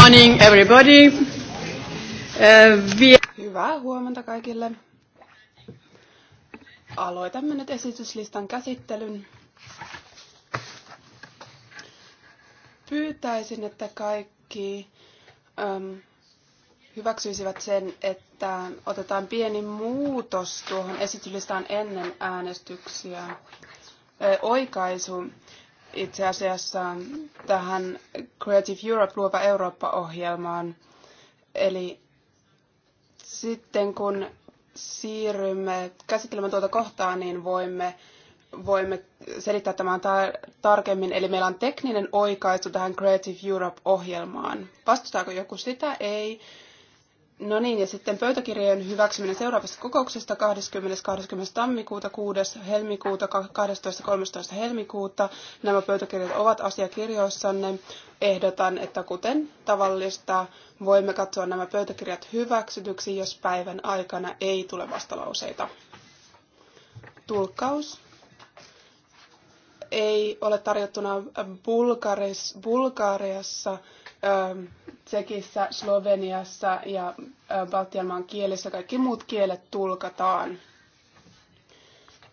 morning everybody. Uh, Hyvää huomenta kaikille. Aloitamme nyt esityslistan käsittelyn. Pyytäisin, että kaikki um, hyväksyisivät sen, että otetaan pieni muutos tuohon esityslistaan ennen äänestyksiä. Ö, oikaisu itse asiassa tähän Creative Europe luova Eurooppa-ohjelmaan. Eli sitten kun siirrymme käsittelemään tuota kohtaa, niin voimme, voimme selittää tämän tar- tarkemmin. Eli meillä on tekninen oikaisu tähän Creative Europe-ohjelmaan. Vastustaako joku sitä? Ei. No niin, ja sitten pöytäkirjojen hyväksyminen seuraavasta kokouksesta 20. 20. tammikuuta, 6. helmikuuta, 12. 13. helmikuuta. Nämä pöytäkirjat ovat asiakirjoissanne. Ehdotan, että kuten tavallista, voimme katsoa nämä pöytäkirjat hyväksytyksi, jos päivän aikana ei tule vastalauseita. Tulkkaus ei ole tarjottuna Bulgaris, Bulgariassa. Ähm, Tsekissä, Sloveniassa ja Baltian maan kielissä kaikki muut kielet tulkataan.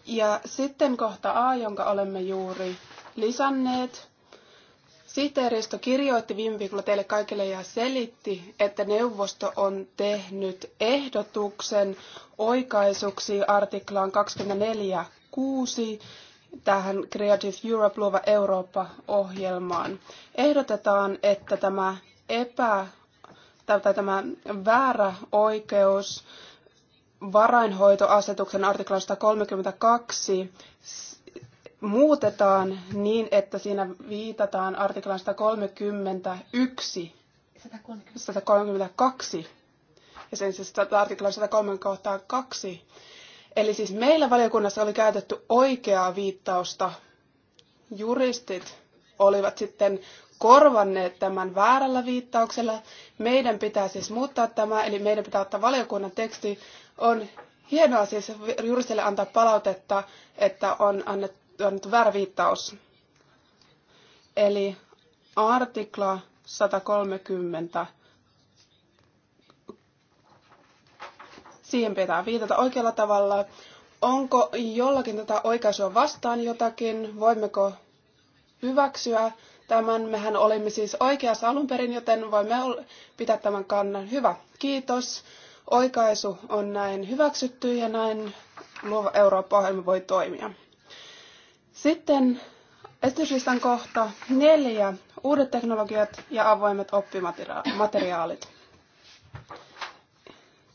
Ja sitten kohta A, jonka olemme juuri lisänneet. Sihteeristö kirjoitti viime viikolla teille kaikille ja selitti, että neuvosto on tehnyt ehdotuksen oikaisuksi artiklaan 24.6 tähän Creative Europe luova Eurooppa-ohjelmaan. Ehdotetaan, että tämä epä, tai tämä väärä oikeus varainhoitoasetuksen artiklan 32 muutetaan niin, että siinä viitataan artiklan 131, 132 ja sen siis artiklan 132. Eli siis meillä valiokunnassa oli käytetty oikeaa viittausta. Juristit olivat sitten korvanneet tämän väärällä viittauksella. Meidän pitää siis muuttaa tämä, eli meidän pitää ottaa valiokunnan teksti. On hienoa siis juristille antaa palautetta, että on annettu, annettu väärä viittaus. Eli artikla 130. Siihen pitää viitata oikealla tavalla. Onko jollakin tätä oikaisua vastaan jotakin? Voimmeko hyväksyä Tämän mehän olimme siis oikeassa alun perin, joten voimme pitää tämän kannan. Hyvä, kiitos. Oikaisu on näin hyväksytty ja näin Luova Eurooppa-ohjelma voi toimia. Sitten esityslistan kohta neljä. Uudet teknologiat ja avoimet oppimateriaalit.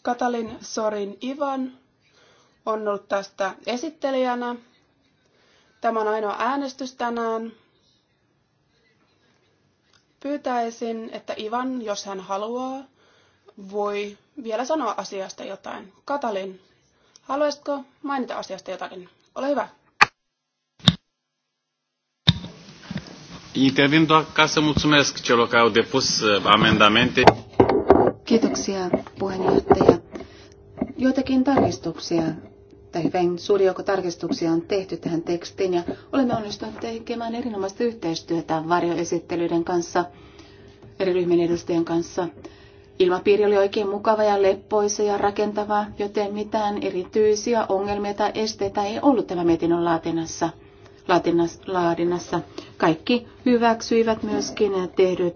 Katalin Sorin Ivan on ollut tästä esittelijänä. Tämä on ainoa äänestys tänään. Pyytäisin, että Ivan, jos hän haluaa, voi vielä sanoa asiasta jotain. Katalin, haluaisitko mainita asiasta jotakin? Ole hyvä. Intervin uh, amendamente. Kiitoksia, puheenjohtaja. Joitakin tarkistuksia tai hyvin suuri joukko tarkistuksia on tehty tähän tekstiin ja olemme onnistuneet tekemään erinomaista yhteistyötä varjoesittelyiden kanssa, eri ryhmien edustajien kanssa. Ilmapiiri oli oikein mukava ja leppoisa ja rakentava, joten mitään erityisiä ongelmia tai esteitä ei ollut tämän mietinnön laatinnassa. laadinnassa. Kaikki hyväksyivät myöskin tehdyt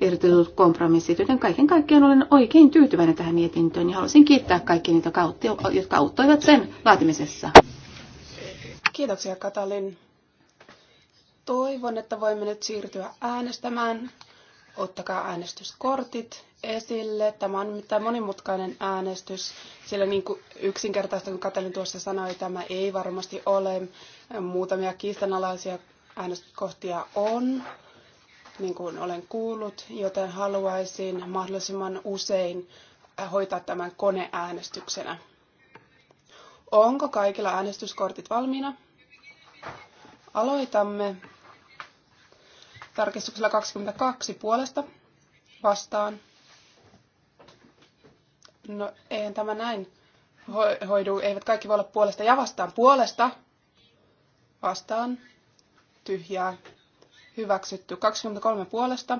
ehdotetut kompromissit, joten kaiken kaikkiaan olen oikein tyytyväinen tähän mietintöön ja haluaisin kiittää kaikkia niitä, jotka auttoivat sen laatimisessa. Kiitoksia Katalin. Toivon, että voimme nyt siirtyä äänestämään. Ottakaa äänestyskortit esille. Tämä on mitään monimutkainen äänestys, sillä niin kuin yksinkertaista, kun Katalin tuossa sanoi, tämä ei varmasti ole. Muutamia kiistanalaisia äänestyskohtia on niin kuin olen kuullut, joten haluaisin mahdollisimman usein hoitaa tämän koneäänestyksenä. Onko kaikilla äänestyskortit valmiina? Aloitamme tarkistuksella 22 puolesta vastaan. No, eihän tämä näin hoidu. Eivät kaikki voi olla puolesta ja vastaan. Puolesta vastaan tyhjää hyväksytty. 23 puolesta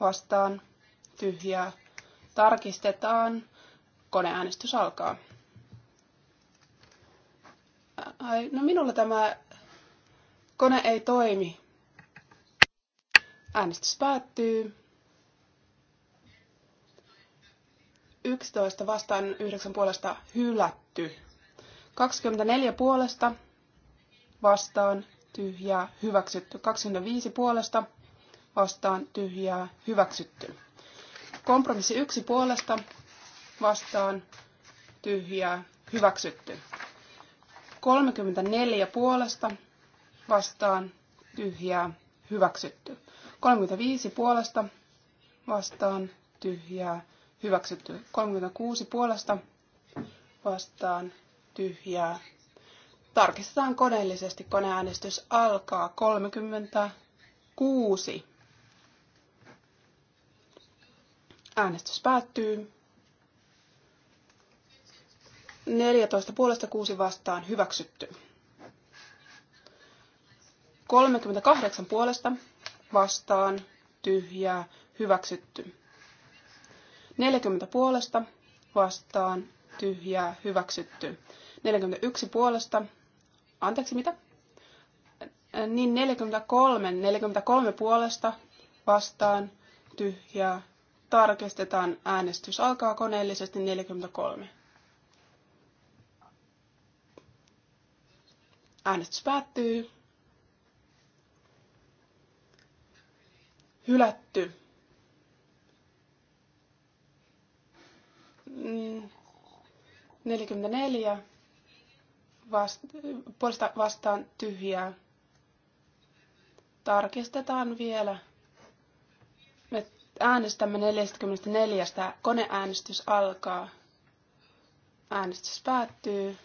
vastaan tyhjää. Tarkistetaan. Koneäänestys alkaa. Ai, no minulla tämä kone ei toimi. Äänestys päättyy. 11 vastaan 9 puolesta hylätty. 24 puolesta vastaan tyhjää, hyväksytty. 25 puolesta vastaan tyhjää, hyväksytty. Kompromissi 1 puolesta vastaan tyhjää, hyväksytty. 34 puolesta vastaan tyhjää, hyväksytty. 35 puolesta vastaan tyhjää, hyväksytty. 36 puolesta vastaan tyhjää, Tarkistetaan koneellisesti. Koneäänestys alkaa 36. Äänestys päättyy. 14 puolesta 6 vastaan hyväksytty. 38 puolesta vastaan tyhjää hyväksytty. 40 puolesta vastaan tyhjää hyväksytty. 41 puolesta Anteeksi, mitä? Niin 43, 43 puolesta vastaan tyhjää. Tarkistetaan äänestys. Alkaa koneellisesti 43. Äänestys päättyy. Hylätty. Mm. 44 vasta, puolesta vastaan tyhjää. Tarkistetaan vielä. Me äänestämme 44. Koneäänestys alkaa. Äänestys päättyy.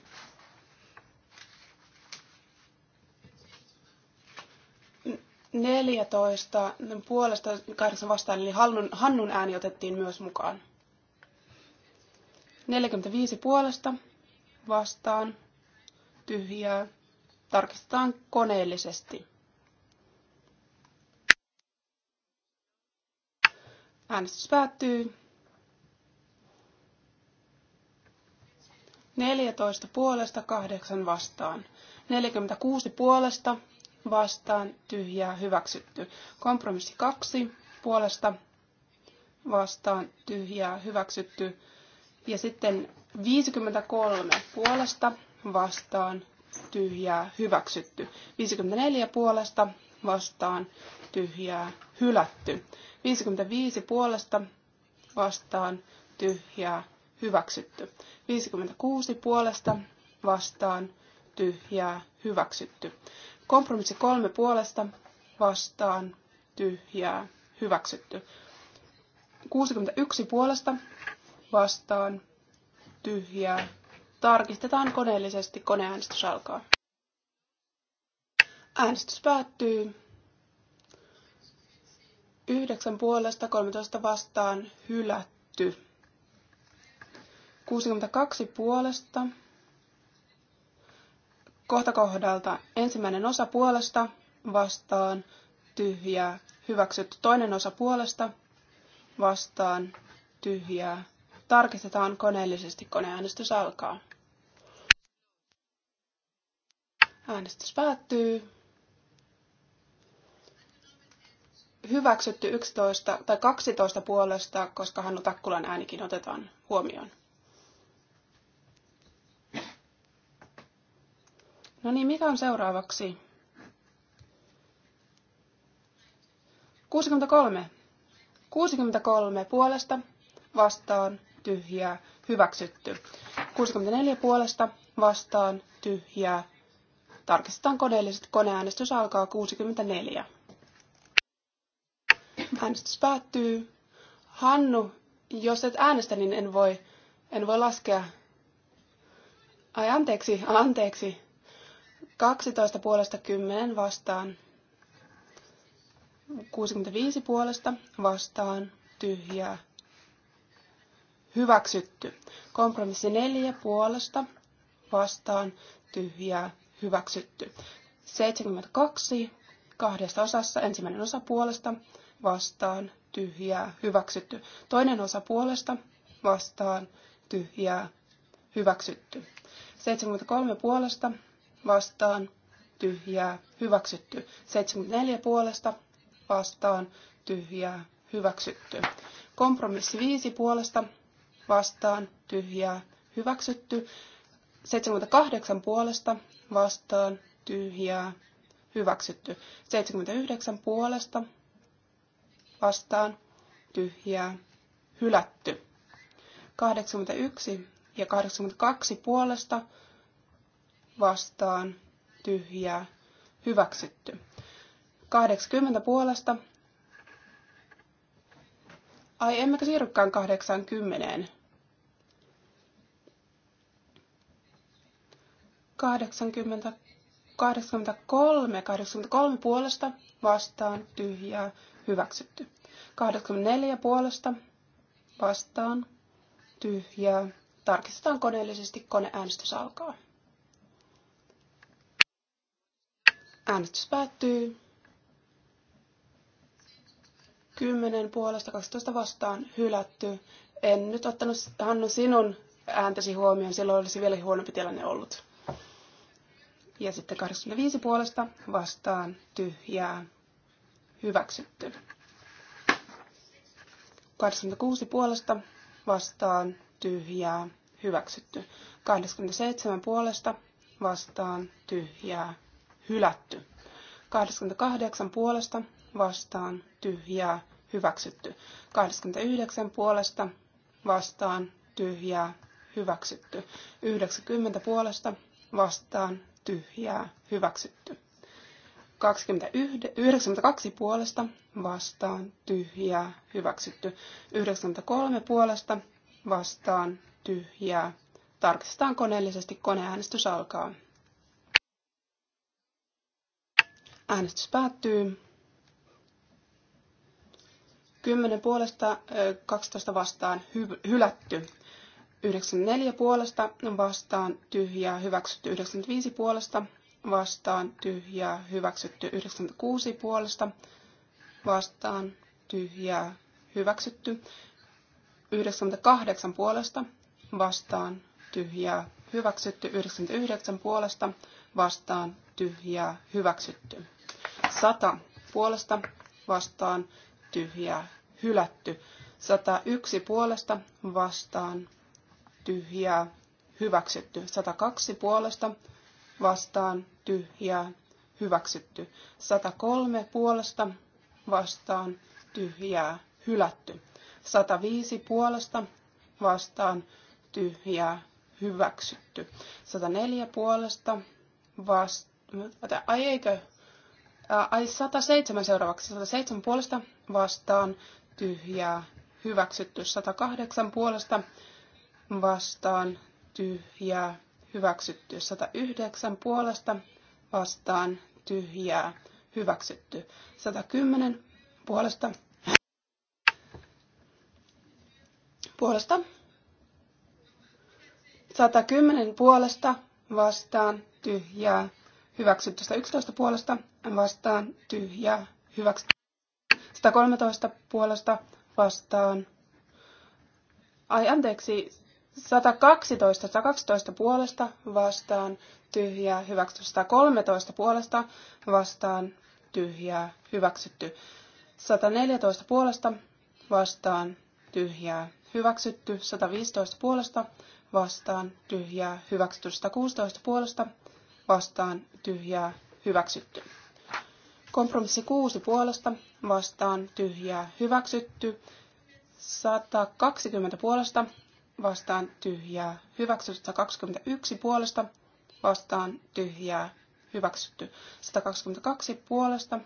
Neljätoista puolesta kahdeksan vastaan, eli Hannun, Hannun ääni otettiin myös mukaan. 45 puolesta vastaan tyhjää. Tarkistetaan koneellisesti. Äänestys päättyy. 14 puolesta, 8 vastaan. 46 puolesta, vastaan, tyhjää, hyväksytty. Kompromissi 2 puolesta, vastaan, tyhjää, hyväksytty. Ja sitten 53 puolesta, vastaan tyhjää hyväksytty. 54 puolesta vastaan tyhjää hylätty. 55 puolesta vastaan tyhjää hyväksytty. 56 puolesta vastaan tyhjää hyväksytty. Kompromissi kolme puolesta vastaan tyhjää hyväksytty. 61 puolesta vastaan tyhjää Tarkistetaan koneellisesti. Koneäänestys alkaa. Äänestys päättyy. 9 puolesta 13 vastaan hylätty. 62 puolesta. Kohta kohdalta ensimmäinen osa puolesta vastaan tyhjää hyväksytty. Toinen osa puolesta vastaan tyhjää. Tarkistetaan koneellisesti. Koneäänestys alkaa. Äänestys päättyy. Hyväksytty 11 tai 12 puolesta, koska Hannu Takkulan äänikin otetaan huomioon. No niin, mikä on seuraavaksi? 63. 63 puolesta vastaan tyhjää hyväksytty. 64 puolesta vastaan tyhjää Tarkistetaan koneelliset. Koneäänestys alkaa 64. Äänestys päättyy. Hannu, jos et äänestä, niin en voi, en voi laskea. Ai anteeksi, anteeksi. 12 puolesta 10 vastaan. 65 puolesta vastaan tyhjää. Hyväksytty. Kompromissi 4 puolesta vastaan tyhjää hyväksytty. 72 kahdessa osassa, ensimmäinen osa puolesta, vastaan, tyhjää, hyväksytty. Toinen osa puolesta, vastaan, tyhjää, hyväksytty. 73 puolesta, vastaan, tyhjää, hyväksytty. 74 puolesta, vastaan, tyhjää, hyväksytty. Kompromissi 5 puolesta, vastaan, tyhjää, hyväksytty. 78 puolesta vastaan tyhjää hyväksytty. 79 puolesta vastaan tyhjää hylätty. 81 ja 82 puolesta vastaan tyhjää hyväksytty. 80 puolesta. Ai, emmekö siirrykään 80. 80, 83, 83 puolesta vastaan tyhjää hyväksytty. 84 puolesta vastaan tyhjää. Tarkistetaan koneellisesti, koneäänestys alkaa. Äänestys päättyy. 10 puolesta 12 vastaan hylätty. En nyt ottanut Hannu sinun ääntäsi huomioon, silloin olisi vielä huonompi tilanne ollut. Ja sitten 85 puolesta vastaan tyhjää hyväksytty. 86 puolesta vastaan tyhjää hyväksytty. 87 puolesta vastaan tyhjää hylätty. 88 puolesta vastaan tyhjää hyväksytty. 89 puolesta vastaan tyhjää hyväksytty. 90 puolesta vastaan tyhjää hyväksytty. 92 puolesta vastaan tyhjää hyväksytty. 93 puolesta vastaan tyhjää. Tarkistetaan koneellisesti. Koneäänestys alkaa. Äänestys päättyy. 10 puolesta 12 vastaan hylätty. 94 puolesta vastaan tyhjää hyväksytty 95 puolesta vastaan tyhjää hyväksytty 96 puolesta vastaan tyhjää hyväksytty 98 puolesta vastaan tyhjää hyväksytty 99 puolesta vastaan tyhjää hyväksytty 100 puolesta vastaan tyhjää hylätty 101 puolesta vastaan tyhjää, hyväksytty. 102 puolesta vastaan tyhjää, hyväksytty. 103 puolesta vastaan tyhjää, hylätty. 105 puolesta vastaan tyhjää, hyväksytty. 104 puolesta vastaan, ai eikö, ai 107 seuraavaksi, 107 puolesta vastaan tyhjää, hyväksytty. 108 puolesta vastaan tyhjää hyväksytty. 109 puolesta vastaan tyhjää hyväksytty. 110 puolesta puolesta 110 puolesta vastaan tyhjää hyväksytty. 111 puolesta vastaan tyhjää hyväksytty. 113 puolesta vastaan. Ai anteeksi, 112, 112 puolesta vastaan tyhjää hyväksytty. 113 puolesta vastaan tyhjää hyväksytty. 114 puolesta vastaan tyhjää hyväksytty. 115 puolesta vastaan tyhjää hyväksytty. 116 puolesta vastaan tyhjää hyväksytty. Kompromissi 6 puolesta vastaan tyhjää hyväksytty. 120 puolesta vastaan tyhjää, hyväksytty 121 puolesta vastaan tyhjää, hyväksytty 122 puolesta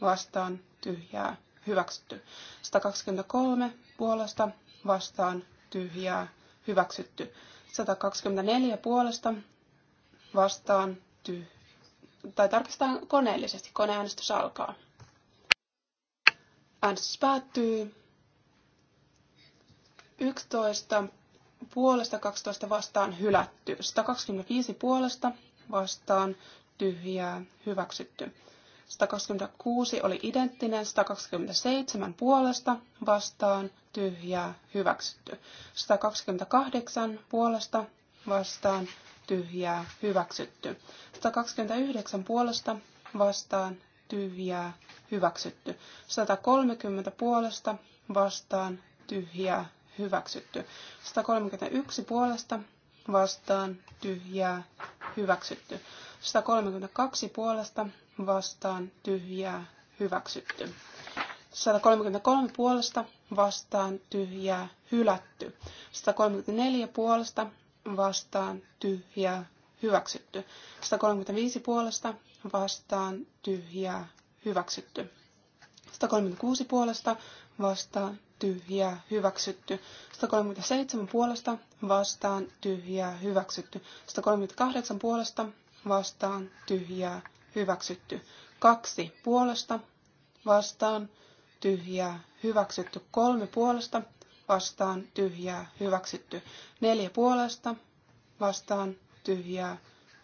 vastaan tyhjää, hyväksytty 123 puolesta vastaan tyhjää, hyväksytty 124 puolesta vastaan tyhjää. Tai tarkistetaan koneellisesti. Koneäänestys alkaa. Äänestys päättyy. 11 puolesta, 12 vastaan hylätty. 125 puolesta vastaan tyhjää hyväksytty. 126 oli identtinen, 127 puolesta vastaan tyhjää hyväksytty. 128 puolesta vastaan tyhjää hyväksytty. 129 puolesta vastaan tyhjää hyväksytty. 130 puolesta vastaan tyhjää hyväksytty. 131 puolesta vastaan tyhjää hyväksytty. 132 puolesta vastaan tyhjää hyväksytty. 133 puolesta vastaan tyhjää hylätty. 134 puolesta vastaan tyhjää hyväksytty. 135 puolesta vastaan tyhjää hyväksytty. 136 puolesta vastaan tyhjää hyväksytty. 137 puolesta vastaan tyhjää hyväksytty. 138 puolesta vastaan tyhjää hyväksytty. 2 puolesta vastaan tyhjää hyväksytty. 3 puolesta vastaan tyhjää hyväksytty. 4 puolesta vastaan tyhjää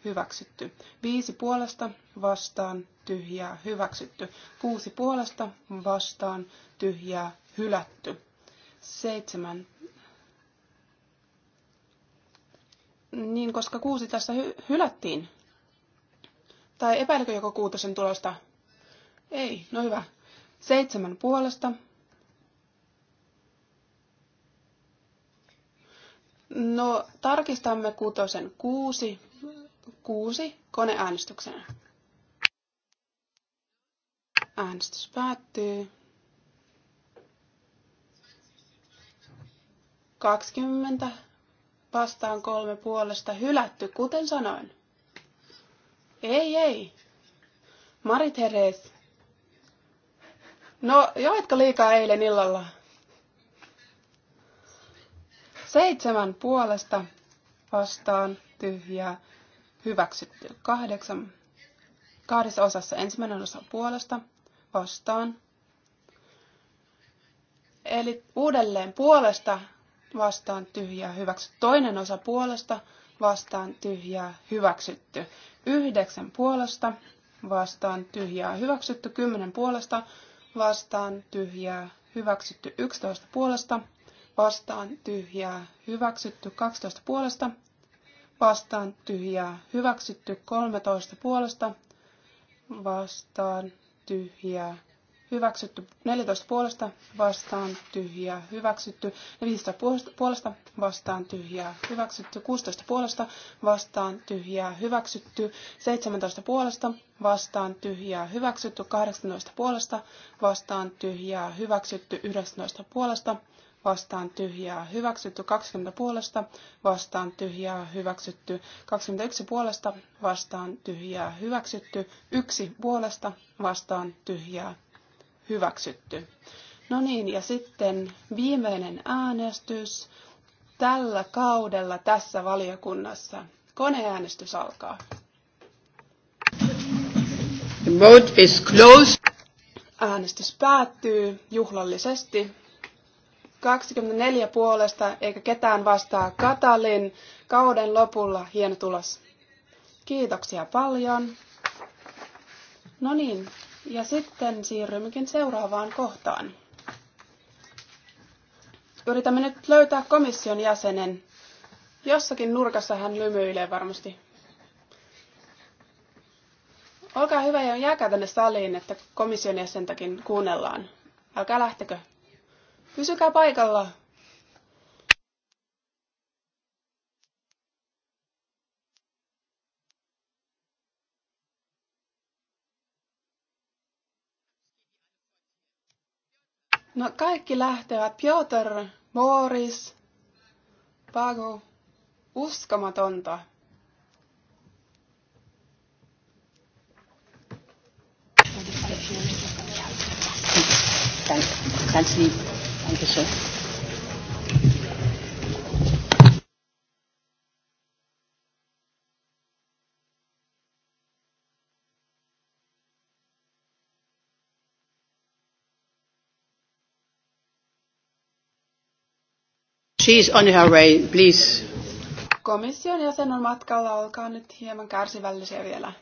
hyväksytty. 5 puolesta vastaan tyhjää hyväksytty. Kuusi puolesta vastaan tyhjää hylätty. Seitsemän. Niin, koska kuusi tässä hy- hylättiin. Tai epäilkö joko kuutosen tulosta? Ei, no hyvä. Seitsemän puolesta. No, tarkistamme kuutosen kuusi, kuusi koneäänestyksenä. Äänestys päättyy. 20 vastaan kolme puolesta hylätty, kuten sanoin. Ei, ei. Marit Heres. No, joitko liikaa eilen illalla? Seitsemän puolesta vastaan tyhjää hyväksytty. Kahdeksan. Kahdessa osassa ensimmäinen osa puolesta vastaan. Eli uudelleen puolesta vastaan tyhjää hyväksytty. Toinen osa puolesta vastaan tyhjää hyväksytty. Yhdeksän puolesta vastaan tyhjää hyväksytty. Kymmenen puolesta vastaan tyhjää hyväksytty. Yksitoista puolesta vastaan tyhjää hyväksytty. Kaksitoista puolesta vastaan tyhjää hyväksytty. Kolmetoista puolesta vastaan tyhjää, hyväksytty. 14 puolesta vastaan tyhjää, hyväksytty. 15 puolesta vastaan tyhjää, hyväksytty. 16 puolesta vastaan tyhjää, hyväksytty. 17 puolesta vastaan tyhjää, hyväksytty. 18 puolesta vastaan tyhjää, hyväksytty. 19 puolesta vastaan tyhjää hyväksytty, 20 puolesta vastaan tyhjää hyväksytty, 21 puolesta vastaan tyhjää hyväksytty, 1 puolesta vastaan tyhjää hyväksytty. No niin, ja sitten viimeinen äänestys tällä kaudella tässä valiokunnassa. Koneäänestys alkaa. The vote is closed. Äänestys päättyy juhlallisesti. 24 puolesta eikä ketään vastaa Katalin kauden lopulla hieno tulos. Kiitoksia paljon. No niin, ja sitten siirrymmekin seuraavaan kohtaan. Yritämme nyt löytää komission jäsenen. Jossakin nurkassa hän lymyilee varmasti. Olkaa hyvä ja jääkää tänne saliin, että komission jäsentäkin kuunnellaan. Älkää lähtekö. Pysykää paikalla. No kaikki lähtevät. Piotr, Boris, Pago. Uskomatonta. Ganz lieb. Dankeschön. She's on her way, please. Komission jäsen on matkalla, olkaa nyt hieman kärsivällisiä vielä.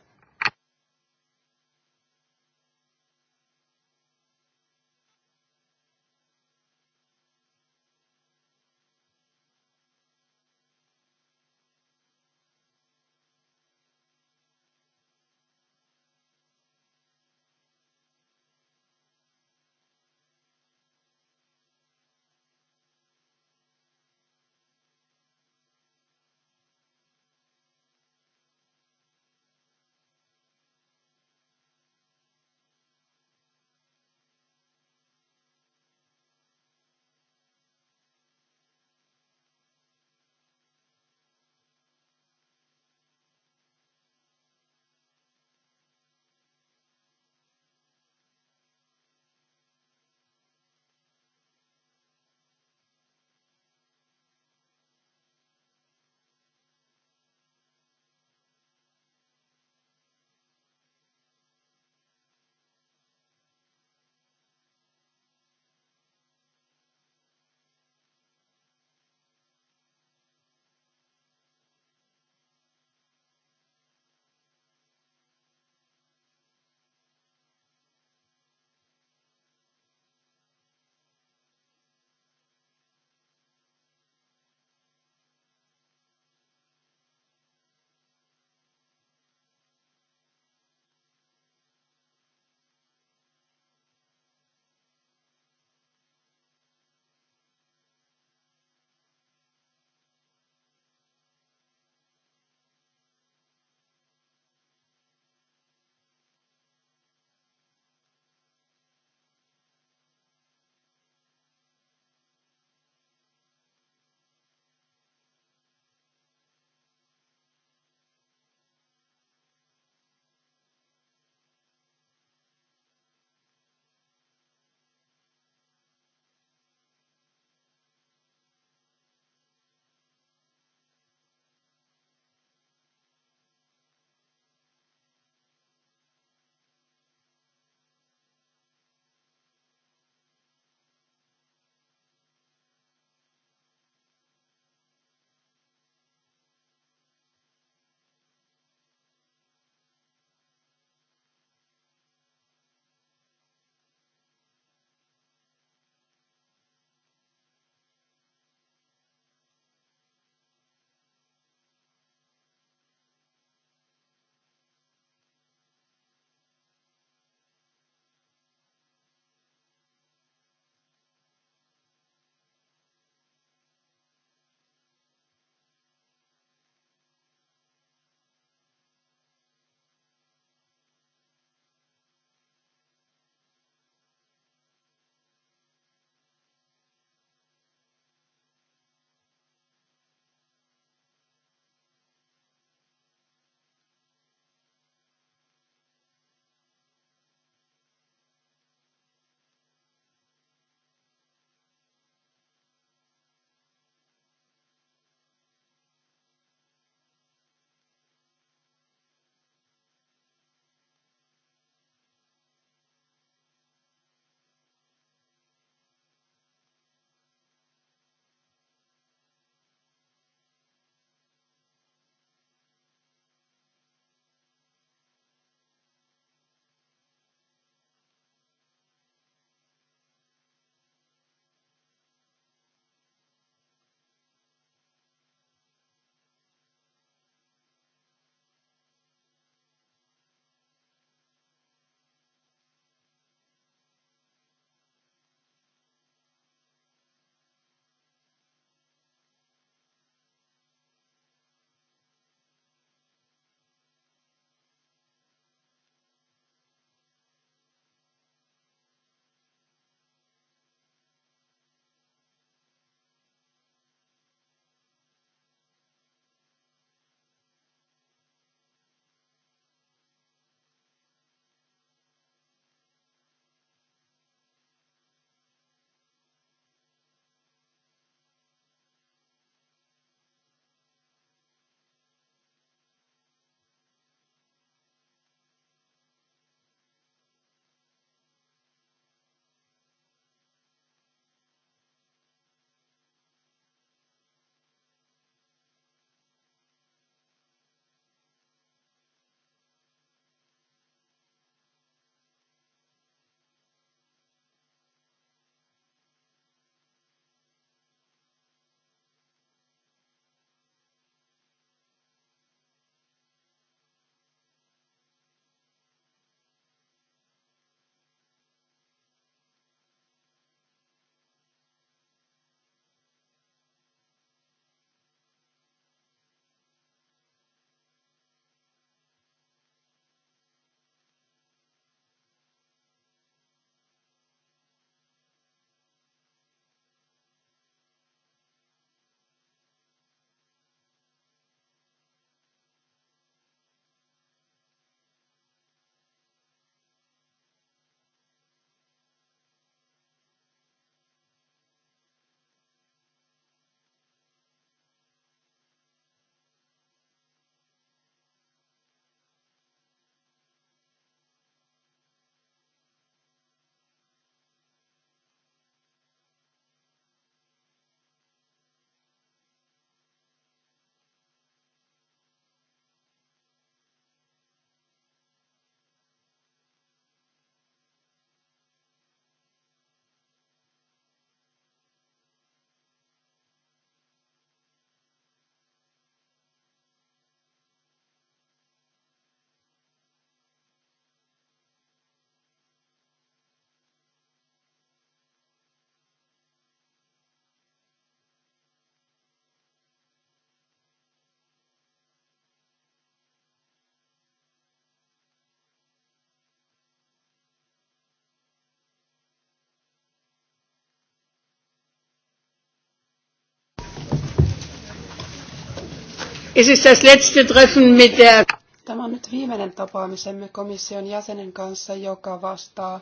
Es ist das letzte Treffen mit der Tämä on nyt viimeinen tapaamisemme komission jäsenen kanssa, joka vastaa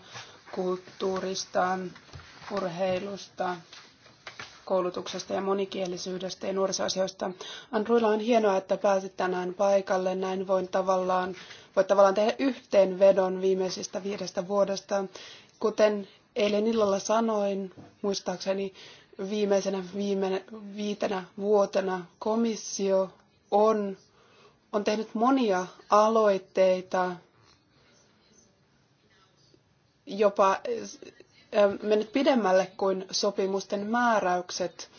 kulttuuristaan, urheilusta, koulutuksesta ja monikielisyydestä ja nuorisoasioista. Andruilla on hienoa, että pääsit tänään paikalle. Näin voin tavallaan, voi tavallaan tehdä yhteenvedon viimeisistä viidestä vuodesta. Kuten eilen illalla sanoin, muistaakseni viimeisenä viime, viitenä vuotena komissio on, on tehnyt monia aloitteita, jopa mennyt pidemmälle kuin sopimusten määräykset.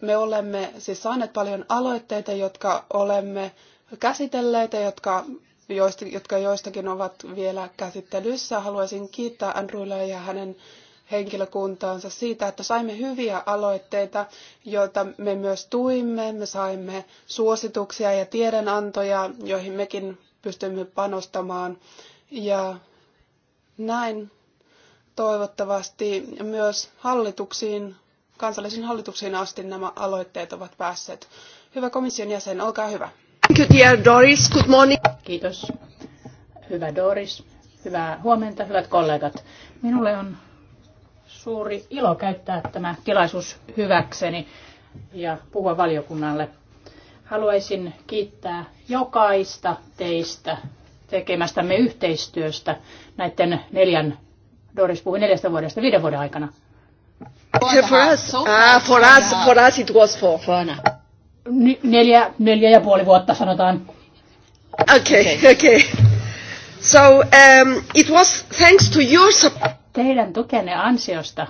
Me olemme siis saaneet paljon aloitteita, jotka olemme käsitelleet ja jotka, joista, jotka joistakin ovat vielä käsittelyssä. Haluaisin kiittää Andrewlla ja hänen henkilökuntaansa siitä, että saimme hyviä aloitteita, joita me myös tuimme. Me saimme suosituksia ja tiedonantoja, joihin mekin pystymme panostamaan. Ja näin toivottavasti myös hallituksiin, kansallisiin hallituksiin asti nämä aloitteet ovat päässeet. Hyvä komission jäsen, olkaa hyvä. Thank you, dear Doris. Good morning. Kiitos. Hyvä Doris. Hyvää huomenta, hyvät kollegat. Minulle on suuri ilo käyttää tämä tilaisuus hyväkseni ja puhua valiokunnalle. Haluaisin kiittää jokaista teistä tekemästämme yhteistyöstä näiden neljän, Doris puhui neljästä vuodesta, viiden vuoden aikana. For us, uh, for us, for us it was Neljä, neljä ja puoli vuotta sanotaan. Okay, okay. okay. So um, it was thanks to your support. Teidän tukenne ansiosta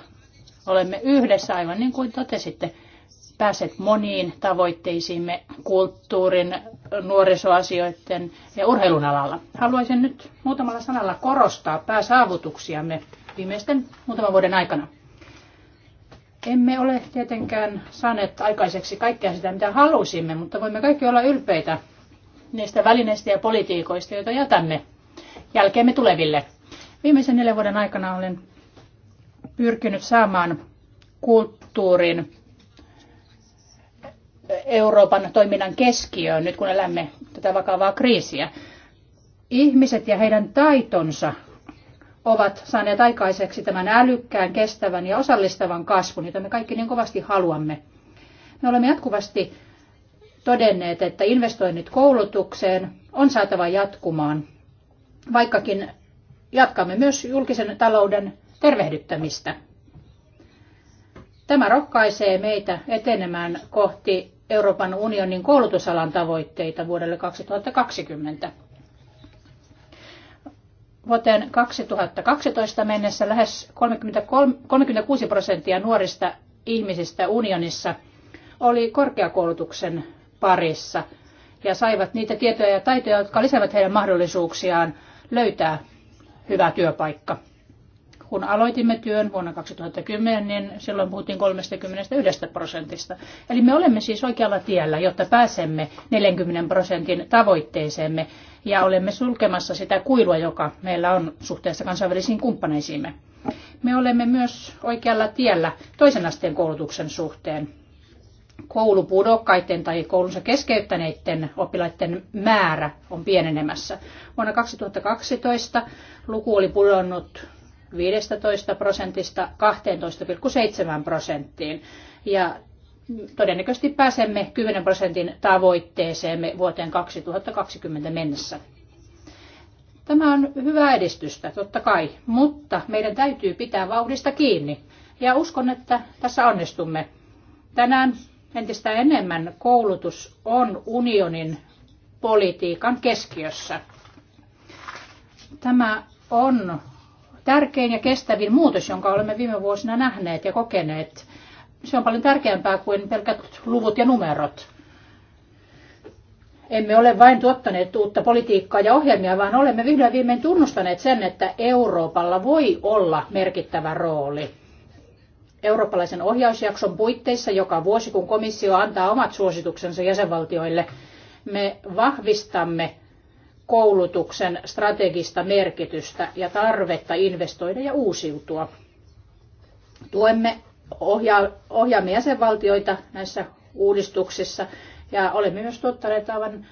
olemme yhdessä, aivan niin kuin totesitte, pääset moniin tavoitteisiimme kulttuurin, nuorisoasioiden ja urheilun alalla. Haluaisin nyt muutamalla sanalla korostaa pääsaavutuksiamme viimeisten muutaman vuoden aikana. Emme ole tietenkään saaneet aikaiseksi kaikkea sitä, mitä halusimme, mutta voimme kaikki olla ylpeitä niistä välineistä ja politiikoista, joita jätämme jälkeemme tuleville. Viimeisen neljän vuoden aikana olen pyrkinyt saamaan kulttuurin Euroopan toiminnan keskiöön, nyt kun elämme tätä vakavaa kriisiä. Ihmiset ja heidän taitonsa ovat saaneet aikaiseksi tämän älykkään, kestävän ja osallistavan kasvun, jota me kaikki niin kovasti haluamme. Me olemme jatkuvasti todenneet, että investoinnit koulutukseen on saatava jatkumaan, vaikkakin jatkamme myös julkisen talouden tervehdyttämistä. Tämä rohkaisee meitä etenemään kohti Euroopan unionin koulutusalan tavoitteita vuodelle 2020. Vuoteen 2012 mennessä lähes 33, 36 prosenttia nuorista ihmisistä unionissa oli korkeakoulutuksen parissa ja saivat niitä tietoja ja taitoja, jotka lisäävät heidän mahdollisuuksiaan löytää hyvä työpaikka. Kun aloitimme työn vuonna 2010, niin silloin puhuttiin 31 prosentista. Eli me olemme siis oikealla tiellä, jotta pääsemme 40 prosentin tavoitteeseemme ja olemme sulkemassa sitä kuilua, joka meillä on suhteessa kansainvälisiin kumppaneisiimme. Me olemme myös oikealla tiellä toisen asteen koulutuksen suhteen koulupudokkaiden tai koulunsa keskeyttäneiden oppilaiden määrä on pienenemässä. Vuonna 2012 luku oli pudonnut 15 prosentista 12,7 prosenttiin ja todennäköisesti pääsemme 10 prosentin tavoitteeseemme vuoteen 2020 mennessä. Tämä on hyvää edistystä, totta kai, mutta meidän täytyy pitää vauhdista kiinni. Ja uskon, että tässä onnistumme. Tänään entistä enemmän koulutus on unionin politiikan keskiössä. Tämä on tärkein ja kestävin muutos, jonka olemme viime vuosina nähneet ja kokeneet. Se on paljon tärkeämpää kuin pelkät luvut ja numerot. Emme ole vain tuottaneet uutta politiikkaa ja ohjelmia, vaan olemme vihdoin viimein tunnustaneet sen, että Euroopalla voi olla merkittävä rooli eurooppalaisen ohjausjakson puitteissa joka vuosi, kun komissio antaa omat suosituksensa jäsenvaltioille, me vahvistamme koulutuksen strategista merkitystä ja tarvetta investoida ja uusiutua. Tuemme ohjaa, ohjaamme jäsenvaltioita näissä uudistuksissa ja olemme myös tuottaneet aivan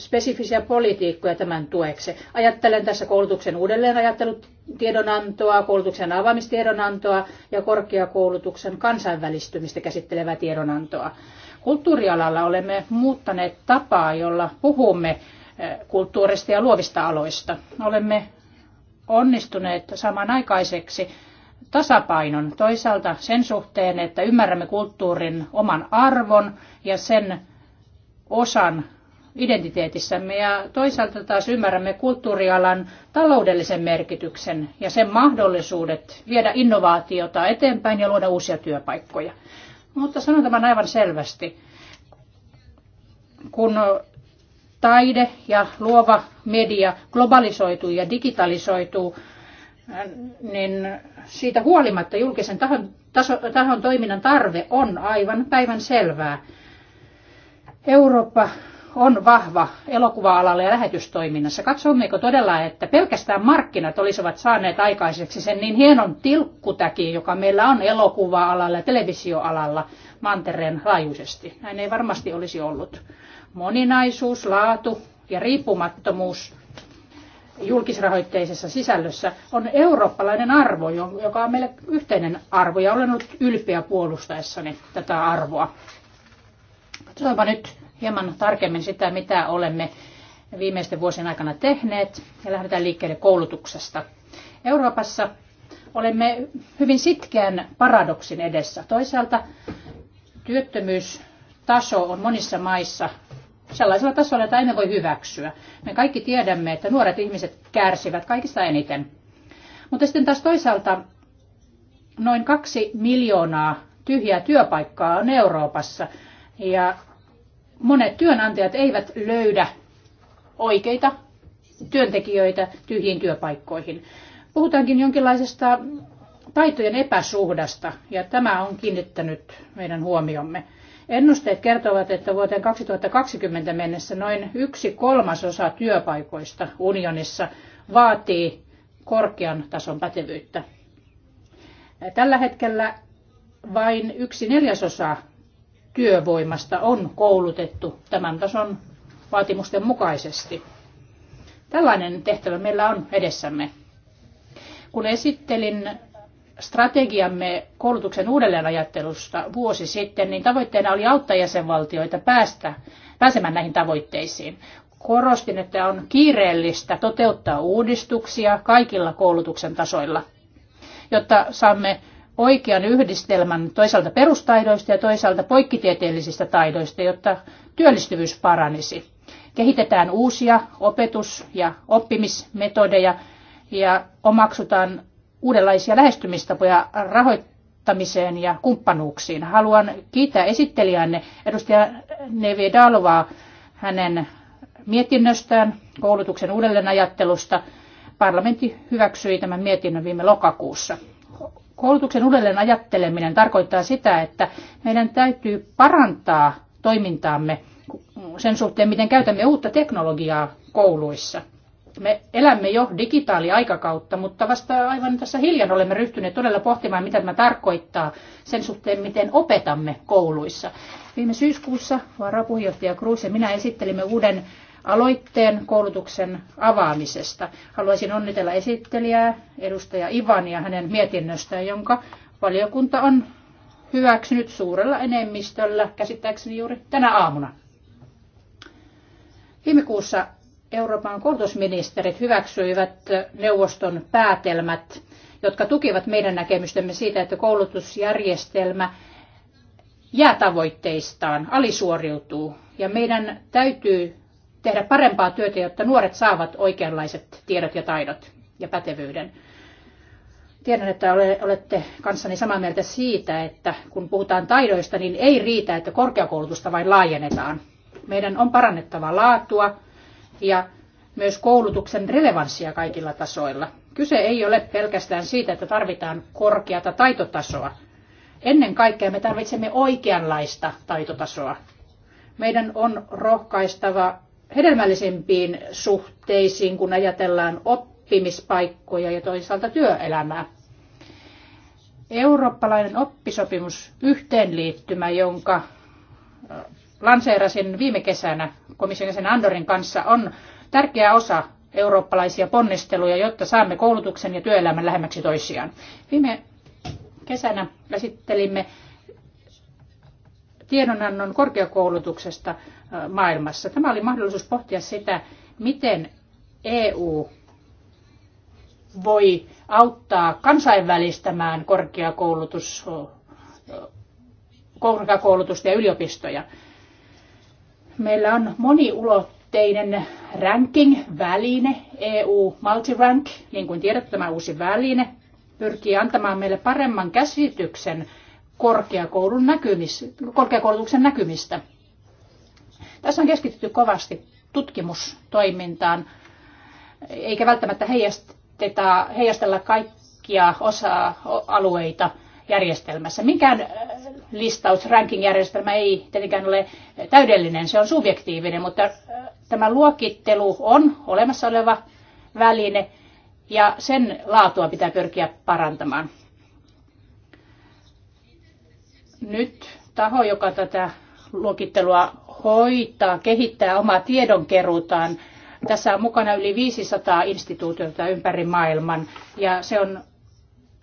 spesifisiä politiikkoja tämän tueksi. Ajattelen tässä koulutuksen uudelleenajattelutiedonantoa, koulutuksen avaamistiedonantoa ja korkeakoulutuksen kansainvälistymistä käsittelevää tiedonantoa. Kulttuurialalla olemme muuttaneet tapaa, jolla puhumme eh, kulttuurista ja luovista aloista. Olemme onnistuneet samanaikaiseksi tasapainon toisaalta sen suhteen, että ymmärrämme kulttuurin oman arvon ja sen osan identiteetissämme ja toisaalta taas ymmärrämme kulttuurialan taloudellisen merkityksen ja sen mahdollisuudet viedä innovaatiota eteenpäin ja luoda uusia työpaikkoja. Mutta sanon tämän aivan selvästi. Kun taide ja luova media globalisoituu ja digitalisoituu, niin siitä huolimatta julkisen tahon, taso, tahon toiminnan tarve on aivan päivän selvää. Eurooppa on vahva elokuva-alalla ja lähetystoiminnassa. Katsommeko todella, että pelkästään markkinat olisivat saaneet aikaiseksi sen niin hienon tilkkutäki, joka meillä on elokuva-alalla ja televisioalalla mantereen laajuisesti? Näin ei varmasti olisi ollut. Moninaisuus, laatu ja riippumattomuus julkisrahoitteisessa sisällössä on eurooppalainen arvo, joka on meille yhteinen arvo ja olen ollut ylpeä puolustaessani tätä arvoa. Katsotaanpa nyt hieman tarkemmin sitä, mitä olemme viimeisten vuosien aikana tehneet ja lähdetään liikkeelle koulutuksesta. Euroopassa olemme hyvin sitkeän paradoksin edessä. Toisaalta työttömyystaso on monissa maissa sellaisella tasolla, jota emme voi hyväksyä. Me kaikki tiedämme, että nuoret ihmiset kärsivät kaikista eniten. Mutta sitten taas toisaalta noin kaksi miljoonaa tyhjää työpaikkaa on Euroopassa ja monet työnantajat eivät löydä oikeita työntekijöitä tyhjiin työpaikkoihin. Puhutaankin jonkinlaisesta taitojen epäsuhdasta, ja tämä on kiinnittänyt meidän huomiomme. Ennusteet kertovat, että vuoteen 2020 mennessä noin yksi kolmasosa työpaikoista unionissa vaatii korkean tason pätevyyttä. Tällä hetkellä vain yksi neljäsosa työvoimasta on koulutettu tämän tason vaatimusten mukaisesti. Tällainen tehtävä meillä on edessämme. Kun esittelin strategiamme koulutuksen uudelleenajattelusta vuosi sitten, niin tavoitteena oli auttaa jäsenvaltioita päästä, pääsemään näihin tavoitteisiin. Korostin, että on kiireellistä toteuttaa uudistuksia kaikilla koulutuksen tasoilla, jotta saamme oikean yhdistelmän toisaalta perustaidoista ja toisaalta poikkitieteellisistä taidoista, jotta työllistyvyys paranisi. Kehitetään uusia opetus- ja oppimismetodeja ja omaksutaan uudenlaisia lähestymistapoja rahoittamiseen ja kumppanuuksiin. Haluan kiittää esittelijänne edustaja Neve Dalvaa hänen mietinnöstään, koulutuksen uudelleenajattelusta. Parlamentti hyväksyi tämän mietinnön viime lokakuussa. Koulutuksen uudelleen ajatteleminen tarkoittaa sitä, että meidän täytyy parantaa toimintaamme sen suhteen, miten käytämme uutta teknologiaa kouluissa. Me elämme jo digitaaliaikakautta, mutta vasta aivan tässä hiljan olemme ryhtyneet todella pohtimaan, mitä tämä tarkoittaa sen suhteen, miten opetamme kouluissa. Viime syyskuussa varapuheenjohtaja Kruus ja minä esittelimme uuden aloitteen koulutuksen avaamisesta. Haluaisin onnitella esittelijää, edustaja Ivania, hänen mietinnöstään, jonka valiokunta on hyväksynyt suurella enemmistöllä, käsittääkseni juuri tänä aamuna. Viime kuussa Euroopan koulutusministerit hyväksyivät neuvoston päätelmät, jotka tukivat meidän näkemystämme siitä, että koulutusjärjestelmä jää tavoitteistaan, alisuoriutuu. Ja meidän täytyy tehdä parempaa työtä, jotta nuoret saavat oikeanlaiset tiedot ja taidot ja pätevyyden. Tiedän, että olette kanssani samaa mieltä siitä, että kun puhutaan taidoista, niin ei riitä, että korkeakoulutusta vain laajennetaan. Meidän on parannettava laatua ja myös koulutuksen relevanssia kaikilla tasoilla. Kyse ei ole pelkästään siitä, että tarvitaan korkeata taitotasoa. Ennen kaikkea me tarvitsemme oikeanlaista taitotasoa. Meidän on rohkaistava hedelmällisempiin suhteisiin, kun ajatellaan oppimispaikkoja ja toisaalta työelämää. Eurooppalainen oppisopimus yhteenliittymä, jonka lanseerasin viime kesänä komission jäsen Andorin kanssa, on tärkeä osa eurooppalaisia ponnisteluja, jotta saamme koulutuksen ja työelämän lähemmäksi toisiaan. Viime kesänä käsittelimme tiedonannon korkeakoulutuksesta maailmassa. Tämä oli mahdollisuus pohtia sitä, miten EU voi auttaa kansainvälistämään korkeakoulutus, korkeakoulutusta ja yliopistoja. Meillä on moniulotteinen ranking-väline, EU Multirank, niin kuin tiedät, tämä uusi väline pyrkii antamaan meille paremman käsityksen korkeakoulun näkymis, korkeakoulutuksen näkymistä. Tässä on keskitytty kovasti tutkimustoimintaan, eikä välttämättä heijasteta, heijastella kaikkia osa-alueita järjestelmässä. Mikään äh, listaus, ranking-järjestelmä ei tietenkään ole täydellinen, se on subjektiivinen, mutta äh, tämä luokittelu on olemassa oleva väline ja sen laatua pitää pyrkiä parantamaan. Nyt taho, joka tätä luokittelua hoitaa, kehittää omaa tiedonkeruutaan. Tässä on mukana yli 500 instituutiota ympäri maailman ja se on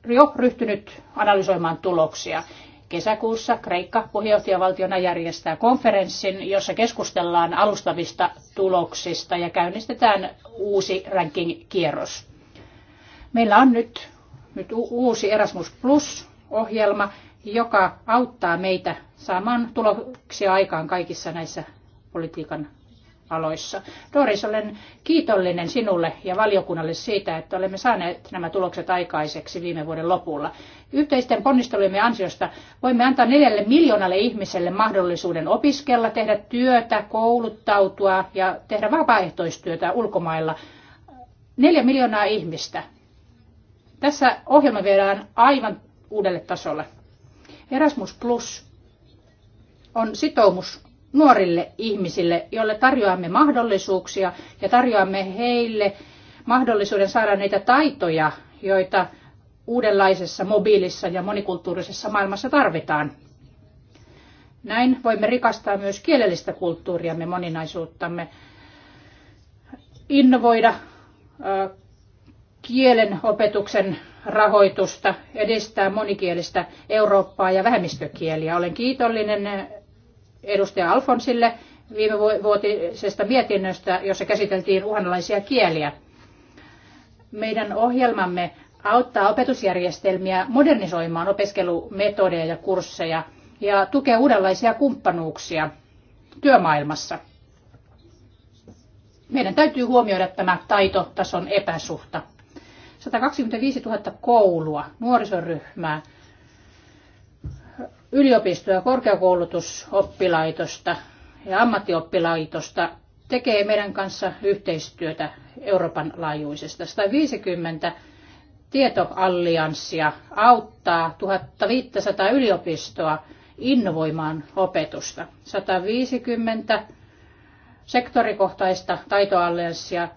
jo ryhtynyt analysoimaan tuloksia. Kesäkuussa Kreikka puheenjohtajavaltiona järjestää konferenssin, jossa keskustellaan alustavista tuloksista ja käynnistetään uusi ranking-kierros. Meillä on nyt, nyt uusi Erasmus Plus-ohjelma, joka auttaa meitä saamaan tuloksia aikaan kaikissa näissä politiikan aloissa. Doris, olen kiitollinen sinulle ja valiokunnalle siitä, että olemme saaneet nämä tulokset aikaiseksi viime vuoden lopulla. Yhteisten ponnistelujemme ansiosta voimme antaa neljälle miljoonalle ihmiselle mahdollisuuden opiskella, tehdä työtä, kouluttautua ja tehdä vapaaehtoistyötä ulkomailla. Neljä miljoonaa ihmistä. Tässä ohjelma viedään aivan uudelle tasolle. Erasmus Plus on sitoumus nuorille ihmisille, joille tarjoamme mahdollisuuksia ja tarjoamme heille mahdollisuuden saada niitä taitoja, joita uudenlaisessa mobiilissa ja monikulttuurisessa maailmassa tarvitaan. Näin voimme rikastaa myös kielellistä kulttuuriamme, moninaisuuttamme, innovoida kielen opetuksen rahoitusta edistää monikielistä Eurooppaa ja vähemmistökieliä. Olen kiitollinen edustaja Alfonsille viime mietinnöstä, jossa käsiteltiin uhanalaisia kieliä. Meidän ohjelmamme auttaa opetusjärjestelmiä modernisoimaan opiskelumetodeja ja kursseja ja tukee uudenlaisia kumppanuuksia työmaailmassa. Meidän täytyy huomioida tämä taitotason epäsuhta. 125 000 koulua, nuorisoryhmää, yliopistoa, korkeakoulutusoppilaitosta ja ammattioppilaitosta tekee meidän kanssa yhteistyötä Euroopan laajuisesta. 150 tietoallianssia auttaa 1500 yliopistoa innovoimaan opetusta. 150 sektorikohtaista taitoallianssia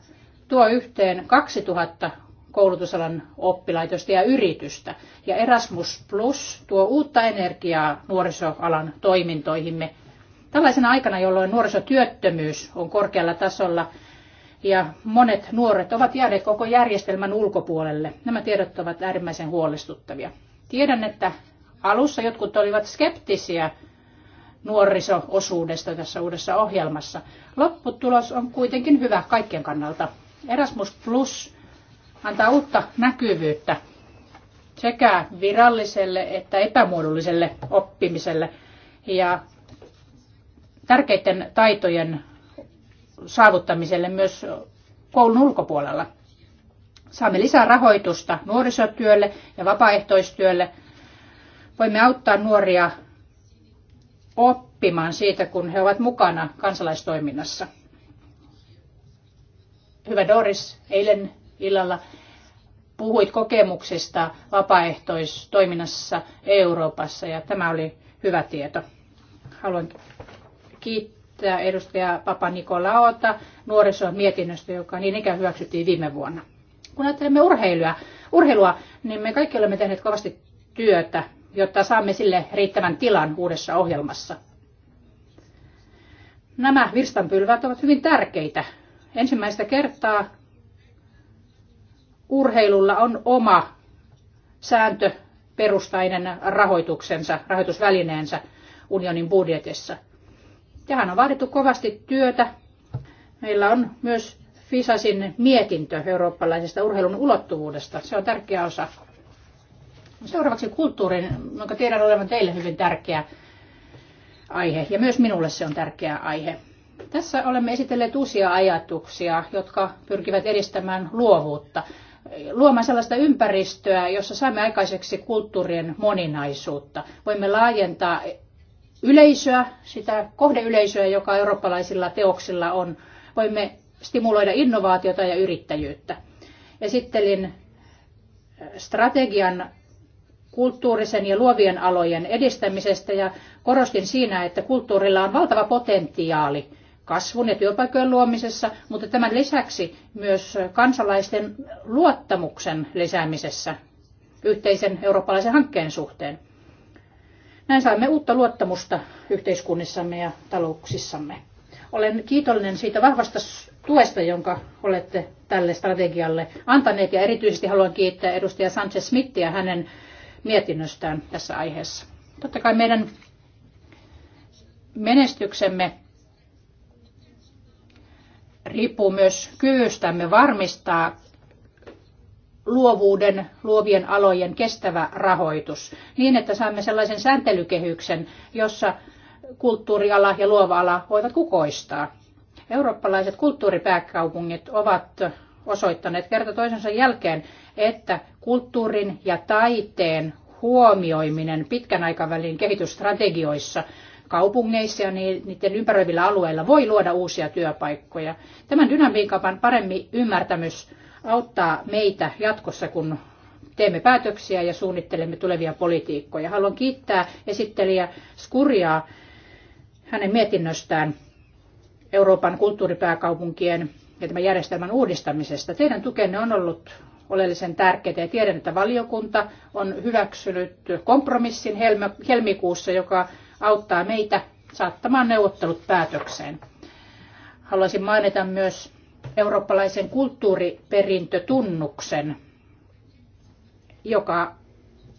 tuo yhteen 2000 koulutusalan oppilaitosta ja yritystä. Ja Erasmus Plus tuo uutta energiaa nuorisoalan toimintoihimme. Tällaisena aikana, jolloin nuorisotyöttömyys on korkealla tasolla ja monet nuoret ovat jääneet koko järjestelmän ulkopuolelle. Nämä tiedot ovat äärimmäisen huolestuttavia. Tiedän, että alussa jotkut olivat skeptisiä nuoriso-osuudesta tässä uudessa ohjelmassa. Lopputulos on kuitenkin hyvä kaikkien kannalta. Erasmus Plus antaa uutta näkyvyyttä sekä viralliselle että epämuodolliselle oppimiselle ja tärkeiden taitojen saavuttamiselle myös koulun ulkopuolella. Saamme lisää rahoitusta nuorisotyölle ja vapaaehtoistyölle. Voimme auttaa nuoria oppimaan siitä, kun he ovat mukana kansalaistoiminnassa. Hyvä Doris, eilen illalla puhuit kokemuksista vapaaehtoistoiminnassa Euroopassa ja tämä oli hyvä tieto. Haluan kiittää edustaja Papa Nikolaota nuorisomietinnöstä, joka niin ikään hyväksyttiin viime vuonna. Kun ajattelemme urheilua, urheilua, niin me kaikki olemme tehneet kovasti työtä, jotta saamme sille riittävän tilan uudessa ohjelmassa. Nämä virstanpylvät ovat hyvin tärkeitä. Ensimmäistä kertaa urheilulla on oma sääntöperustainen rahoituksensa, rahoitusvälineensä unionin budjetissa. Tähän on vaadittu kovasti työtä. Meillä on myös FISASin mietintö eurooppalaisesta urheilun ulottuvuudesta. Se on tärkeä osa. Seuraavaksi kulttuurin, jonka tiedän olevan teille hyvin tärkeä aihe, ja myös minulle se on tärkeä aihe. Tässä olemme esitelleet uusia ajatuksia, jotka pyrkivät edistämään luovuutta luomaan sellaista ympäristöä, jossa saamme aikaiseksi kulttuurien moninaisuutta. Voimme laajentaa yleisöä, sitä kohdeyleisöä, joka eurooppalaisilla teoksilla on. Voimme stimuloida innovaatiota ja yrittäjyyttä. Esittelin äh, strategian kulttuurisen ja luovien alojen edistämisestä ja korostin siinä, että kulttuurilla on valtava potentiaali – kasvun ja työpaikkojen luomisessa, mutta tämän lisäksi myös kansalaisten luottamuksen lisäämisessä yhteisen eurooppalaisen hankkeen suhteen. Näin saamme uutta luottamusta yhteiskunnissamme ja talouksissamme. Olen kiitollinen siitä vahvasta tuesta, jonka olette tälle strategialle antaneet, ja erityisesti haluan kiittää edustaja Sanchez Smithia hänen mietinnöstään tässä aiheessa. Totta kai meidän menestyksemme riippuu myös kyvystämme varmistaa luovuuden, luovien alojen kestävä rahoitus niin, että saamme sellaisen sääntelykehyksen, jossa kulttuuriala ja luova ala voivat kukoistaa. Eurooppalaiset kulttuuripääkaupungit ovat osoittaneet kerta toisensa jälkeen, että kulttuurin ja taiteen huomioiminen pitkän aikavälin kehitysstrategioissa kaupungeissa ja niiden ympäröivillä alueilla voi luoda uusia työpaikkoja. Tämän dynamiikan paremmin ymmärtämys auttaa meitä jatkossa, kun teemme päätöksiä ja suunnittelemme tulevia politiikkoja. Haluan kiittää esittelijä Skuriaa hänen mietinnöstään Euroopan kulttuuripääkaupunkien ja tämän järjestelmän uudistamisesta. Teidän tukenne on ollut oleellisen tärkeää ja tiedän, että valiokunta on hyväksynyt kompromissin helmikuussa, joka auttaa meitä saattamaan neuvottelut päätökseen. Haluaisin mainita myös eurooppalaisen kulttuuriperintötunnuksen, joka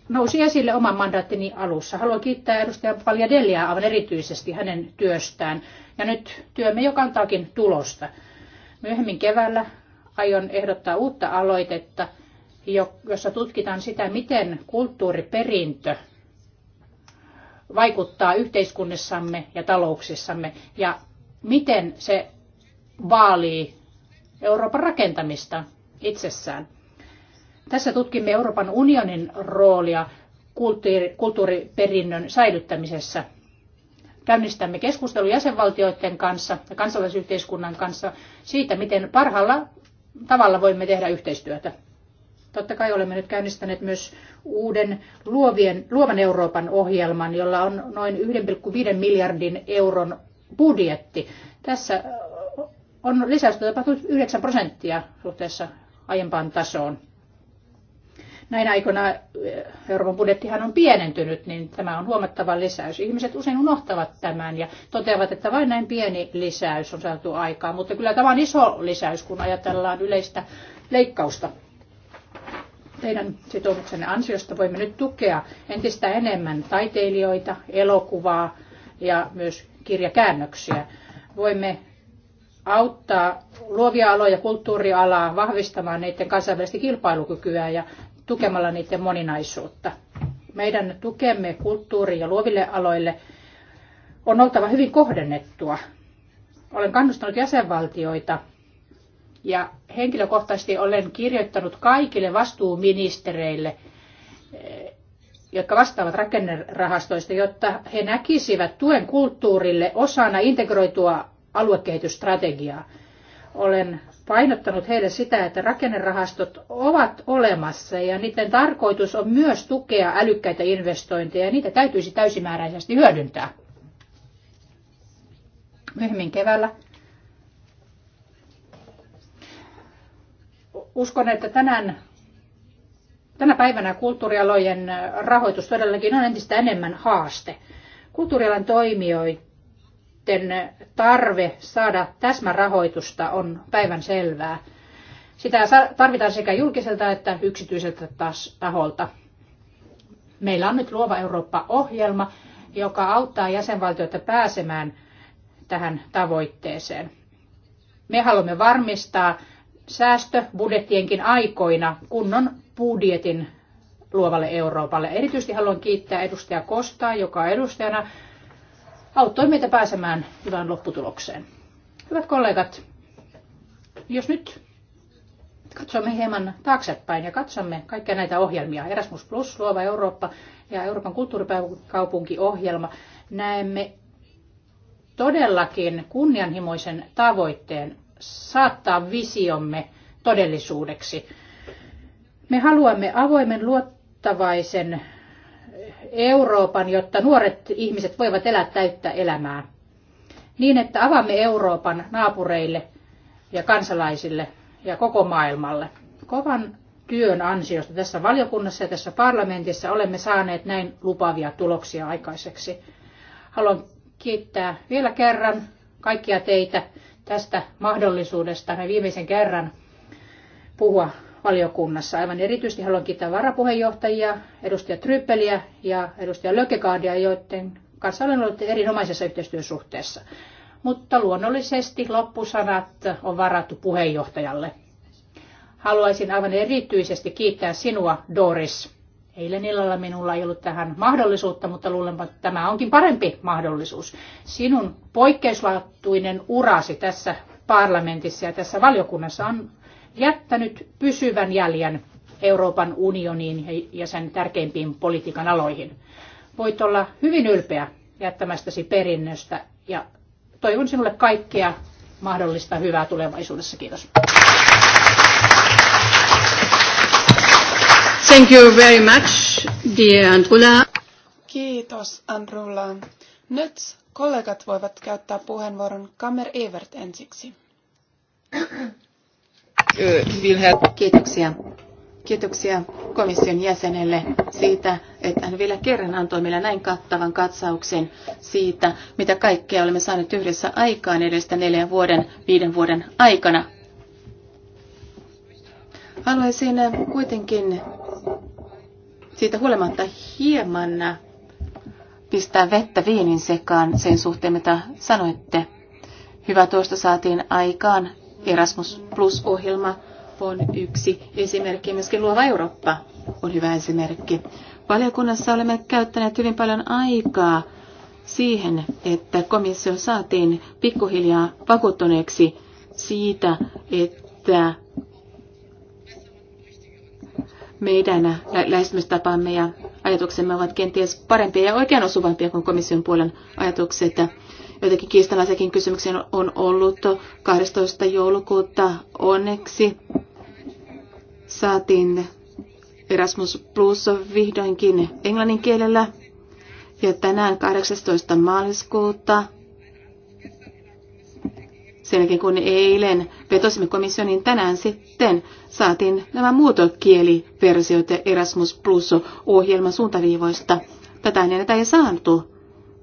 nousi esille oman mandaattini alussa. Haluan kiittää edustaja Paljadeliaa aivan erityisesti hänen työstään. Ja nyt työmme jo kantaakin tulosta. Myöhemmin keväällä aion ehdottaa uutta aloitetta, jossa tutkitaan sitä, miten kulttuuriperintö vaikuttaa yhteiskunnissamme ja talouksissamme ja miten se vaalii Euroopan rakentamista itsessään. Tässä tutkimme Euroopan unionin roolia kulttuuri, kulttuuriperinnön säilyttämisessä. Käynnistämme keskustelun jäsenvaltioiden kanssa ja kansalaisyhteiskunnan kanssa siitä, miten parhaalla tavalla voimme tehdä yhteistyötä. Totta kai olemme nyt käynnistäneet myös uuden luovien, luovan Euroopan ohjelman, jolla on noin 1,5 miljardin euron budjetti. Tässä on lisäystä tapahtunut 9 prosenttia suhteessa aiempaan tasoon. Näin aikoina Euroopan budjettihan on pienentynyt, niin tämä on huomattava lisäys. Ihmiset usein unohtavat tämän ja toteavat, että vain näin pieni lisäys on saatu aikaan, mutta kyllä tämä on iso lisäys, kun ajatellaan yleistä leikkausta teidän sitoumuksenne ansiosta voimme nyt tukea entistä enemmän taiteilijoita, elokuvaa ja myös kirjakäännöksiä. Voimme auttaa luovia aloja, kulttuurialaa vahvistamaan niiden kansainvälistä kilpailukykyä ja tukemalla niiden moninaisuutta. Meidän tukemme kulttuuri- ja luoville aloille on oltava hyvin kohdennettua. Olen kannustanut jäsenvaltioita ja henkilökohtaisesti olen kirjoittanut kaikille vastuuministereille, eh, jotka vastaavat rakennerahastoista, jotta he näkisivät tuen kulttuurille osana integroitua aluekehitysstrategiaa. Olen painottanut heille sitä, että rakennerahastot ovat olemassa ja niiden tarkoitus on myös tukea älykkäitä investointeja ja niitä täytyisi täysimääräisesti hyödyntää. Myöhemmin keväällä Uskon, että tänään, tänä päivänä kulttuurialojen rahoitus todellakin on entistä enemmän haaste. Kulttuurialan toimijoiden tarve saada täsmärahoitusta on päivän selvää. Sitä tarvitaan sekä julkiselta että yksityiseltä taas taholta. Meillä on nyt Luova Eurooppa-ohjelma, joka auttaa jäsenvaltioita pääsemään tähän tavoitteeseen. Me haluamme varmistaa säästöbudjettienkin aikoina kunnon budjetin luovalle Euroopalle. Erityisesti haluan kiittää edustaja Kostaa, joka edustajana auttoi meitä pääsemään hyvään lopputulokseen. Hyvät kollegat, jos nyt katsomme hieman taaksepäin ja katsomme kaikkia näitä ohjelmia, Erasmus Plus, Luova Eurooppa ja Euroopan kulttuuripääkaupunkiohjelma, näemme todellakin kunnianhimoisen tavoitteen saattaa visiomme todellisuudeksi. Me haluamme avoimen luottavaisen Euroopan, jotta nuoret ihmiset voivat elää täyttä elämää. Niin, että avaamme Euroopan naapureille ja kansalaisille ja koko maailmalle. Kovan työn ansiosta tässä valiokunnassa ja tässä parlamentissa olemme saaneet näin lupavia tuloksia aikaiseksi. Haluan kiittää vielä kerran kaikkia teitä tästä mahdollisuudesta näin viimeisen kerran puhua valiokunnassa. Aivan erityisesti haluan kiittää varapuheenjohtajia, edustaja Tryppeliä ja edustaja Lökekaadia, joiden kanssa olen ollut erinomaisessa yhteistyösuhteessa. Mutta luonnollisesti loppusanat on varattu puheenjohtajalle. Haluaisin aivan erityisesti kiittää sinua, Doris, Eilen illalla minulla ei ollut tähän mahdollisuutta, mutta luulenpa, että tämä onkin parempi mahdollisuus. Sinun poikkeuslaatuinen urasi tässä parlamentissa ja tässä valiokunnassa on jättänyt pysyvän jäljen Euroopan unioniin ja sen tärkeimpiin politiikan aloihin. Voit olla hyvin ylpeä jättämästäsi perinnöstä ja toivon sinulle kaikkea mahdollista hyvää tulevaisuudessa. Kiitos. Thank you very much, dear Andrula. Kiitos, Andrula. Nyt kollegat voivat käyttää puheenvuoron Kammer Evert ensiksi. Kiitoksia. Kiitoksia komission jäsenelle siitä, että hän vielä kerran antoi meille näin kattavan katsauksen siitä, mitä kaikkea olemme saaneet yhdessä aikaan edestä neljän vuoden, viiden vuoden aikana Haluaisin kuitenkin siitä huolimatta hieman pistää vettä viinin sekaan sen suhteen, mitä sanoitte. Hyvä tuosta saatiin aikaan. Erasmus Plus-ohjelma on yksi esimerkki, myöskin Luova Eurooppa on hyvä esimerkki. Valiokunnassa olemme käyttäneet hyvin paljon aikaa siihen, että komissio saatiin pikkuhiljaa vakuuttuneeksi siitä, että meidän lähestymistapamme ja ajatuksemme ovat kenties parempia ja oikean osuvampia kuin komission puolen ajatukset. Joitakin kiistanlaisiakin kysymyksiä on ollut 12. joulukuuta. Onneksi saatiin Erasmus Plus vihdoinkin englannin kielellä. Ja tänään 18. maaliskuuta, sen jälkeen kun eilen vetosimme komissionin niin tänään sitten saatiin nämä muutokieliversiot ja Erasmus Plus-ohjelman suuntaviivoista. Tätä enää ei saatu.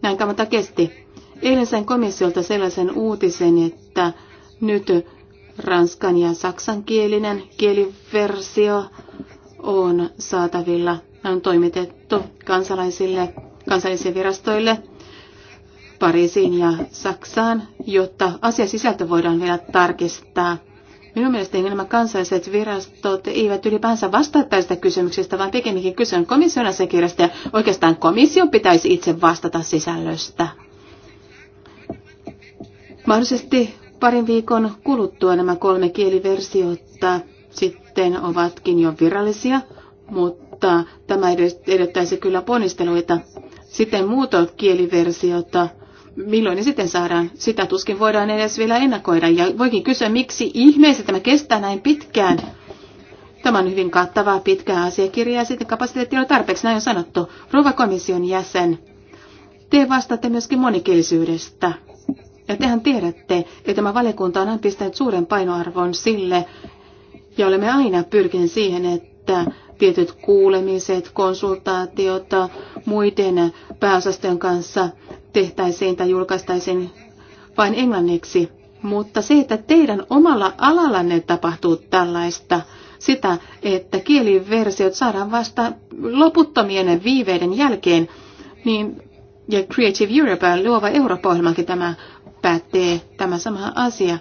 Näin kamata kesti. Eilen sain komissiolta sellaisen uutisen, että nyt ranskan ja saksankielinen kieliversio on saatavilla. Nämä on toimitettu kansalaisille, kansallisille virastoille – Pariisiin ja Saksaan, jotta asiasisältö voidaan vielä tarkistaa. Minun mielestäni nämä kansalliset virastot eivät ylipäänsä vastaa tästä kysymyksestä, vaan pikemminkin kysyn komission asiakirjasta ja oikeastaan komission pitäisi itse vastata sisällöstä. Mahdollisesti parin viikon kuluttua nämä kolme kieliversiota sitten ovatkin jo virallisia, mutta tämä edellyttäisi kyllä ponnisteluita. Sitten muut kieliversiota milloin ne sitten saadaan, sitä tuskin voidaan edes vielä ennakoida. Ja voikin kysyä, miksi ihmeessä tämä kestää näin pitkään. Tämä on hyvin kattavaa pitkää asiakirjaa ja sitten kapasiteetti on tarpeeksi, näin on sanottu. Rova komission jäsen, te vastaatte myöskin monikielisyydestä. Ja tehän tiedätte, että tämä valiokunta on pistänyt suuren painoarvon sille, ja olemme aina pyrkineet siihen, että tietyt kuulemiset, konsultaatiot muiden pääosastojen kanssa tehtäisiin tai julkaistaisiin vain englanniksi. Mutta se, että teidän omalla alallanne tapahtuu tällaista, sitä, että kieliversiot saadaan vasta loputtomien viiveiden jälkeen, niin ja Creative Europe, luova Eurooppa-ohjelmakin tämä päättää tämä sama asia.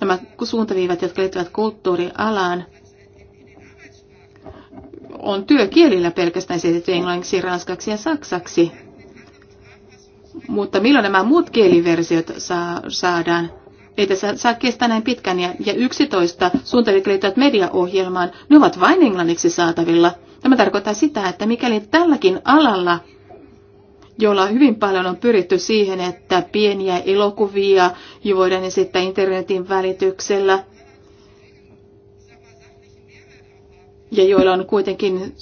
Nämä suuntaviivat, jotka liittyvät kulttuurialaan, on työkielillä pelkästään esitetty englanniksi, ranskaksi ja saksaksi. Mutta milloin nämä muut kieliversiot saa, saadaan? Ei tässä saa kestää näin pitkän Ja, ja 11 suuntaviivat mediaohjelmaan, ne ovat vain englanniksi saatavilla. Tämä tarkoittaa sitä, että mikäli tälläkin alalla jolla hyvin paljon on pyritty siihen, että pieniä elokuvia jo voidaan esittää internetin välityksellä, ja joilla on kuitenkin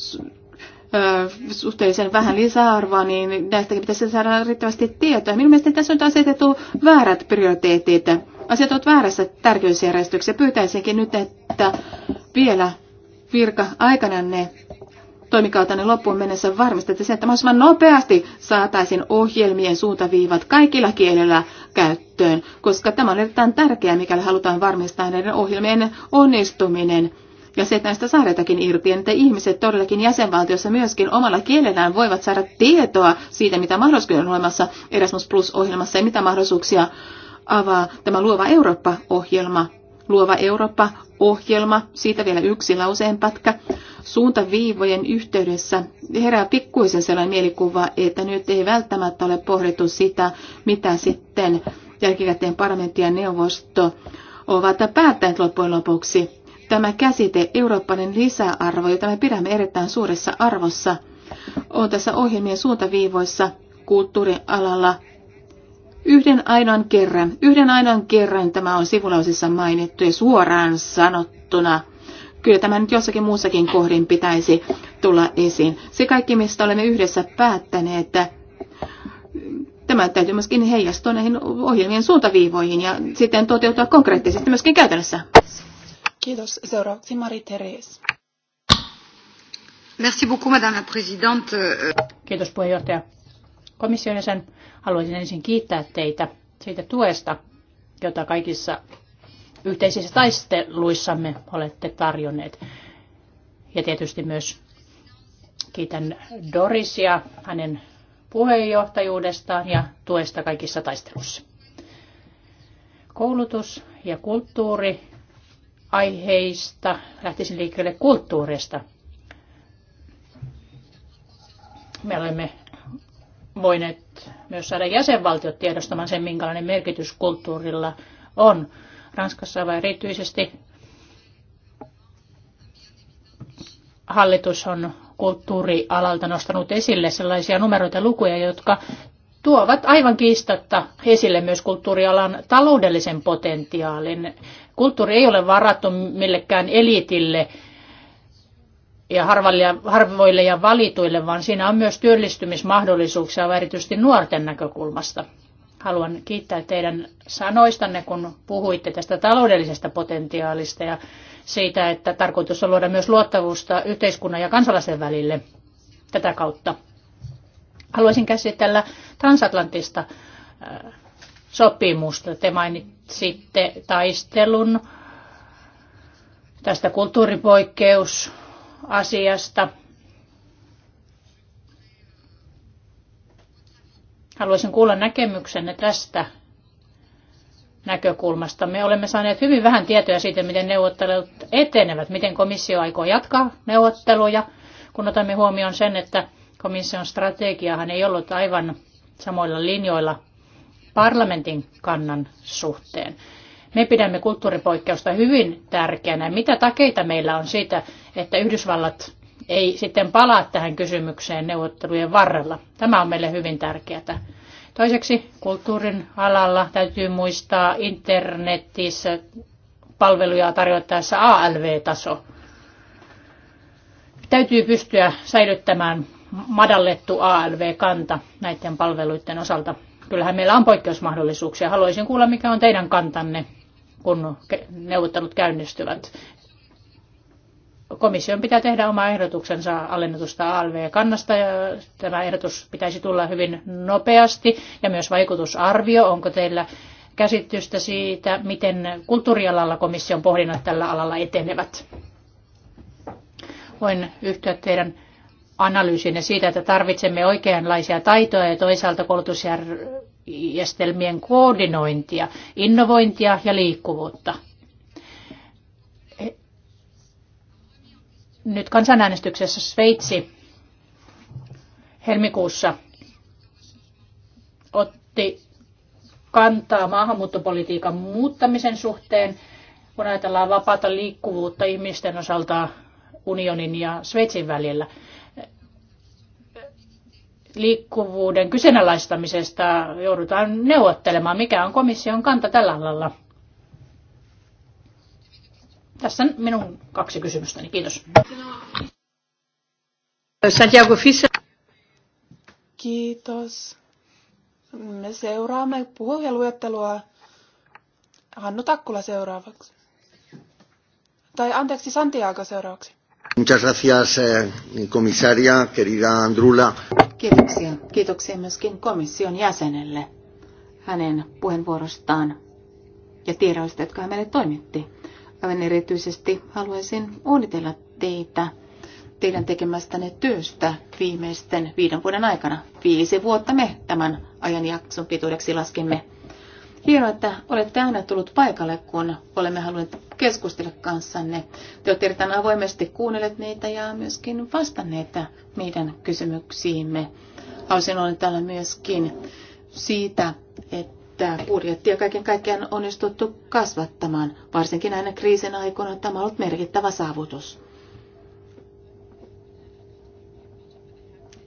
suhteellisen vähän lisäarvoa, niin näistäkin pitäisi saada riittävästi tietoa. Minun mielestäni tässä on asetettu väärät prioriteetit. Asiat ovat väärässä tärkeysjärjestyksessä. Pyytäisinkin nyt, että vielä virka aikana ne toimikautanne loppuun mennessä varmistettaisiin, että mahdollisimman nopeasti saataisiin ohjelmien suuntaviivat kaikilla kielillä käyttöön, koska tämä on erittäin tärkeää, mikäli halutaan varmistaa näiden ohjelmien onnistuminen – ja se, että näistä saadaankin irti, että ihmiset todellakin jäsenvaltiossa myöskin omalla kielellään voivat saada tietoa siitä, mitä mahdollisuuksia on olemassa Erasmus Plus-ohjelmassa ja mitä mahdollisuuksia avaa tämä Luova Eurooppa-ohjelma. Luova Eurooppa-ohjelma, siitä vielä yksi pätkä. Suuntaviivojen yhteydessä herää pikkuisen sellainen mielikuva, että nyt ei välttämättä ole pohdittu sitä, mitä sitten jälkikäteen parlamentti ja neuvosto ovat päättäneet loppujen lopuksi Tämä käsite, eurooppalainen lisäarvo, jota me pidämme erittäin suuressa arvossa, on tässä ohjelmien suuntaviivoissa kulttuurialalla yhden ainoan kerran. Yhden ainoan kerran tämä on sivulausissa mainittu ja suoraan sanottuna. Kyllä tämä nyt jossakin muussakin kohdin pitäisi tulla esiin. Se kaikki, mistä olemme yhdessä päättäneet, että tämä täytyy myöskin heijastua näihin ohjelmien suuntaviivoihin ja sitten toteutua konkreettisesti myöskin käytännössä. Kiitos. Seuraavaksi Mari-Therese. Merci beaucoup, madame la présidente. Kiitos puheenjohtaja. Komission jäsen, haluaisin ensin kiittää teitä siitä tuesta, jota kaikissa yhteisissä taisteluissamme olette tarjonneet. Ja tietysti myös kiitän Dorisia hänen puheenjohtajuudestaan ja tuesta kaikissa taistelussa. Koulutus ja kulttuuri aiheista lähtisin liikkeelle kulttuurista. Me olemme voineet myös saada jäsenvaltiot tiedostamaan sen, minkälainen merkitys kulttuurilla on. Ranskassa vai erityisesti hallitus on kulttuurialalta nostanut esille sellaisia numeroita ja lukuja, jotka tuovat aivan kiistatta esille myös kulttuurialan taloudellisen potentiaalin. Kulttuuri ei ole varattu millekään eliitille ja harvoille ja valituille, vaan siinä on myös työllistymismahdollisuuksia erityisesti nuorten näkökulmasta. Haluan kiittää teidän sanoistanne, kun puhuitte tästä taloudellisesta potentiaalista ja siitä, että tarkoitus on luoda myös luottavuusta yhteiskunnan ja kansalaisen välille tätä kautta. Haluaisin käsitellä transatlanttista äh, sopimusta. Te mainitsitte taistelun tästä kulttuuripoikkeusasiasta. Haluaisin kuulla näkemyksenne tästä näkökulmasta. Me olemme saaneet hyvin vähän tietoja siitä, miten neuvottelut etenevät, miten komissio aikoo jatkaa neuvotteluja, kun otamme huomioon sen, että komission strategiahan ei ollut aivan samoilla linjoilla parlamentin kannan suhteen. Me pidämme kulttuuripoikkeusta hyvin tärkeänä. Mitä takeita meillä on siitä, että Yhdysvallat ei sitten palaa tähän kysymykseen neuvottelujen varrella? Tämä on meille hyvin tärkeää. Toiseksi kulttuurin alalla täytyy muistaa internetissä palveluja tarjottaessa ALV-taso. Täytyy pystyä säilyttämään madallettu ALV-kanta näiden palveluiden osalta. Kyllähän meillä on poikkeusmahdollisuuksia. Haluaisin kuulla, mikä on teidän kantanne, kun neuvottelut käynnistyvät. Komission pitää tehdä oma ehdotuksensa alennetusta ALV-kannasta ja tämä ehdotus pitäisi tulla hyvin nopeasti ja myös vaikutusarvio. Onko teillä käsitystä siitä, miten kulttuurialalla komission pohdinnat tällä alalla etenevät? Voin yhtyä teidän analyysinne siitä, että tarvitsemme oikeanlaisia taitoja ja toisaalta koulutusjärjestelmien koordinointia, innovointia ja liikkuvuutta. Nyt kansanäänestyksessä Sveitsi helmikuussa otti kantaa maahanmuuttopolitiikan muuttamisen suhteen, kun ajatellaan vapaata liikkuvuutta ihmisten osalta unionin ja Sveitsin välillä liikkuvuuden kyseenalaistamisesta joudutaan neuvottelemaan. Mikä on komission kanta tällä alalla? Tässä on minun kaksi kysymystäni. Kiitos. Santiago Fischer. Kiitos. Me seuraamme puheluettelua. Hannu Takkula seuraavaksi. Tai anteeksi, Santiago seuraavaksi. Muchas gracias, komissaria, eh, querida Andrula. Kiitoksia. Kiitoksia myöskin komission jäsenelle hänen puheenvuorostaan ja tiedoista, jotka hän meille toimitti. Aivan erityisesti haluaisin onnitella teitä teidän tekemästänne työstä viimeisten viiden vuoden aikana. Viisi vuotta me tämän ajanjakson pituudeksi laskimme. Hienoa, että olette aina tullut paikalle, kun olemme halunneet keskustella kanssanne. Te olette erittäin avoimesti kuunnelleet meitä ja myöskin vastanneet meidän kysymyksiimme. Haluaisin olla täällä myöskin siitä, että budjettia kaiken kaikkiaan onnistuttu kasvattamaan. Varsinkin aina kriisin aikoina tämä on ollut merkittävä saavutus.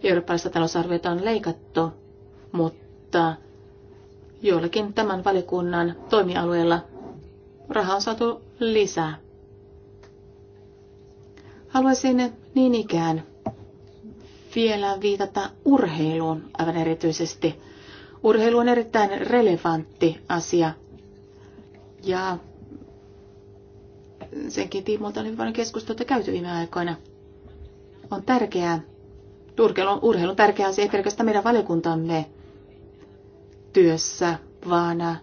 Eurooppalaista talousarviota on leikattu, mutta joillakin tämän valikunnan toimialueella rahaa on saatu lisää. Haluaisin niin ikään vielä viitata urheiluun aivan erityisesti. Urheilu on erittäin relevantti asia. Ja senkin tiimoilta oli paljon keskustelua käyty viime aikoina. On tärkeää, urheilu on tärkeä asia ei pelkästään meidän valiokuntamme työssä, vaan äh,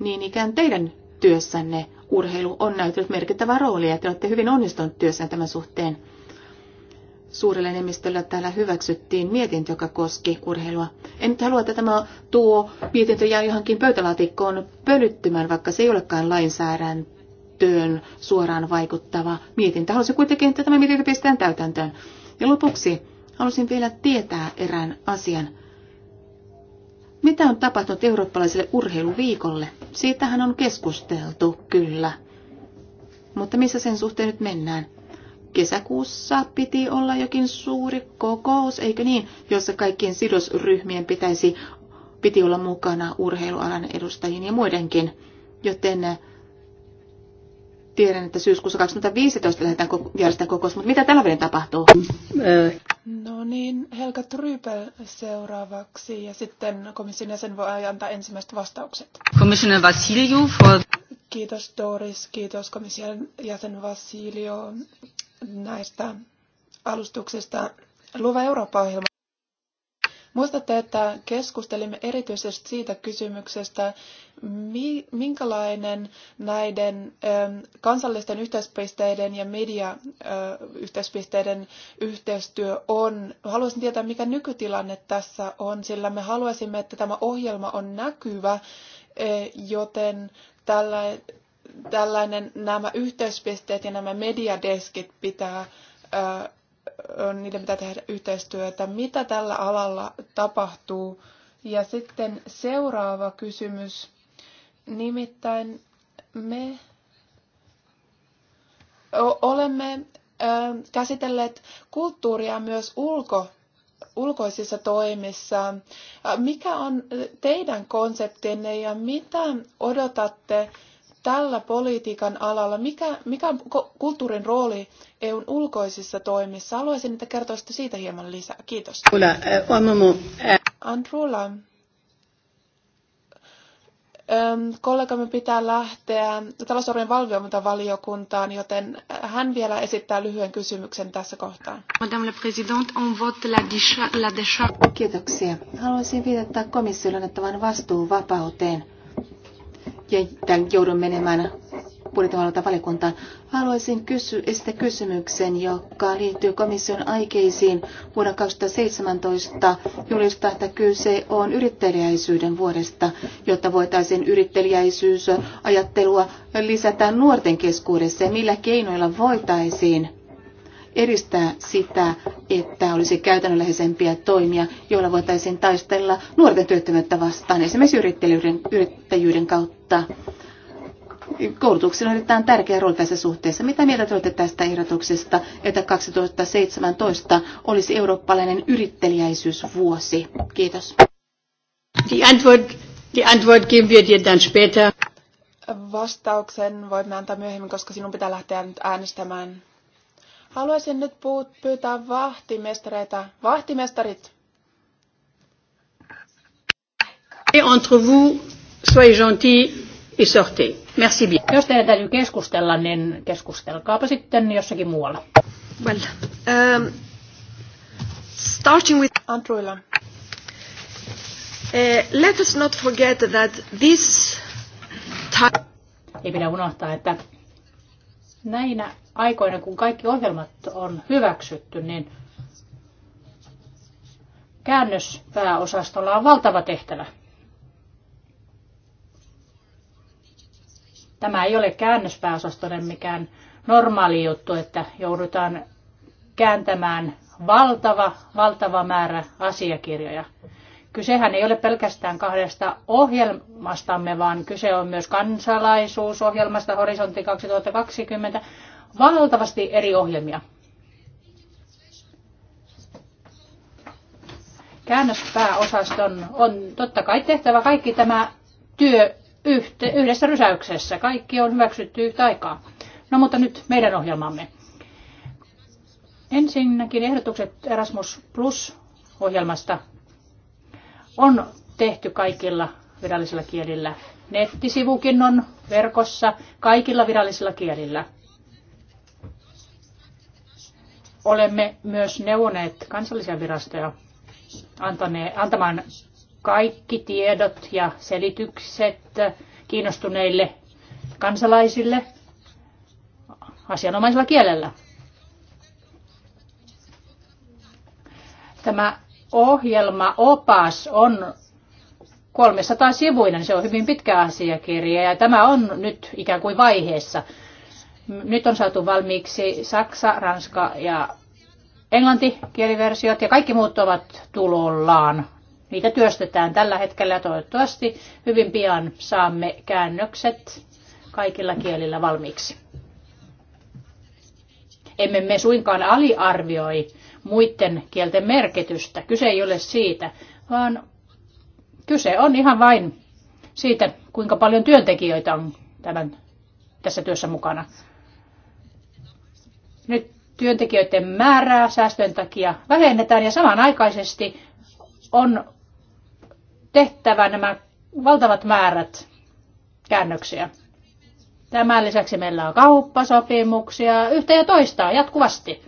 niin ikään teidän työssänne urheilu on näytellyt merkittävää roolia ja te olette hyvin onnistunut työssänne tämän suhteen. Suurella enemmistöllä täällä hyväksyttiin mietintö, joka koski urheilua. En nyt halua, että tämä tuo mietintö jää johonkin pöytälaatikkoon pölyttymään, vaikka se ei olekaan lainsäädäntöön suoraan vaikuttava mietintö. Haluaisin kuitenkin, että tämä mietintö pistetään täytäntöön. Ja lopuksi haluaisin vielä tietää erään asian. Mitä on tapahtunut eurooppalaiselle urheiluviikolle? Siitähän on keskusteltu, kyllä. Mutta missä sen suhteen nyt mennään? Kesäkuussa piti olla jokin suuri kokous, eikö niin, jossa kaikkien sidosryhmien pitäisi, piti olla mukana urheilualan edustajien ja muidenkin. Joten Tiedän, että syyskuussa 2015 lähdetään järjestetään kokous, mutta mitä tällä välin tapahtuu? No niin, Helga Trypel seuraavaksi ja sitten komission jäsen voi antaa ensimmäiset vastaukset. Commissioner Vasilio for... Kiitos Doris, kiitos komission jäsen Vasilio näistä alustuksista. Luva Eurooppa-ohjelma Muistatte, että keskustelimme erityisesti siitä kysymyksestä, minkälainen näiden ähm, kansallisten yhteispisteiden ja mediayhteispisteiden äh, yhteistyö on. Haluaisin tietää, mikä nykytilanne tässä on, sillä me haluaisimme, että tämä ohjelma on näkyvä, äh, joten tällä, tällainen nämä yhteyspisteet ja nämä mediadeskit pitää äh, niiden pitää tehdä yhteistyötä, mitä tällä alalla tapahtuu. Ja sitten seuraava kysymys, nimittäin me olemme käsitelleet kulttuuria myös ulko, ulkoisissa toimissa. Mikä on teidän konseptinne ja mitä odotatte tällä politiikan alalla, mikä, mikä on kulttuurin rooli EUn ulkoisissa toimissa? Haluaisin, että kertoisitte siitä hieman lisää. Kiitos. Eh, eh. Andrula, kollegamme pitää lähteä talousarvion valvontavaliokuntaan, joten hän vielä esittää lyhyen kysymyksen tässä kohtaa. Madame la Présidente, on vote la, la Kiitoksia. Haluaisin viitata komissiolle annettavan vastuuvapauteen ja tämän joudun menemään budjettivalvonta valiokuntaan. Haluaisin kysy, esittää kysymyksen, joka liittyy komission aikeisiin vuonna 2017 julistaa, että kyse on yrittelijäisyyden vuodesta, jotta voitaisiin yrittäjäisyysajattelua lisätä nuorten keskuudessa ja millä keinoilla voitaisiin edistää sitä, että olisi käytännönläheisempiä toimia, joilla voitaisiin taistella nuorten työttömyyttä vastaan, esimerkiksi yrittäjyyden, yrittäjyyden kautta. Koulutuksella on erittäin tärkeä rooli tässä suhteessa. Mitä mieltä olette tästä ehdotuksesta, että 2017 olisi eurooppalainen yrittäjäisyysvuosi? Kiitos. Die Antwort, die Antwort geben wir dir dann später. Vastauksen voimme antaa myöhemmin, koska sinun pitää lähteä nyt äänestämään. Haluaisin nyt pyytää vahtimestareita. Vahtimestarit! Et Entre vous, soyez gentils et sortez. Merci bien. Jos teidän täytyy keskustella, niin keskustelkaapa sitten jossakin muualla. Well, um, starting with Androilla. Uh, let us not forget that this time... Ei pidä unohtaa, että näinä aikoina, kun kaikki ohjelmat on hyväksytty, niin käännöspääosastolla on valtava tehtävä. Tämä ei ole käännöspääosastolle mikään normaali juttu, että joudutaan kääntämään valtava, valtava määrä asiakirjoja. Kysehän ei ole pelkästään kahdesta ohjelmastamme, vaan kyse on myös kansalaisuusohjelmasta Horisontti 2020, valtavasti eri ohjelmia. Käännöspääosaston on totta kai tehtävä kaikki tämä työ yhdessä rysäyksessä. Kaikki on hyväksytty yhtä aikaa. No mutta nyt meidän ohjelmamme. Ensinnäkin ehdotukset Erasmus Plus-ohjelmasta on tehty kaikilla virallisilla kielillä. Nettisivukin on verkossa kaikilla virallisilla kielillä. Olemme myös neuvoneet kansallisia virastoja antamaan kaikki tiedot ja selitykset kiinnostuneille kansalaisille asianomaisella kielellä. Tämä ohjelma opas on 300 sivuinen, se on hyvin pitkä asiakirja ja tämä on nyt ikään kuin vaiheessa. Nyt on saatu valmiiksi saksa, ranska ja englanti kieliversiot ja kaikki muut ovat tulollaan. Niitä työstetään tällä hetkellä toivottavasti hyvin pian saamme käännökset kaikilla kielillä valmiiksi. Emme me suinkaan aliarvioi muiden kielten merkitystä. Kyse ei ole siitä, vaan kyse on ihan vain siitä, kuinka paljon työntekijöitä on tämän, tässä työssä mukana. Nyt työntekijöiden määrää säästöjen takia vähennetään ja samanaikaisesti on tehtävä nämä valtavat määrät käännöksiä. Tämän lisäksi meillä on kauppasopimuksia yhtä ja toistaa jatkuvasti.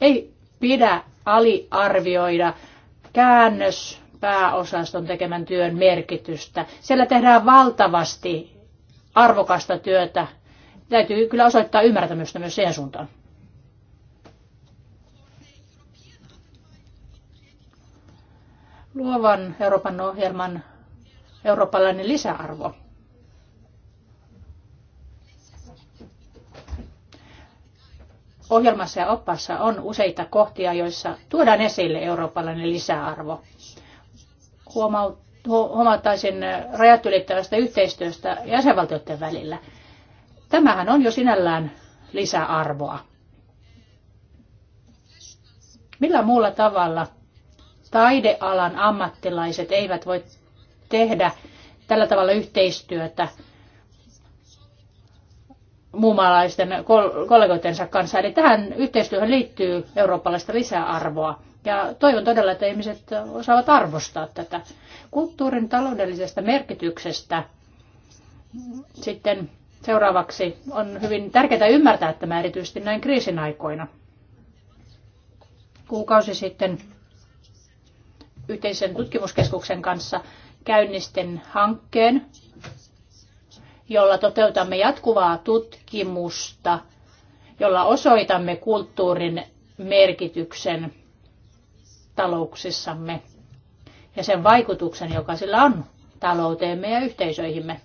Ei pidä aliarvioida käännös pääosaston tekemän työn merkitystä. Siellä tehdään valtavasti arvokasta työtä täytyy kyllä osoittaa ymmärtämystä myös siihen suuntaan. Luovan Euroopan ohjelman eurooppalainen lisäarvo. Ohjelmassa ja oppassa on useita kohtia, joissa tuodaan esille eurooppalainen lisäarvo. Huomauttaisin rajat ylittävästä yhteistyöstä jäsenvaltioiden välillä – Tämähän on jo sinällään lisäarvoa. Millä muulla tavalla taidealan ammattilaiset eivät voi tehdä tällä tavalla yhteistyötä muumalaisten kollegoitensa kanssa. Eli tähän yhteistyöhön liittyy eurooppalaista lisäarvoa. Ja toivon todella, että ihmiset osaavat arvostaa tätä kulttuurin taloudellisesta merkityksestä. Sitten Seuraavaksi on hyvin tärkeää ymmärtää tämä erityisesti näin kriisin aikoina. Kuukausi sitten yhteisen tutkimuskeskuksen kanssa käynnistin hankkeen, jolla toteutamme jatkuvaa tutkimusta, jolla osoitamme kulttuurin merkityksen talouksissamme ja sen vaikutuksen, joka sillä on talouteemme ja yhteisöihimme.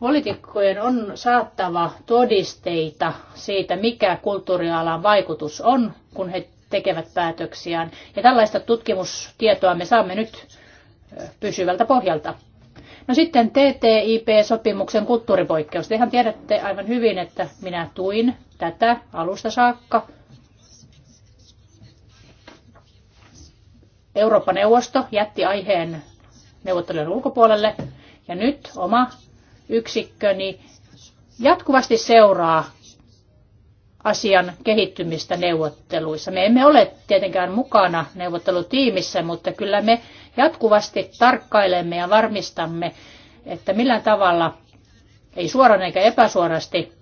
Poliitikkojen on saattava todisteita siitä, mikä kulttuurialan vaikutus on, kun he tekevät päätöksiään. Ja tällaista tutkimustietoa me saamme nyt pysyvältä pohjalta. No sitten TTIP-sopimuksen kulttuuripoikkeus. Tehän tiedätte aivan hyvin, että minä tuin tätä alusta saakka. Eurooppa-neuvosto jätti aiheen neuvottelujen ulkopuolelle ja nyt oma niin jatkuvasti seuraa asian kehittymistä neuvotteluissa. Me emme ole tietenkään mukana neuvottelutiimissä, mutta kyllä me jatkuvasti tarkkailemme ja varmistamme, että millä tavalla, ei suoraan eikä epäsuorasti,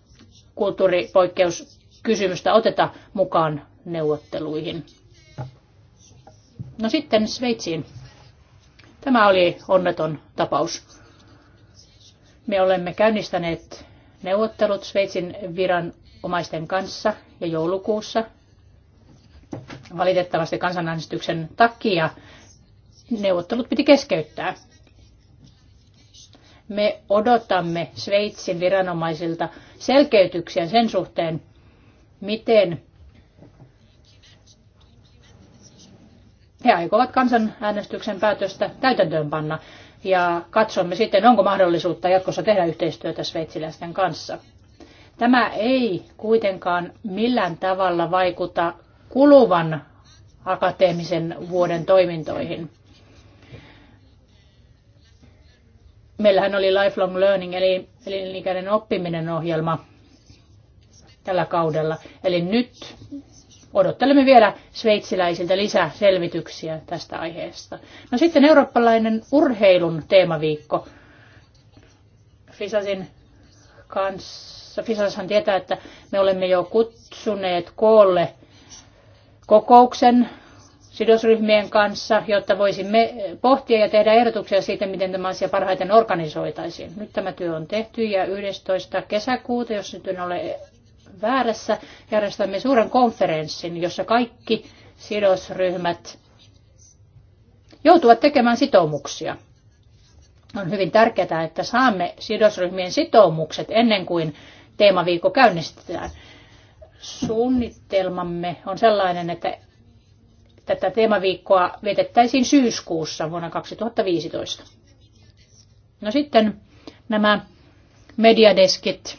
kulttuuripoikkeuskysymystä oteta mukaan neuvotteluihin. No sitten Sveitsiin. Tämä oli onneton tapaus. Me olemme käynnistäneet neuvottelut Sveitsin viranomaisten kanssa ja joulukuussa valitettavasti kansanäänestyksen takia neuvottelut piti keskeyttää. Me odotamme Sveitsin viranomaisilta selkeytyksiä sen suhteen, miten he aikovat kansanäänestyksen päätöstä täytäntöönpanna ja katsomme sitten, onko mahdollisuutta jatkossa tehdä yhteistyötä sveitsiläisten kanssa. Tämä ei kuitenkaan millään tavalla vaikuta kuluvan akateemisen vuoden toimintoihin. Meillähän oli Lifelong Learning, eli elinikäinen oppiminen ohjelma tällä kaudella. Eli nyt odottelemme vielä sveitsiläisiltä lisäselvityksiä tästä aiheesta. No sitten eurooppalainen urheilun teemaviikko. Fisasin kanssa, Fisashan tietää, että me olemme jo kutsuneet koolle kokouksen sidosryhmien kanssa, jotta voisimme pohtia ja tehdä ehdotuksia siitä, miten tämä asia parhaiten organisoitaisiin. Nyt tämä työ on tehty ja 11. kesäkuuta, jos nyt en ole väärässä. Järjestämme suuren konferenssin, jossa kaikki sidosryhmät joutuvat tekemään sitoumuksia. On hyvin tärkeää, että saamme sidosryhmien sitoumukset ennen kuin teemaviikko käynnistetään. Suunnitelmamme on sellainen, että tätä teemaviikkoa vietettäisiin syyskuussa vuonna 2015. No sitten nämä mediadeskit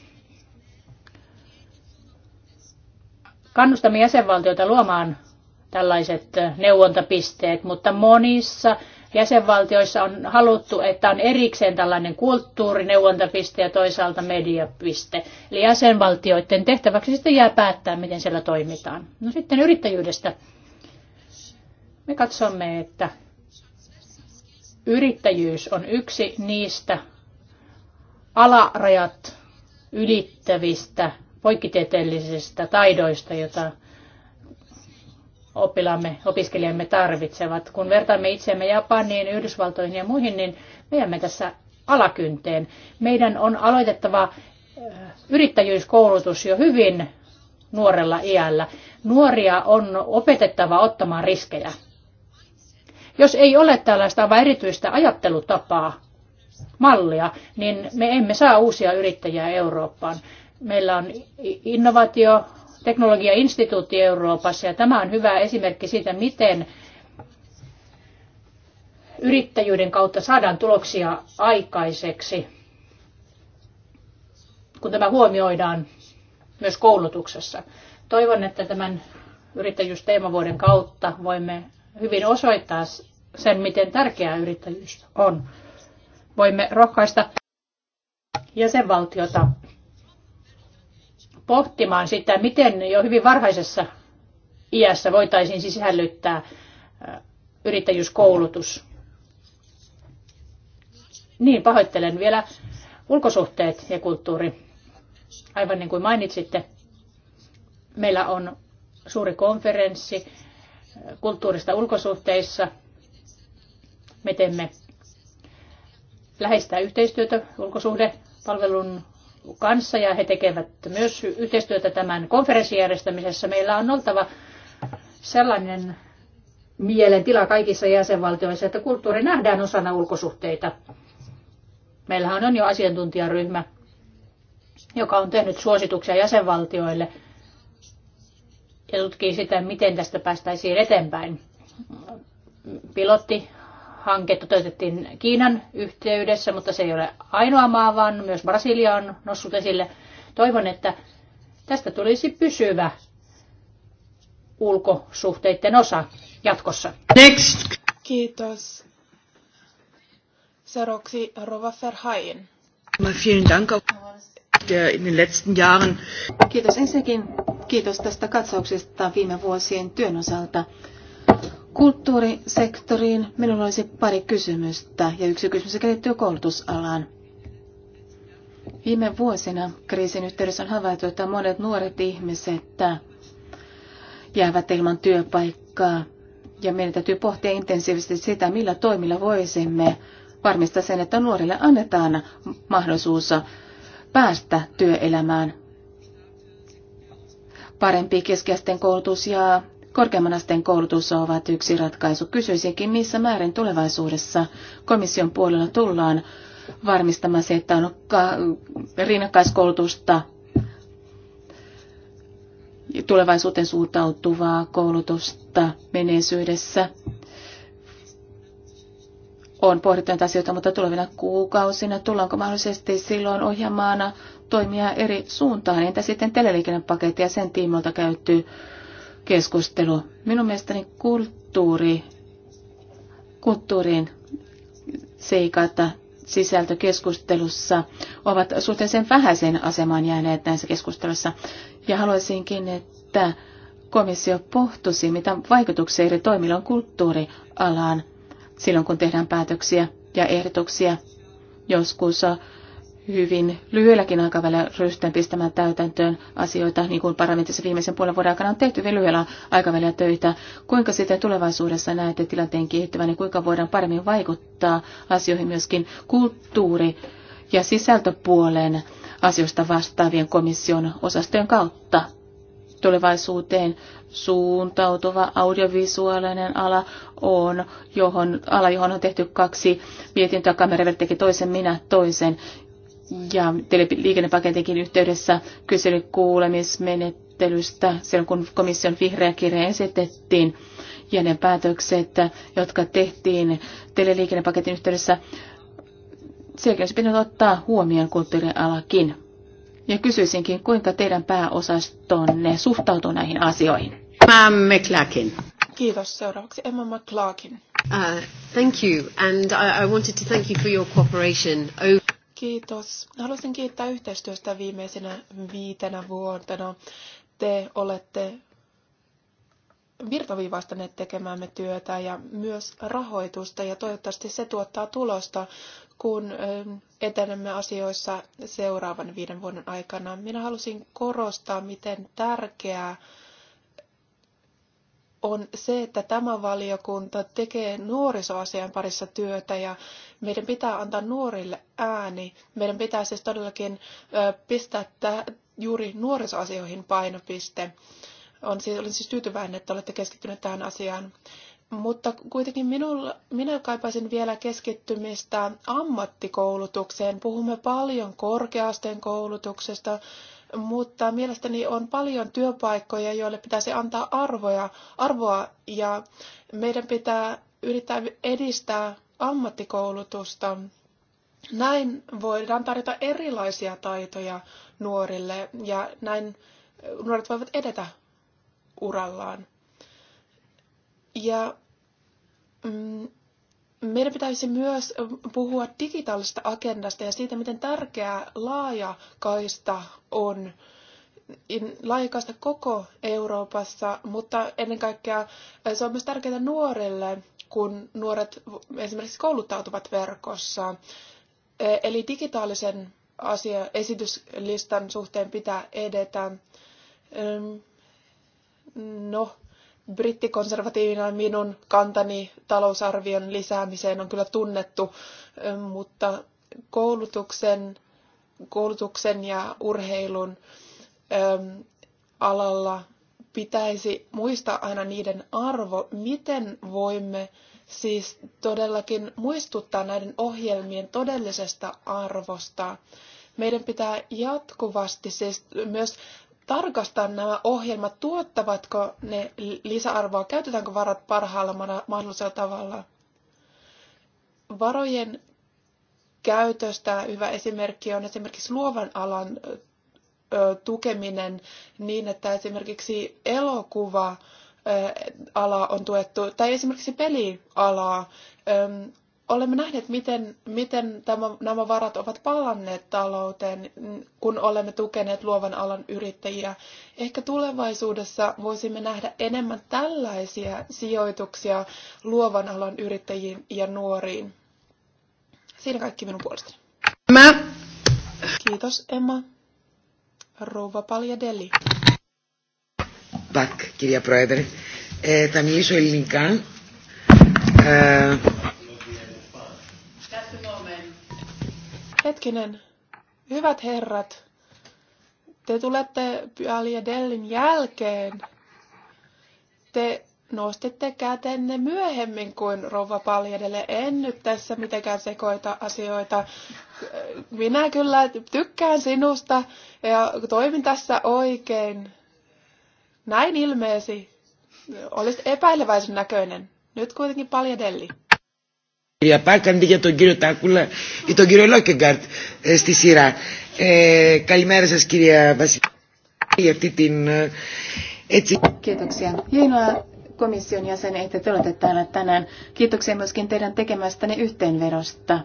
Kannustamme jäsenvaltioita luomaan tällaiset neuvontapisteet, mutta monissa jäsenvaltioissa on haluttu, että on erikseen tällainen kulttuurineuvontapiste ja toisaalta mediapiste. Eli jäsenvaltioiden tehtäväksi sitten jää päättää, miten siellä toimitaan. No sitten yrittäjyydestä. Me katsomme, että yrittäjyys on yksi niistä alarajat ylittävistä poikkitieteellisistä taidoista, joita oppilaamme, opiskelijamme tarvitsevat. Kun vertaamme itseämme Japaniin, Yhdysvaltoihin ja muihin, niin me jäämme tässä alakynteen. Meidän on aloitettava yrittäjyyskoulutus jo hyvin nuorella iällä. Nuoria on opetettava ottamaan riskejä. Jos ei ole tällaista aivan erityistä ajattelutapaa, mallia, niin me emme saa uusia yrittäjiä Eurooppaan. Meillä on innovaatio, teknologiainstituutti Euroopassa ja tämä on hyvä esimerkki siitä, miten yrittäjyyden kautta saadaan tuloksia aikaiseksi, kun tämä huomioidaan myös koulutuksessa. Toivon, että tämän yrittäjyysteemavuoden kautta voimme hyvin osoittaa sen, miten tärkeää yrittäjyys on. Voimme rohkaista jäsenvaltiota pohtimaan sitä, miten jo hyvin varhaisessa iässä voitaisiin sisällyttää yrittäjyyskoulutus. Niin, pahoittelen vielä ulkosuhteet ja kulttuuri. Aivan niin kuin mainitsitte, meillä on suuri konferenssi kulttuurista ulkosuhteissa. Me teemme läheistä yhteistyötä ulkosuhdepalvelun kanssa ja he tekevät myös yhteistyötä tämän konferenssin järjestämisessä. Meillä on oltava sellainen mielentila kaikissa jäsenvaltioissa, että kulttuuri nähdään osana ulkosuhteita. Meillähän on jo asiantuntijaryhmä, joka on tehnyt suosituksia jäsenvaltioille ja tutkii sitä, miten tästä päästäisiin eteenpäin. Pilotti hanke toteutettiin Kiinan yhteydessä, mutta se ei ole ainoa maa, vaan myös Brasilia on noussut esille. Toivon, että tästä tulisi pysyvä ulkosuhteiden osa jatkossa. Next. Kiitos. Seuraavaksi Rova Verhaien. in den letzten Jahren. Kiitos ensinnäkin. Kiitos tästä katsauksesta viime vuosien työn osalta. Kulttuurisektoriin minulla olisi pari kysymystä ja yksi kysymys liittyy koulutusalaan. Viime vuosina kriisin yhteydessä on havaittu, että monet nuoret ihmiset jäävät ilman työpaikkaa ja meidän täytyy pohtia intensiivisesti sitä, millä toimilla voisimme varmistaa sen, että nuorille annetaan mahdollisuus päästä työelämään. Parempi keskiasteen koulutus ja Korkeamman asteen koulutus ovat yksi ratkaisu. Kysyisinkin, missä määrin tulevaisuudessa komission puolella tullaan varmistamaan se, että on rinnakkaiskoulutusta, tulevaisuuteen suuntautuvaa koulutusta menneisyydessä. On pohdittu näitä asioita, mutta tulevina kuukausina tullaanko mahdollisesti silloin ohjaamaan toimia eri suuntaan. Entä sitten teleliikennepaketti ja sen tiimoilta käyty keskustelu. Minun mielestäni kulttuuri, kulttuurin seikat sisältökeskustelussa ovat suhteellisen vähäisen asemaan jääneet näissä keskustelussa Ja haluaisinkin, että komissio pohtusi, mitä vaikutuksia eri toimilla on kulttuurialaan silloin, kun tehdään päätöksiä ja ehdotuksia. Joskus hyvin lyhyelläkin aikavälillä ryhtyä pistämään täytäntöön asioita, niin kuin parlamentissa viimeisen puolen vuoden aikana on tehty hyvin lyhyellä aikavälillä töitä. Kuinka sitten tulevaisuudessa näette tilanteen kehittyvän ja kuinka voidaan paremmin vaikuttaa asioihin myöskin kulttuuri- ja sisältöpuolen asioista vastaavien komission osastojen kautta? tulevaisuuteen suuntautuva audiovisuaalinen ala on, johon, ala, johon on tehty kaksi mietintöä. Kamera teki toisen, minä toisen ja liikennepaketinkin yhteydessä kysely kuulemismenettelystä silloin, kun komission vihreä kirja esitettiin ja ne päätökset, jotka tehtiin teleliikennepaketin yhteydessä, sekin olisi pitänyt ottaa huomioon kulttuurialakin. Ja kysyisinkin, kuinka teidän pääosastonne suhtautuu näihin asioihin? Emma McClarkin. Kiitos. Seuraavaksi Emma McClarkin. Uh, thank you, and I, I wanted to thank you for your cooperation. Over Kiitos. Haluaisin kiittää yhteistyöstä viimeisenä viitenä vuotena. Te olette virtaviivaistaneet tekemäämme työtä ja myös rahoitusta ja toivottavasti se tuottaa tulosta, kun ähm, etenemme asioissa seuraavan viiden vuoden aikana. Minä halusin korostaa, miten tärkeää on se, että tämä valiokunta tekee nuorisoasian parissa työtä ja meidän pitää antaa nuorille ääni. Meidän pitää siis todellakin pistää juuri nuorisoasioihin painopiste. On, siis olen siis tyytyväinen, että olette keskittyneet tähän asiaan. Mutta kuitenkin minulla, minä kaipaisin vielä keskittymistä ammattikoulutukseen. Puhumme paljon korkeasteen koulutuksesta, mutta mielestäni on paljon työpaikkoja, joille pitäisi antaa arvoja, arvoa ja meidän pitää yrittää edistää ammattikoulutusta. Näin voidaan tarjota erilaisia taitoja nuorille ja näin nuoret voivat edetä urallaan. Ja mm, meidän pitäisi myös puhua digitaalisesta agendasta ja siitä, miten tärkeää laajakaista on laajakaista koko Euroopassa, mutta ennen kaikkea eh, se on myös tärkeää nuorille, kun nuoret esimerkiksi kouluttautuvat verkossa. Eh, eli digitaalisen asia, esityslistan suhteen pitää edetä. No, brittikonservatiivina minun kantani talousarvion lisäämiseen on kyllä tunnettu, eh, mutta koulutuksen, koulutuksen ja urheilun eh, alalla pitäisi muistaa aina niiden arvo, miten voimme siis todellakin muistuttaa näiden ohjelmien todellisesta arvosta. Meidän pitää jatkuvasti siis myös tarkastaa nämä ohjelmat, tuottavatko ne lisäarvoa, käytetäänkö varat parhaalla mahdollisella tavalla. Varojen käytöstä hyvä esimerkki on esimerkiksi luovan alan tukeminen niin, että esimerkiksi elokuva ala on tuettu, tai esimerkiksi pelialaa olemme nähneet, miten, miten tämä, nämä varat ovat palanneet talouteen, kun olemme tukeneet luovan alan yrittäjiä. Ehkä tulevaisuudessa voisimme nähdä enemmän tällaisia sijoituksia luovan alan yrittäjiin ja nuoriin. Siinä kaikki minun puolestani. Mä. Kiitos, Emma. Rouva Deli. Back, kirja Proeder. Ε, θα μιλήσω ελληνικά. Ε, hetkinen, hyvät herrat, te tulette Dellin jälkeen. Te nostitte kätenne myöhemmin kuin rouva Paljadelle. En nyt tässä mitenkään sekoita asioita. Minä kyllä tykkään sinusta ja toimin tässä oikein. Näin ilmeesi. Olisit epäileväisen näköinen. Nyt kuitenkin Paljadelli κυρία Πάρκ αντί για τον κύριο Τάκουλα ή τον κύριο Λόκεγκαρτ ε, στη σειρά. Ε, καλημέρα σας κυρία Βασιλιά για αυτή την... έτσι... Kiitoksia. Hienoa komission jäsen, että te olette täällä tänään. Kiitoksia myöskin teidän tekemästänne yhteenverosta.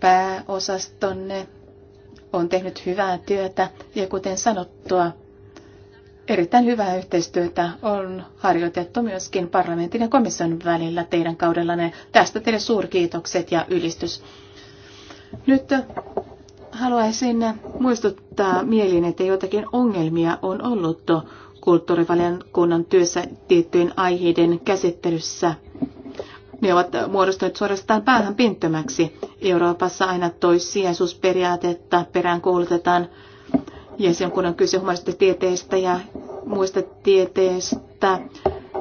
Pääosastonne on tehnyt hyvää työtä ja kuten sanottua, Erittäin hyvää yhteistyötä on harjoitettu myöskin parlamentin ja komission välillä teidän kaudellanne. Tästä teille suurkiitokset ja ylistys. Nyt haluaisin muistuttaa mieliin, että joitakin ongelmia on ollut kulttuurivaliokunnan työssä tiettyjen aiheiden käsittelyssä. Ne ovat muodostuneet suorastaan päähän pinttömäksi. Euroopassa aina toissijaisuusperiaatetta peräänkuulutetaan. koulutetaan ja sen kun on kyse humanistisesta tieteestä ja muista tieteestä,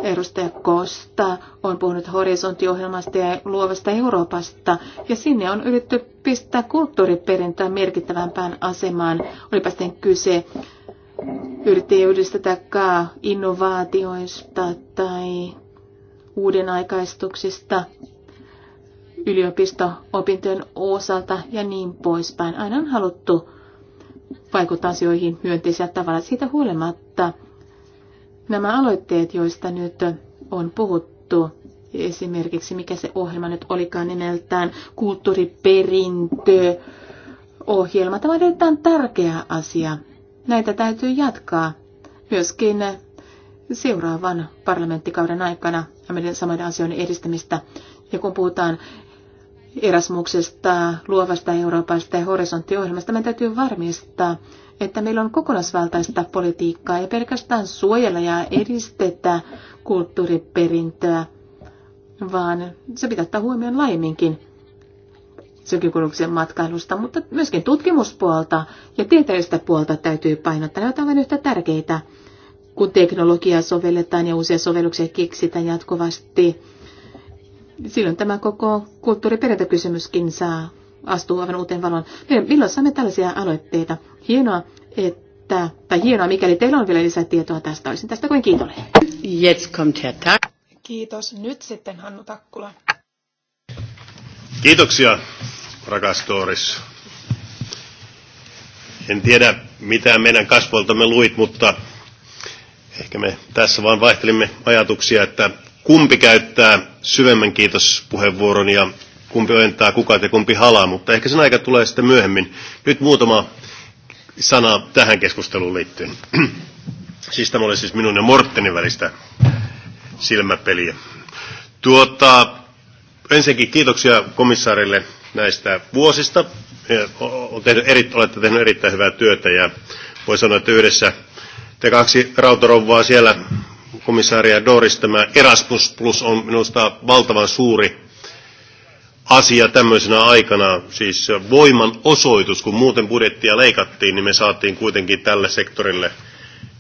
edustaja Kosta on puhunut horisonttiohjelmasta ja luovasta Euroopasta, ja sinne on yritetty pistää kulttuuriperintöä merkittävämpään asemaan, olipa sitten kyse yrittäjyydestä tai innovaatioista tai uuden aikaistuksista yliopisto-opintojen osalta ja niin poispäin. Aina on haluttu vaikuttaa asioihin myönteisellä tavalla. Siitä huolimatta nämä aloitteet, joista nyt on puhuttu, esimerkiksi mikä se ohjelma nyt olikaan nimeltään, kulttuuriperintö, ohjelma. Tämä on erittäin tärkeä asia. Näitä täytyy jatkaa myöskin seuraavan parlamenttikauden aikana ja meidän samoiden asioiden edistämistä. Ja kun puhutaan Erasmuksesta, luovasta Euroopasta ja horisonttiohjelmasta. Meidän täytyy varmistaa, että meillä on kokonaisvaltaista politiikkaa ja pelkästään suojella ja edistetä kulttuuriperintöä, vaan se pitää ottaa huomioon laiminkin sykikuluksen matkailusta, mutta myöskin tutkimuspuolta ja tieteellistä puolta täytyy painottaa. Ne ovat aivan yhtä tärkeitä, kun teknologiaa sovelletaan ja uusia sovelluksia keksitään jatkuvasti silloin tämä koko kulttuuriperintökysymyskin saa astuu aivan uuteen valoon. Milloin saamme tällaisia aloitteita? Hienoa, että, tai hienoa, mikäli teillä on vielä lisää tietoa tästä, olisin tästä kuin kiitollinen. Jetzt kommt Herr Tack. Kiitos. Nyt sitten Hannu Takkula. Kiitoksia, rakas tooris. En tiedä, mitä meidän kasvoiltamme luit, mutta ehkä me tässä vaan vaihtelimme ajatuksia, että kumpi käyttää syvemmän kiitospuheenvuoron ja kumpi ojentaa kukat ja kumpi halaa, mutta ehkä sen aika tulee sitten myöhemmin. Nyt muutama sana tähän keskusteluun liittyen. siis tämä oli siis minun ja Morttenin välistä silmäpeliä. Tuota, ensinnäkin kiitoksia komissaarille näistä vuosista. olette tehneet erittäin hyvää työtä ja voi sanoa, että yhdessä te kaksi rautorouvaa siellä komissaaria Doris. Tämä Erasmus Plus on minusta valtavan suuri asia tämmöisenä aikana, siis voiman osoitus, kun muuten budjettia leikattiin, niin me saatiin kuitenkin tälle sektorille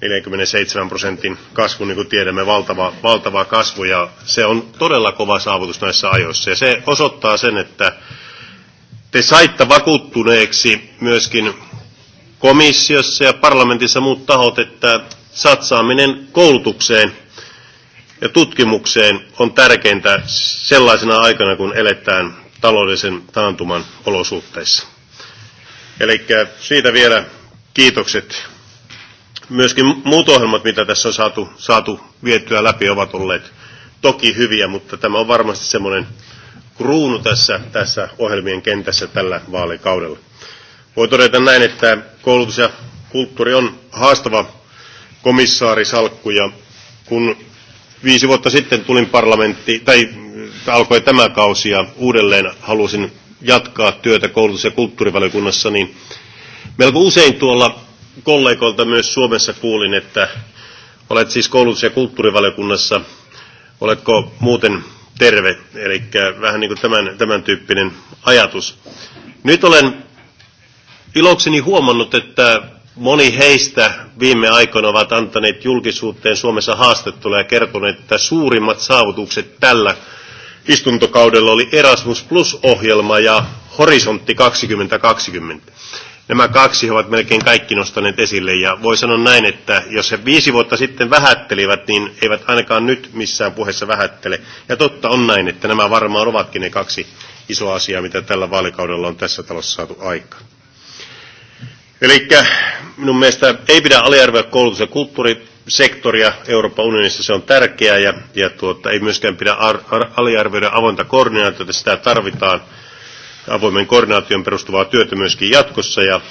47 prosentin kasvu, niin kuin tiedämme, valtava, valtava kasvu, ja se on todella kova saavutus näissä ajoissa. Ja se osoittaa sen, että te saitte vakuuttuneeksi myöskin komissiossa ja parlamentissa muut tahot, että satsaaminen koulutukseen ja tutkimukseen on tärkeintä sellaisena aikana, kun eletään taloudellisen taantuman olosuhteissa. Eli siitä vielä kiitokset. Myöskin muut ohjelmat, mitä tässä on saatu, saatu vietyä läpi, ovat olleet toki hyviä, mutta tämä on varmasti semmoinen kruunu tässä, tässä ohjelmien kentässä tällä vaalikaudella. Voi todeta näin, että koulutus ja kulttuuri on haastava komissaarisalkkuja. Kun viisi vuotta sitten tulin parlamentti, tai äh, alkoi tämä kausi ja uudelleen halusin jatkaa työtä koulutus- ja kulttuurivaliokunnassa, niin melko usein tuolla kollegoilta myös Suomessa kuulin, että olet siis koulutus- ja kulttuurivaliokunnassa, oletko muuten terve, eli vähän niin kuin tämän, tämän tyyppinen ajatus. Nyt olen ilokseni huomannut, että Moni heistä viime aikoina ovat antaneet julkisuuteen Suomessa haastattelu ja kertoneet, että suurimmat saavutukset tällä istuntokaudella oli Erasmus Plus-ohjelma ja Horisontti 2020. Nämä kaksi he ovat melkein kaikki nostaneet esille ja voi sanoa näin, että jos he viisi vuotta sitten vähättelivät, niin eivät ainakaan nyt missään puheessa vähättele. Ja totta on näin, että nämä varmaan ovatkin ne kaksi isoa asiaa, mitä tällä vaalikaudella on tässä talossa saatu aikaan. Eli minun mielestä ei pidä aliarvioida koulutus- ja kulttuurisektoria Euroopan unionissa, se on tärkeää ja, ja tuota, ei myöskään pidä ar- ar- aliarvioida avointa koordinaatiota, sitä tarvitaan avoimen koordinaation perustuvaa työtä myöskin jatkossa ja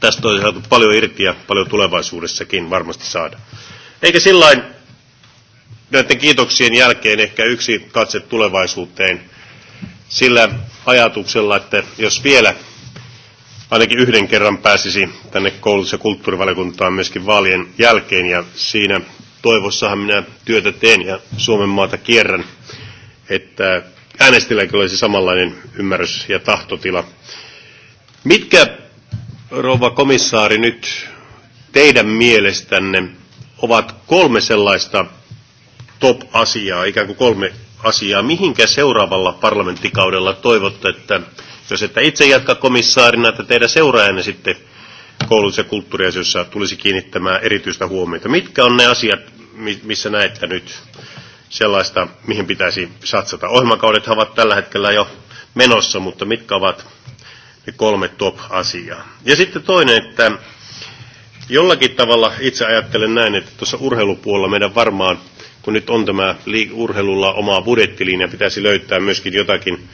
tästä on saatu paljon irti ja paljon tulevaisuudessakin varmasti saada. Eikä sillain näiden kiitoksien jälkeen ehkä yksi katse tulevaisuuteen sillä ajatuksella, että jos vielä ainakin yhden kerran pääsisi tänne koulutus- ja kulttuurivaliokuntaan myöskin vaalien jälkeen ja siinä toivossahan minä työtä teen ja Suomen maata kierrän, että äänestilläkin olisi samanlainen ymmärrys ja tahtotila. Mitkä, rouva komissaari, nyt teidän mielestänne ovat kolme sellaista top-asiaa, ikään kuin kolme asiaa, mihinkä seuraavalla parlamenttikaudella toivotte, että jos että itse jatka komissaarina, että teidän seuraajanne sitten koulutus- ja kulttuuriasioissa tulisi kiinnittämään erityistä huomiota. Mitkä on ne asiat, missä näette nyt sellaista, mihin pitäisi satsata? Ohjelmakaudet ovat tällä hetkellä jo menossa, mutta mitkä ovat ne kolme top-asiaa? Ja sitten toinen, että jollakin tavalla itse ajattelen näin, että tuossa urheilupuolella meidän varmaan, kun nyt on tämä urheilulla omaa budjettilinja, pitäisi löytää myöskin jotakin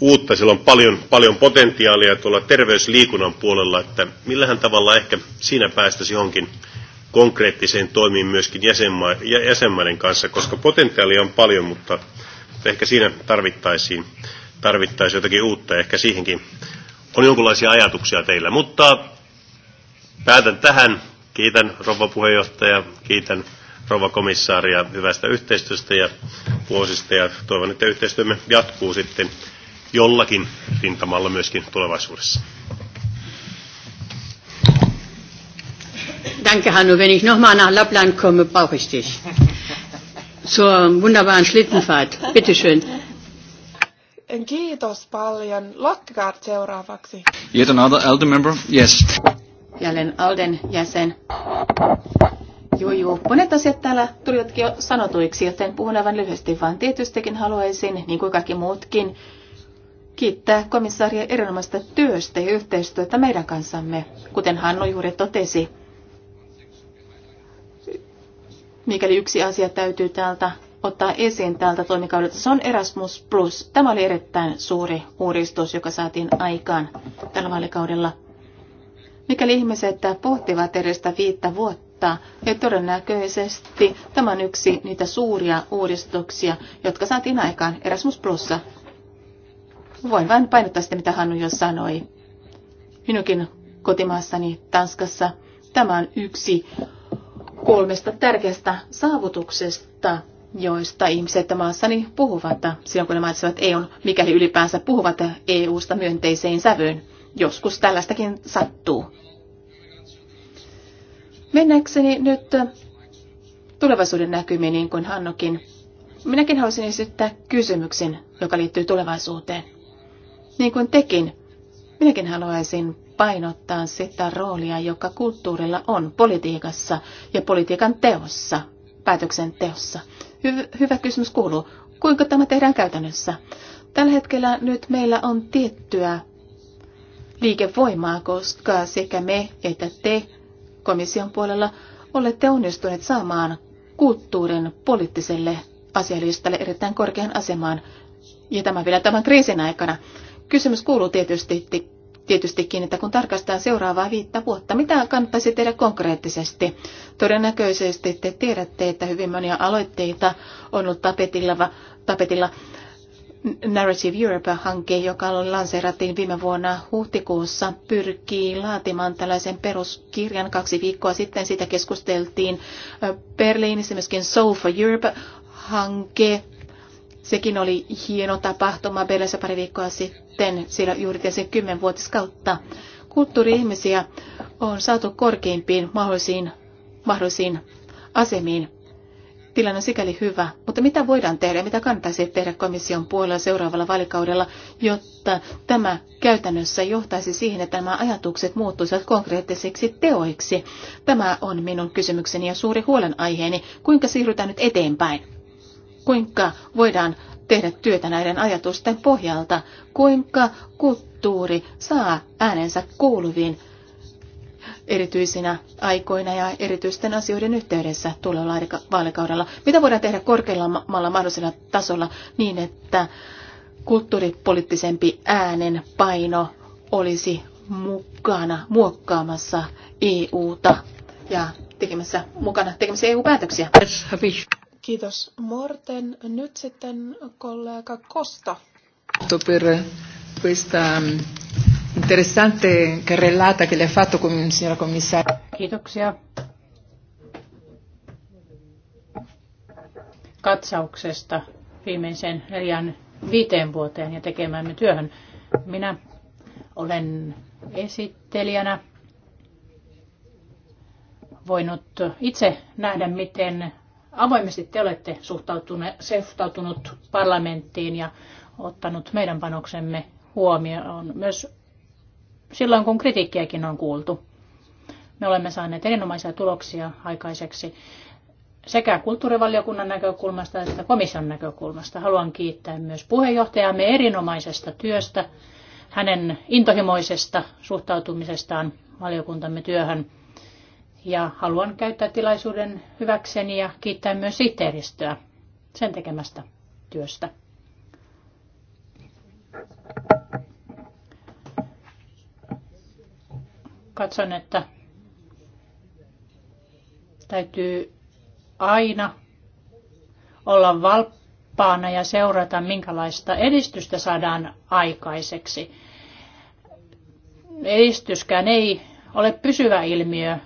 uutta. sillä on paljon, paljon potentiaalia tuolla terveysliikunnan puolella, että millähän tavalla ehkä siinä päästäisiin johonkin konkreettiseen toimiin myöskin jäsenma- jäsenmaiden kanssa, koska potentiaalia on paljon, mutta ehkä siinä tarvittaisiin, tarvittaisiin jotakin uutta. Ehkä siihenkin on jonkinlaisia ajatuksia teillä, mutta päätän tähän. Kiitän rouva puheenjohtaja, kiitän rouva komissaaria hyvästä yhteistyöstä ja vuosista ja toivon, että yhteistyömme jatkuu sitten jollakin rintamalla myöskin tulevaisuudessa. Danke, Hanno. Wenn ich nochmal nach Lappland komme, brauche ich dich. Zur wunderbaren Schlittenfahrt. Bitte schön. Kiitos paljon. Lockgaard seuraavaksi. Yet another elder member? Yes. Jälleen Alden jäsen. Joo, joo. Monet asiat täällä tulivatkin jo sanotuiksi, joten puhun aivan lyhyesti, vaan tietystikin haluaisin, niin kuin kaikki muutkin, kiittää komissaaria erinomaista työstä ja yhteistyötä meidän kanssamme, kuten Hanno juuri totesi. Mikäli yksi asia täytyy täältä ottaa esiin täältä toimikaudelta, se on Erasmus Plus. Tämä oli erittäin suuri uudistus, joka saatiin aikaan tällä vaalikaudella. Mikäli ihmiset pohtivat edestä viittä vuotta, ja todennäköisesti tämä on yksi niitä suuria uudistuksia, jotka saatiin aikaan Erasmus Plussa Voin vain painottaa sitä, mitä Hannu jo sanoi. Minunkin kotimaassani Tanskassa tämä on yksi kolmesta tärkeästä saavutuksesta, joista ihmiset maassani puhuvat silloin, kun ne mainitsevat EUn, mikäli ylipäänsä puhuvat EUsta myönteiseen sävyyn. Joskus tällaistakin sattuu. Mennäkseni nyt tulevaisuuden näkymiin, niin kuin Hannokin. Minäkin haluaisin esittää kysymyksen, joka liittyy tulevaisuuteen. Niin kuin tekin, minäkin haluaisin painottaa sitä roolia, joka kulttuurilla on politiikassa ja politiikan teossa, päätöksenteossa. Hy- hyvä kysymys kuuluu, kuinka tämä tehdään käytännössä? Tällä hetkellä nyt meillä on tiettyä liikevoimaa, koska sekä me että te komission puolella olette onnistuneet saamaan kulttuurin poliittiselle asialistalle erittäin korkean asemaan, ja tämä vielä tämän kriisin aikana. Kysymys kuuluu tietysti, tietystikin, että kun tarkastetaan seuraavaa viittä vuotta, mitä kannattaisi tehdä konkreettisesti? Todennäköisesti te tiedätte, että hyvin monia aloitteita on ollut tapetilla, tapetilla Narrative Europe-hanke, joka lanseerattiin viime vuonna huhtikuussa, pyrkii laatimaan tällaisen peruskirjan. Kaksi viikkoa sitten sitä keskusteltiin Berliinissä myöskin Soul for Europe-hanke Sekin oli hieno tapahtuma Belässä pari viikkoa sitten, siellä juuri sen kymmenvuotiskautta. Kulttuuri-ihmisiä on saatu korkeimpiin mahdollisiin, mahdollisiin asemiin. Tilanne on sikäli hyvä, mutta mitä voidaan tehdä, mitä kannattaisi tehdä komission puolella seuraavalla valikaudella, jotta tämä käytännössä johtaisi siihen, että nämä ajatukset muuttuisivat konkreettisiksi teoiksi? Tämä on minun kysymykseni ja suuri huolenaiheeni. Kuinka siirrytään nyt eteenpäin? kuinka voidaan tehdä työtä näiden ajatusten pohjalta, kuinka kulttuuri saa äänensä kuuluviin erityisinä aikoina ja erityisten asioiden yhteydessä tulevalla vaalikaudella. Mitä voidaan tehdä korkeammalla mahdollisella tasolla niin, että kulttuuripoliittisempi äänen paino olisi mukana muokkaamassa EUta ja tekemässä, mukana tekemässä EU-päätöksiä? Kiitos Morten. Nyt sitten kollega Kosta. Per questa mm, interessante carrellata che le ha fatto, signora commissaria. Kiitoksia katsauksesta viimeisen neljän viiteen vuoteen ja tekemämme työhön. Minä olen esittelijänä voinut itse nähdä, miten avoimesti te olette suhtautunut parlamenttiin ja ottanut meidän panoksemme huomioon myös silloin, kun kritiikkiäkin on kuultu. Me olemme saaneet erinomaisia tuloksia aikaiseksi sekä kulttuurivaliokunnan näkökulmasta että komission näkökulmasta. Haluan kiittää myös puheenjohtajamme erinomaisesta työstä, hänen intohimoisesta suhtautumisestaan valiokuntamme työhön – ja haluan käyttää tilaisuuden hyväkseni ja kiittää myös sihteeristöä sen tekemästä työstä. Katson, että täytyy aina olla valppaana ja seurata, minkälaista edistystä saadaan aikaiseksi. Edistyskään ei ole pysyvä ilmiö,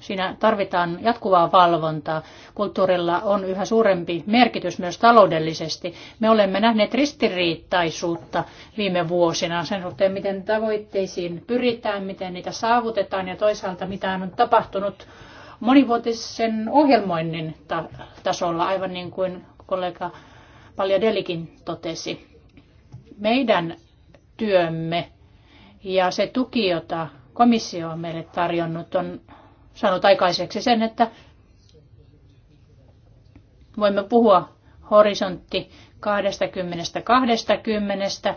Siinä tarvitaan jatkuvaa valvontaa. Kulttuurilla on yhä suurempi merkitys myös taloudellisesti. Me olemme nähneet ristiriittaisuutta viime vuosina sen suhteen, miten tavoitteisiin pyritään, miten niitä saavutetaan ja toisaalta mitä on tapahtunut monivuotisen ohjelmoinnin ta- tasolla, aivan niin kuin kollega Delikin totesi. Meidän työmme ja se tuki, jota komissio on meille tarjonnut, on saanut aikaiseksi sen, että voimme puhua horisontti 20-20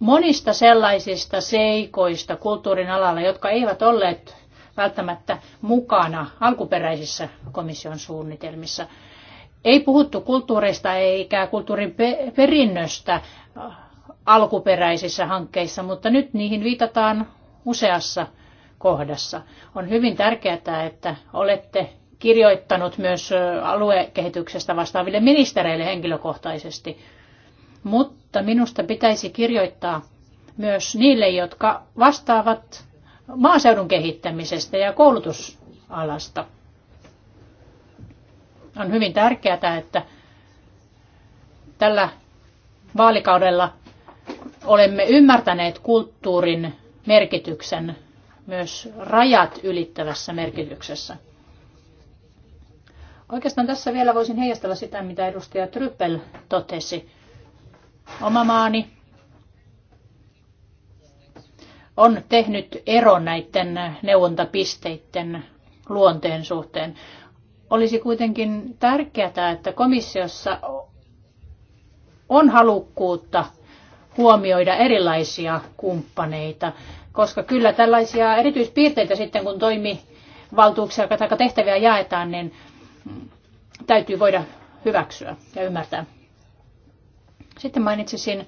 monista sellaisista seikoista kulttuurin alalla, jotka eivät olleet välttämättä mukana alkuperäisissä komission suunnitelmissa. Ei puhuttu kulttuurista eikä kulttuurin perinnöstä alkuperäisissä hankkeissa, mutta nyt niihin viitataan useassa kohdassa. On hyvin tärkeää, että olette kirjoittanut myös aluekehityksestä vastaaville ministereille henkilökohtaisesti. Mutta minusta pitäisi kirjoittaa myös niille, jotka vastaavat maaseudun kehittämisestä ja koulutusalasta. On hyvin tärkeää, että tällä vaalikaudella olemme ymmärtäneet kulttuurin merkityksen myös rajat ylittävässä merkityksessä. Oikeastaan tässä vielä voisin heijastella sitä, mitä edustaja Tryppel totesi. Oma maani on tehnyt ero näiden neuvontapisteiden luonteen suhteen. Olisi kuitenkin tärkeää, että komissiossa on halukkuutta huomioida erilaisia kumppaneita koska kyllä tällaisia erityispiirteitä sitten, kun toimivaltuuksia tai tehtäviä jaetaan, niin täytyy voida hyväksyä ja ymmärtää. Sitten mainitsisin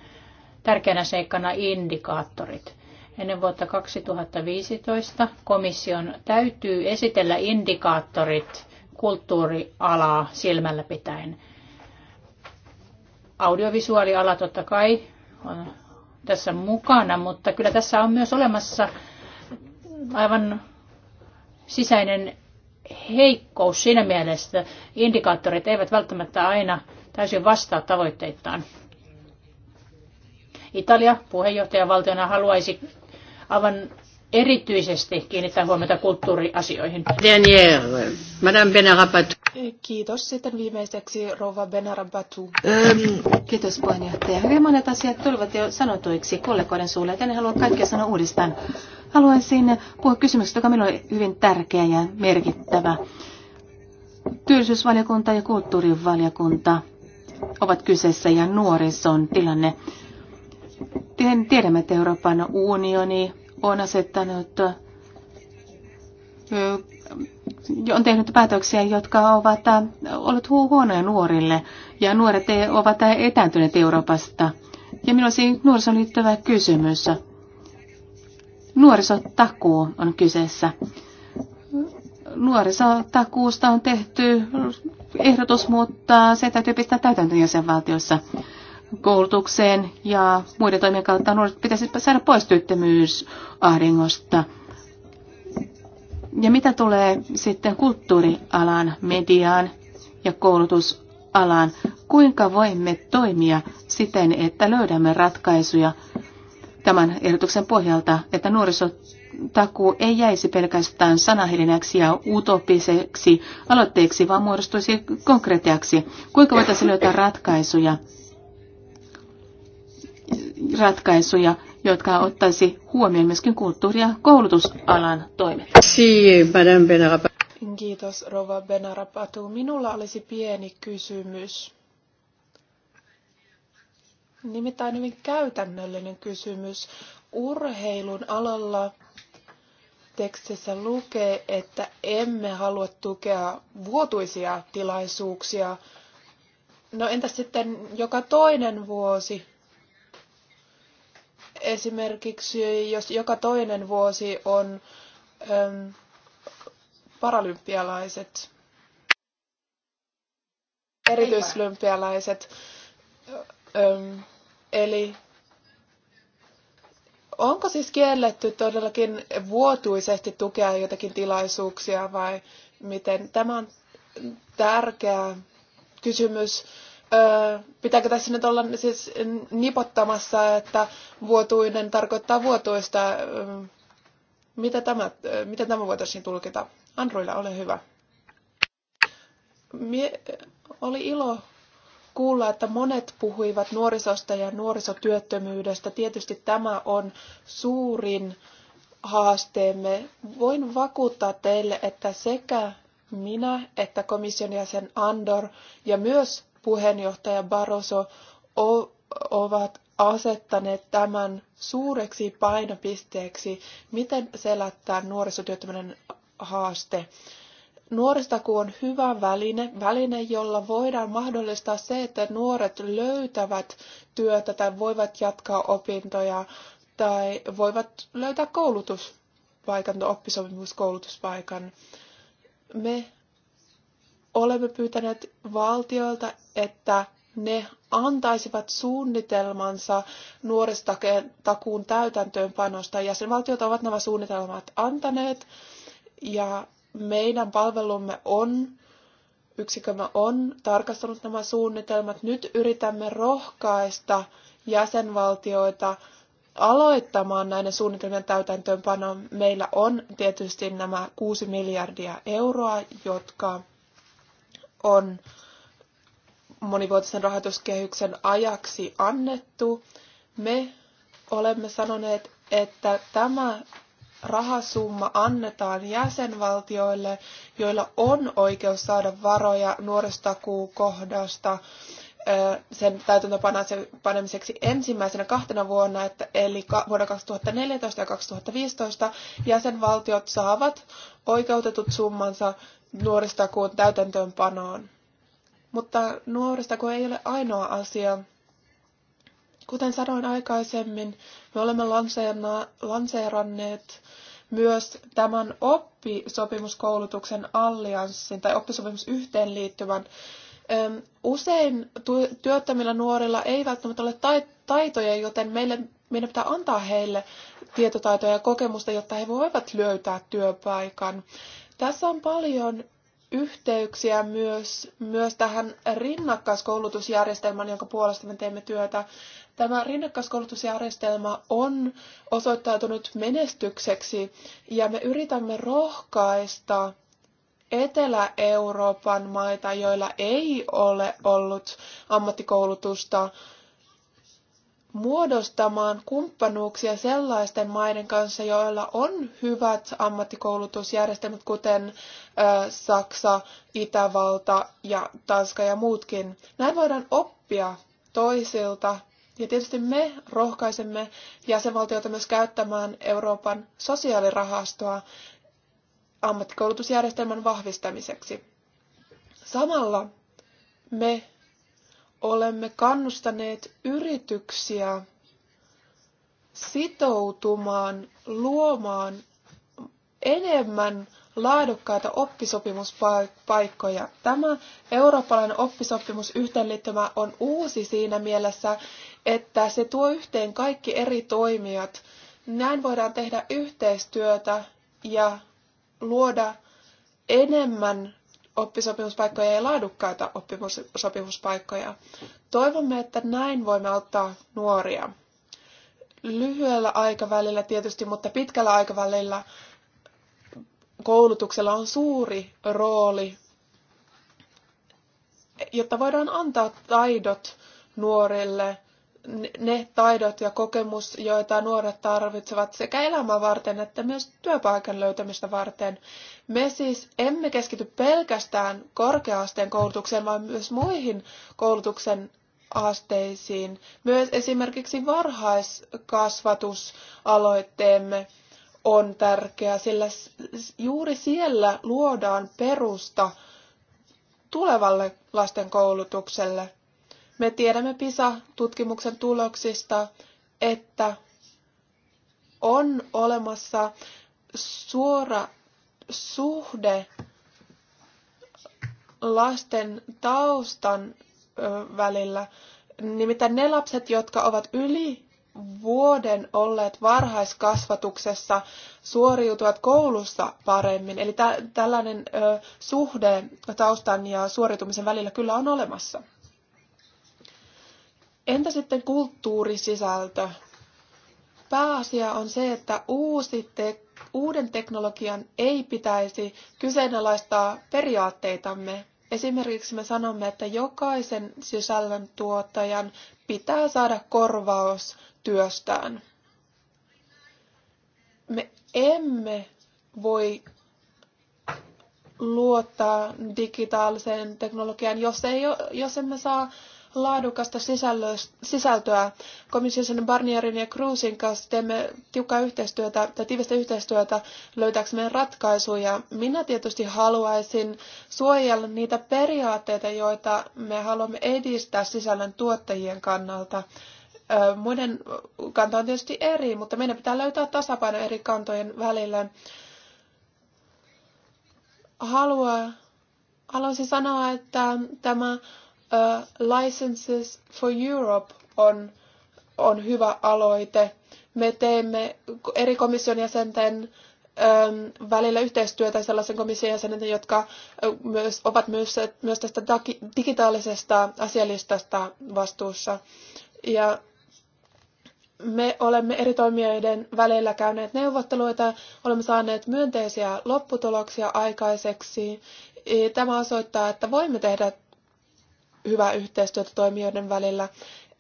tärkeänä seikkana indikaattorit. Ennen vuotta 2015 komission täytyy esitellä indikaattorit kulttuurialaa silmällä pitäen. Audiovisuaaliala totta kai on tässä mukana, mutta kyllä tässä on myös olemassa aivan sisäinen heikkous siinä mielessä, että indikaattorit eivät välttämättä aina täysin vastaa tavoitteitaan. Italia puheenjohtajavaltiona haluaisi aivan erityisesti kiinnittää huomiota kulttuuriasioihin. Madame Kiitos. Sitten viimeiseksi Rova Benarabatu. Ähm, kiitos puheenjohtaja. Hyvin monet asiat tulivat jo sanotuiksi kollegoiden suulle, joten haluan kaikkea sanoa uudestaan. Haluaisin puhua kysymyksestä, joka minulle on hyvin tärkeä ja merkittävä. Työllisyysvaliokunta ja kulttuurivaliokunta ovat kyseessä ja nuorison tilanne. Tiedämme, että Euroopan unioni on asettanut on tehnyt päätöksiä, jotka ovat olleet huonoja nuorille, ja nuoret e-, ovat etääntyneet Euroopasta. Ja minulla olisi nuorisoon liittyvä kysymys. Nuorisotakuu on kyseessä. Nuorisotakuusta on tehty ehdotus, mutta se täytyy pistää täytäntöön jäsenvaltiossa koulutukseen ja muiden toimien kautta nuoret pitäisi saada pois työttömyysahdingosta. Ja mitä tulee sitten kulttuurialan, mediaan ja koulutusalaan, kuinka voimme toimia siten, että löydämme ratkaisuja tämän ehdotuksen pohjalta, että nuorisotakuu ei jäisi pelkästään sanahelinäksi ja utopiseksi aloitteeksi, vaan muodostuisi konkreettiaksi? Kuinka voitaisiin löytää ratkaisuja ratkaisuja, jotka ottaisi huomioon myöskin kulttuuri- ja koulutusalan toimet. Kiitos, Rova Benarapatu. Minulla olisi pieni kysymys. Nimittäin hyvin käytännöllinen kysymys. Urheilun alalla tekstissä lukee, että emme halua tukea vuotuisia tilaisuuksia. No entäs sitten joka toinen vuosi? Esimerkiksi jos joka toinen vuosi on äm, paralympialaiset, erityislympialaiset, äm, eli onko siis kielletty todellakin vuotuisesti tukea jotakin tilaisuuksia vai miten? Tämä on tärkeä kysymys pitääkö tässä nyt olla siis nipottamassa, että vuotuinen tarkoittaa vuotuista. Mitä tämä, miten tämä voitaisiin tulkita? Androilla, ole hyvä. Mie, oli ilo kuulla, että monet puhuivat nuorisosta ja nuorisotyöttömyydestä. Tietysti tämä on suurin haasteemme. Voin vakuuttaa teille, että sekä minä että komission jäsen Andor ja myös puheenjohtaja Barroso ovat asettaneet tämän suureksi painopisteeksi, miten selättää nuorisotyöttömyyden haaste. Nuorisotakuu on hyvä väline, väline, jolla voidaan mahdollistaa se, että nuoret löytävät työtä tai voivat jatkaa opintoja tai voivat löytää koulutuspaikan tai oppisopimuskoulutuspaikan. Me Olemme pyytäneet valtioilta, että ne antaisivat suunnitelmansa nuorisotakuun täytäntöönpanosta. Jäsenvaltiot ovat nämä suunnitelmat antaneet ja meidän palvelumme on, yksikömme on tarkastanut nämä suunnitelmat. Nyt yritämme rohkaista jäsenvaltioita aloittamaan näiden suunnitelmien täytäntöönpanon. Meillä on tietysti nämä 6 miljardia euroa, jotka on monivuotisen rahoituskehyksen ajaksi annettu. Me olemme sanoneet, että tämä rahasumma annetaan jäsenvaltioille, joilla on oikeus saada varoja nuoristakuu kohdasta sen täytäntöpanemiseksi ensimmäisenä kahtena vuonna, että eli vuonna 2014 ja 2015 jäsenvaltiot saavat oikeutetut summansa nuoristakuun täytäntöönpanoon. Mutta nuoristakuu ei ole ainoa asia. Kuten sanoin aikaisemmin, me olemme lanseeranneet myös tämän oppisopimuskoulutuksen allianssin tai oppisopimusyhteen liittyvän. Usein työttömillä nuorilla ei välttämättä ole taitoja, joten meille, meidän pitää antaa heille tietotaitoja ja kokemusta, jotta he voivat löytää työpaikan. Tässä on paljon yhteyksiä myös, myös tähän rinnakkaiskoulutusjärjestelmään, jonka puolesta me teemme työtä. Tämä rinnakkaiskoulutusjärjestelmä on osoittautunut menestykseksi ja me yritämme rohkaista Etelä-Euroopan maita, joilla ei ole ollut ammattikoulutusta, muodostamaan kumppanuuksia sellaisten maiden kanssa, joilla on hyvät ammattikoulutusjärjestelmät, kuten Saksa, Itävalta ja Tanska ja muutkin. Näin voidaan oppia toisilta. Ja tietysti me rohkaisemme jäsenvaltioita myös käyttämään Euroopan sosiaalirahastoa ammattikoulutusjärjestelmän vahvistamiseksi. Samalla me olemme kannustaneet yrityksiä sitoutumaan luomaan enemmän laadukkaita oppisopimuspaikkoja. Tämä eurooppalainen oppisopimusyhteenliittymä on uusi siinä mielessä, että se tuo yhteen kaikki eri toimijat. Näin voidaan tehdä yhteistyötä ja luoda enemmän oppisopimuspaikkoja ja laadukkaita oppisopimuspaikkoja. Toivomme, että näin voimme auttaa nuoria. Lyhyellä aikavälillä tietysti, mutta pitkällä aikavälillä koulutuksella on suuri rooli, jotta voidaan antaa taidot nuorille ne taidot ja kokemus, joita nuoret tarvitsevat sekä elämää varten että myös työpaikan löytämistä varten. Me siis emme keskity pelkästään korkeaasteen koulutukseen, vaan myös muihin koulutuksen asteisiin. Myös esimerkiksi varhaiskasvatusaloitteemme on tärkeä, sillä juuri siellä luodaan perusta tulevalle lasten koulutukselle. Me tiedämme PISA-tutkimuksen tuloksista, että on olemassa suora suhde lasten taustan välillä. Nimittäin ne lapset, jotka ovat yli vuoden olleet varhaiskasvatuksessa, suoriutuvat koulussa paremmin. Eli tä- tällainen ö, suhde taustan ja suoriutumisen välillä kyllä on olemassa. Entä sitten kulttuurisisältö? Pääasia on se, että uusi te- uuden teknologian ei pitäisi kyseenalaistaa periaatteitamme. Esimerkiksi me sanomme, että jokaisen sisällön tuottajan pitää saada korvaus työstään. Me emme voi luottaa digitaaliseen teknologiaan, jos, ei, jos emme saa laadukasta sisältöä. Komission Barnierin ja Cruisin kanssa teemme tiukkaa yhteistyötä tai tiivistä yhteistyötä löytääksemme ratkaisuja. Minä tietysti haluaisin suojella niitä periaatteita, joita me haluamme edistää sisällön tuottajien kannalta. Muiden kanta on tietysti eri, mutta meidän pitää löytää tasapaino eri kantojen välillä. Haluaa, haluaisin sanoa, että tämä Uh, licenses for Europe on, on hyvä aloite. Me teemme eri komission jäsenten um, välillä yhteistyötä sellaisen komission jäsenten, jotka uh, myös, ovat myös, myös tästä digitaalisesta asialistasta vastuussa. Ja me olemme eri toimijoiden välillä käyneet neuvotteluita, olemme saaneet myönteisiä lopputuloksia aikaiseksi. Tämä osoittaa, että voimme tehdä hyvää yhteistyötä toimijoiden välillä,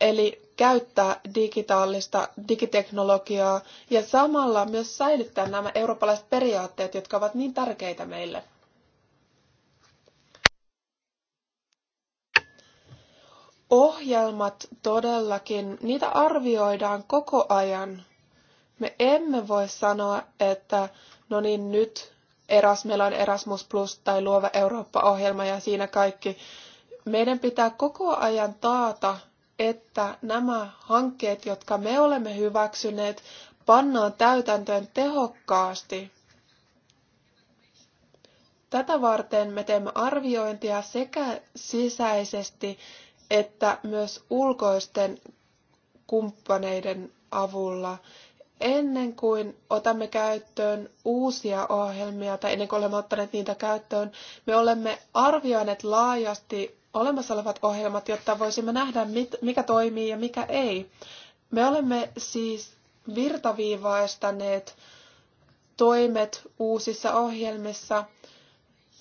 eli käyttää digitaalista digiteknologiaa ja samalla myös säilyttää nämä eurooppalaiset periaatteet, jotka ovat niin tärkeitä meille. Ohjelmat todellakin, niitä arvioidaan koko ajan. Me emme voi sanoa, että no niin nyt meillä on Erasmus Plus tai Luova Eurooppa-ohjelma ja siinä kaikki meidän pitää koko ajan taata, että nämä hankkeet, jotka me olemme hyväksyneet, pannaan täytäntöön tehokkaasti. Tätä varten me teemme arviointia sekä sisäisesti että myös ulkoisten kumppaneiden avulla ennen kuin otamme käyttöön uusia ohjelmia tai ennen kuin olemme ottaneet niitä käyttöön, me olemme arvioineet laajasti olemassa olevat ohjelmat, jotta voisimme nähdä, mikä toimii ja mikä ei. Me olemme siis virtaviivaistaneet toimet uusissa ohjelmissa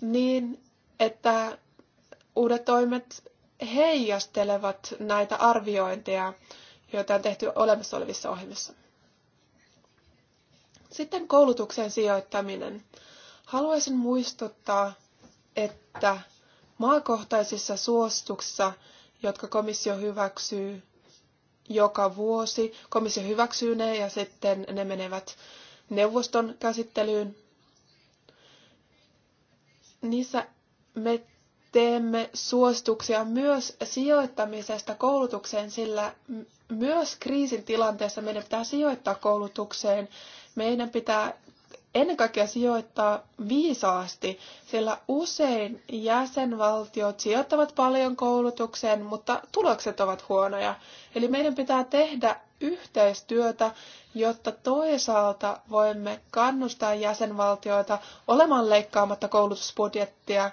niin, että uudet toimet heijastelevat näitä arviointeja, joita on tehty olemassa olevissa ohjelmissa. Sitten koulutuksen sijoittaminen. Haluaisin muistuttaa, että Maakohtaisissa suosituksissa, jotka komissio hyväksyy joka vuosi, komissio hyväksyy ne ja sitten ne menevät neuvoston käsittelyyn. Niissä me teemme suosituksia myös sijoittamisesta koulutukseen, sillä myös kriisin tilanteessa meidän pitää sijoittaa koulutukseen. Meidän pitää ennen kaikkea sijoittaa viisaasti, sillä usein jäsenvaltiot sijoittavat paljon koulutukseen, mutta tulokset ovat huonoja. Eli meidän pitää tehdä yhteistyötä, jotta toisaalta voimme kannustaa jäsenvaltioita olemaan leikkaamatta koulutusbudjettia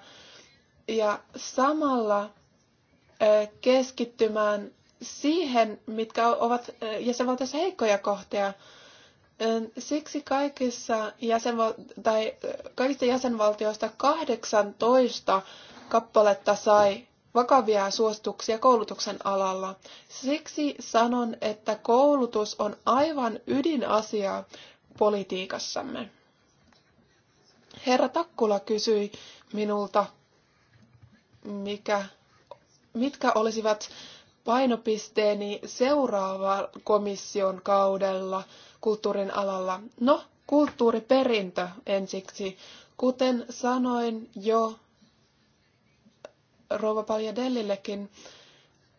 ja samalla keskittymään siihen, mitkä ovat jäsenvaltioissa heikkoja kohtia Siksi kaikissa, jäsenval- tai kaikista jäsenvaltioista 18 kappaletta sai vakavia suosituksia koulutuksen alalla. Siksi sanon, että koulutus on aivan ydinasia politiikassamme. Herra Takkula kysyi minulta, mikä, mitkä olisivat painopisteeni seuraavan komission kaudella – kulttuurin alalla. No, kulttuuriperintö ensiksi. Kuten sanoin jo Rova Paljadellillekin,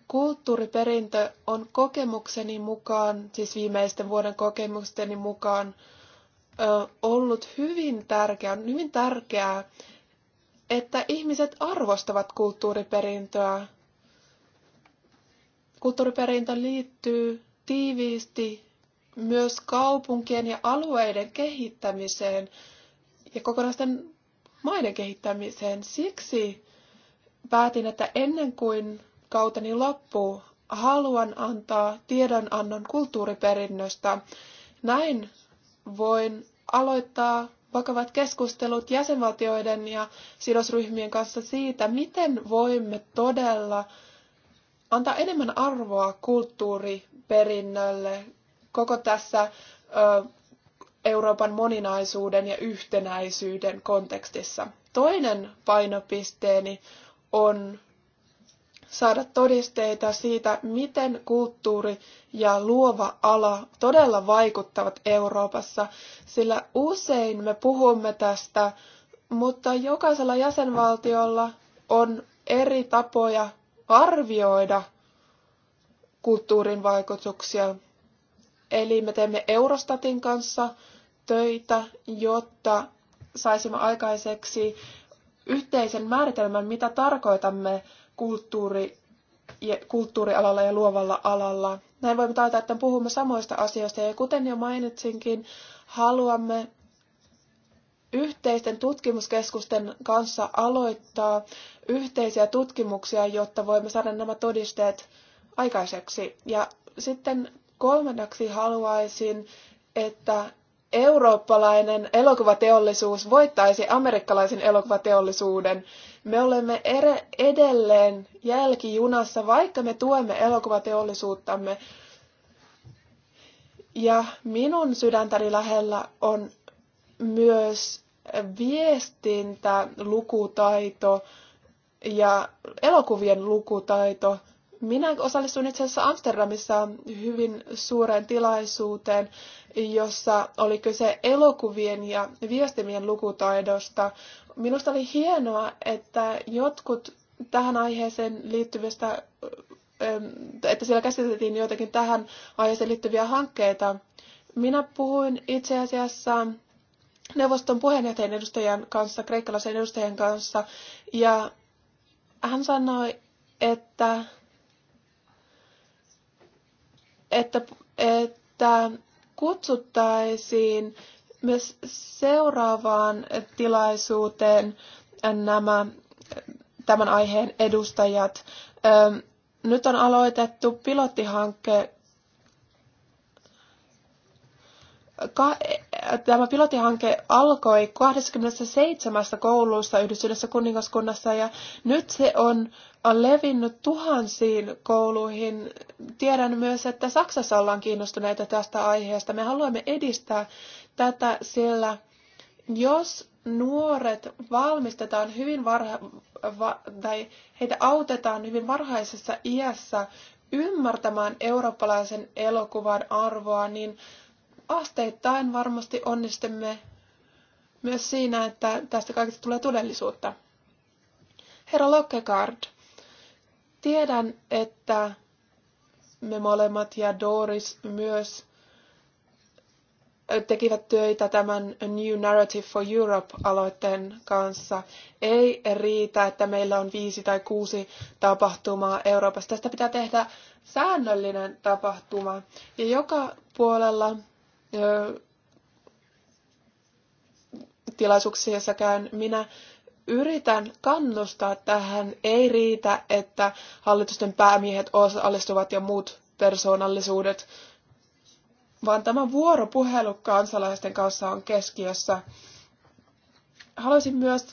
kulttuuriperintö on kokemukseni mukaan, siis viimeisten vuoden kokemusteni mukaan, ollut hyvin tärkeää, on hyvin tärkeää, että ihmiset arvostavat kulttuuriperintöä. Kulttuuriperintö liittyy tiiviisti myös kaupunkien ja alueiden kehittämiseen ja kokonaisten maiden kehittämiseen. Siksi päätin, että ennen kuin kauteni loppuu, haluan antaa tiedonannon kulttuuriperinnöstä. Näin voin aloittaa vakavat keskustelut jäsenvaltioiden ja sidosryhmien kanssa siitä, miten voimme todella antaa enemmän arvoa kulttuuriperinnölle, koko tässä Euroopan moninaisuuden ja yhtenäisyyden kontekstissa. Toinen painopisteeni on saada todisteita siitä, miten kulttuuri ja luova ala todella vaikuttavat Euroopassa, sillä usein me puhumme tästä, mutta jokaisella jäsenvaltiolla on eri tapoja arvioida kulttuurin vaikutuksia Eli me teemme Eurostatin kanssa töitä, jotta saisimme aikaiseksi yhteisen määritelmän, mitä tarkoitamme kulttuuri, kulttuurialalla ja luovalla alalla. Näin voimme taata, että puhumme samoista asioista. Ja kuten jo mainitsinkin, haluamme yhteisten tutkimuskeskusten kanssa aloittaa yhteisiä tutkimuksia, jotta voimme saada nämä todisteet aikaiseksi. Ja sitten Kolmanneksi haluaisin, että eurooppalainen elokuvateollisuus voittaisi amerikkalaisen elokuvateollisuuden. Me olemme edelleen jälkijunassa, vaikka me tuemme elokuvateollisuuttamme. Ja minun sydäntäni lähellä on myös viestintä, lukutaito ja elokuvien lukutaito – minä osallistuin itse asiassa Amsterdamissa hyvin suureen tilaisuuteen, jossa oli kyse elokuvien ja viestimien lukutaidosta. Minusta oli hienoa, että jotkut tähän aiheeseen liittyvistä, että siellä käsiteltiin joitakin tähän aiheeseen liittyviä hankkeita. Minä puhuin itse asiassa neuvoston puheenjohtajan edustajan kanssa, kreikkalaisen edustajan kanssa, ja hän sanoi, että että, että kutsuttaisiin myös seuraavaan tilaisuuteen nämä tämän aiheen edustajat. Nyt on aloitettu pilottihankke tämä pilotihanke alkoi 27 koulussa yhdistyneessä kuningaskunnassa ja nyt se on, on levinnyt tuhansiin kouluihin. Tiedän myös, että Saksassa ollaan kiinnostuneita tästä aiheesta. Me haluamme edistää tätä, sillä jos nuoret valmistetaan hyvin varha, va, tai heitä autetaan hyvin varhaisessa iässä ymmärtämään eurooppalaisen elokuvan arvoa, niin asteittain varmasti onnistumme myös siinä, että tästä kaikesta tulee todellisuutta. Herra Lokkegaard, tiedän, että me molemmat ja Doris myös tekivät töitä tämän New Narrative for Europe-aloitteen kanssa. Ei riitä, että meillä on viisi tai kuusi tapahtumaa Euroopassa. Tästä pitää tehdä säännöllinen tapahtuma. Ja joka puolella tilaisuuksissa käyn. Minä yritän kannustaa tähän. Ei riitä, että hallitusten päämiehet osallistuvat ja muut persoonallisuudet, vaan tämä vuoropuhelu kansalaisten kanssa on keskiössä. Haluaisin myös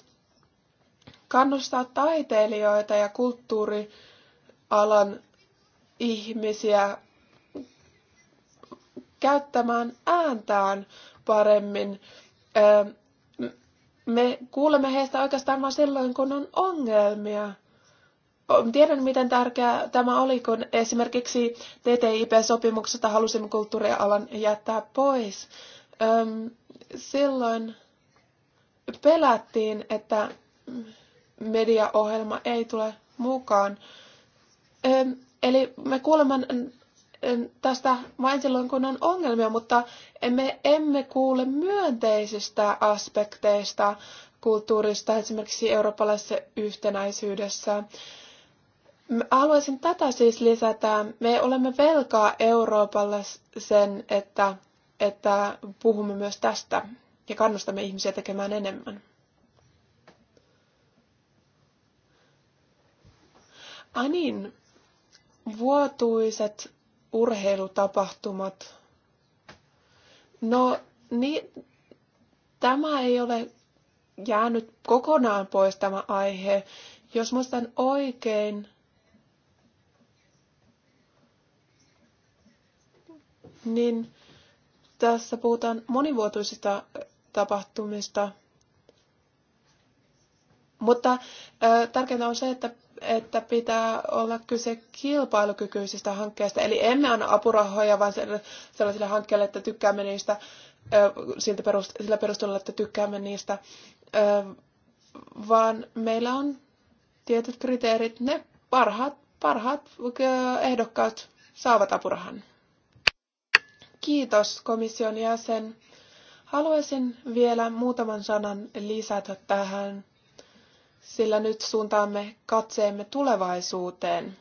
kannustaa taiteilijoita ja kulttuurialan ihmisiä käyttämään ääntään paremmin. Me kuulemme heistä oikeastaan vain silloin, kun on ongelmia. Tiedän, miten tärkeää tämä oli, kun esimerkiksi TTIP-sopimuksesta halusimme kulttuurialan jättää pois. Silloin pelättiin, että mediaohjelma ei tule mukaan. Eli me kuulemme tästä vain silloin, kun on ongelmia, mutta emme, emme kuule myönteisistä aspekteista kulttuurista, esimerkiksi eurooppalaisessa yhtenäisyydessä. Haluaisin tätä siis lisätä. Me olemme velkaa Euroopalle sen, että, että puhumme myös tästä ja kannustamme ihmisiä tekemään enemmän. Ai niin, vuotuiset urheilutapahtumat. No, niin, tämä ei ole jäänyt kokonaan pois tämä aihe. Jos muistan oikein, niin tässä puhutaan monivuotuisista tapahtumista. Mutta äh, tärkeintä on se, että että pitää olla kyse kilpailukykyisistä hankkeista. Eli emme anna apurahoja vaan sellaisille hankkeille, että tykkäämme niistä, siltä perust- sillä perusteella, että tykkäämme niistä, vaan meillä on tietyt kriteerit. Ne parhaat, parhaat ehdokkaat saavat apurahan. Kiitos komission jäsen. Haluaisin vielä muutaman sanan lisätä tähän sillä nyt suuntaamme katseemme tulevaisuuteen.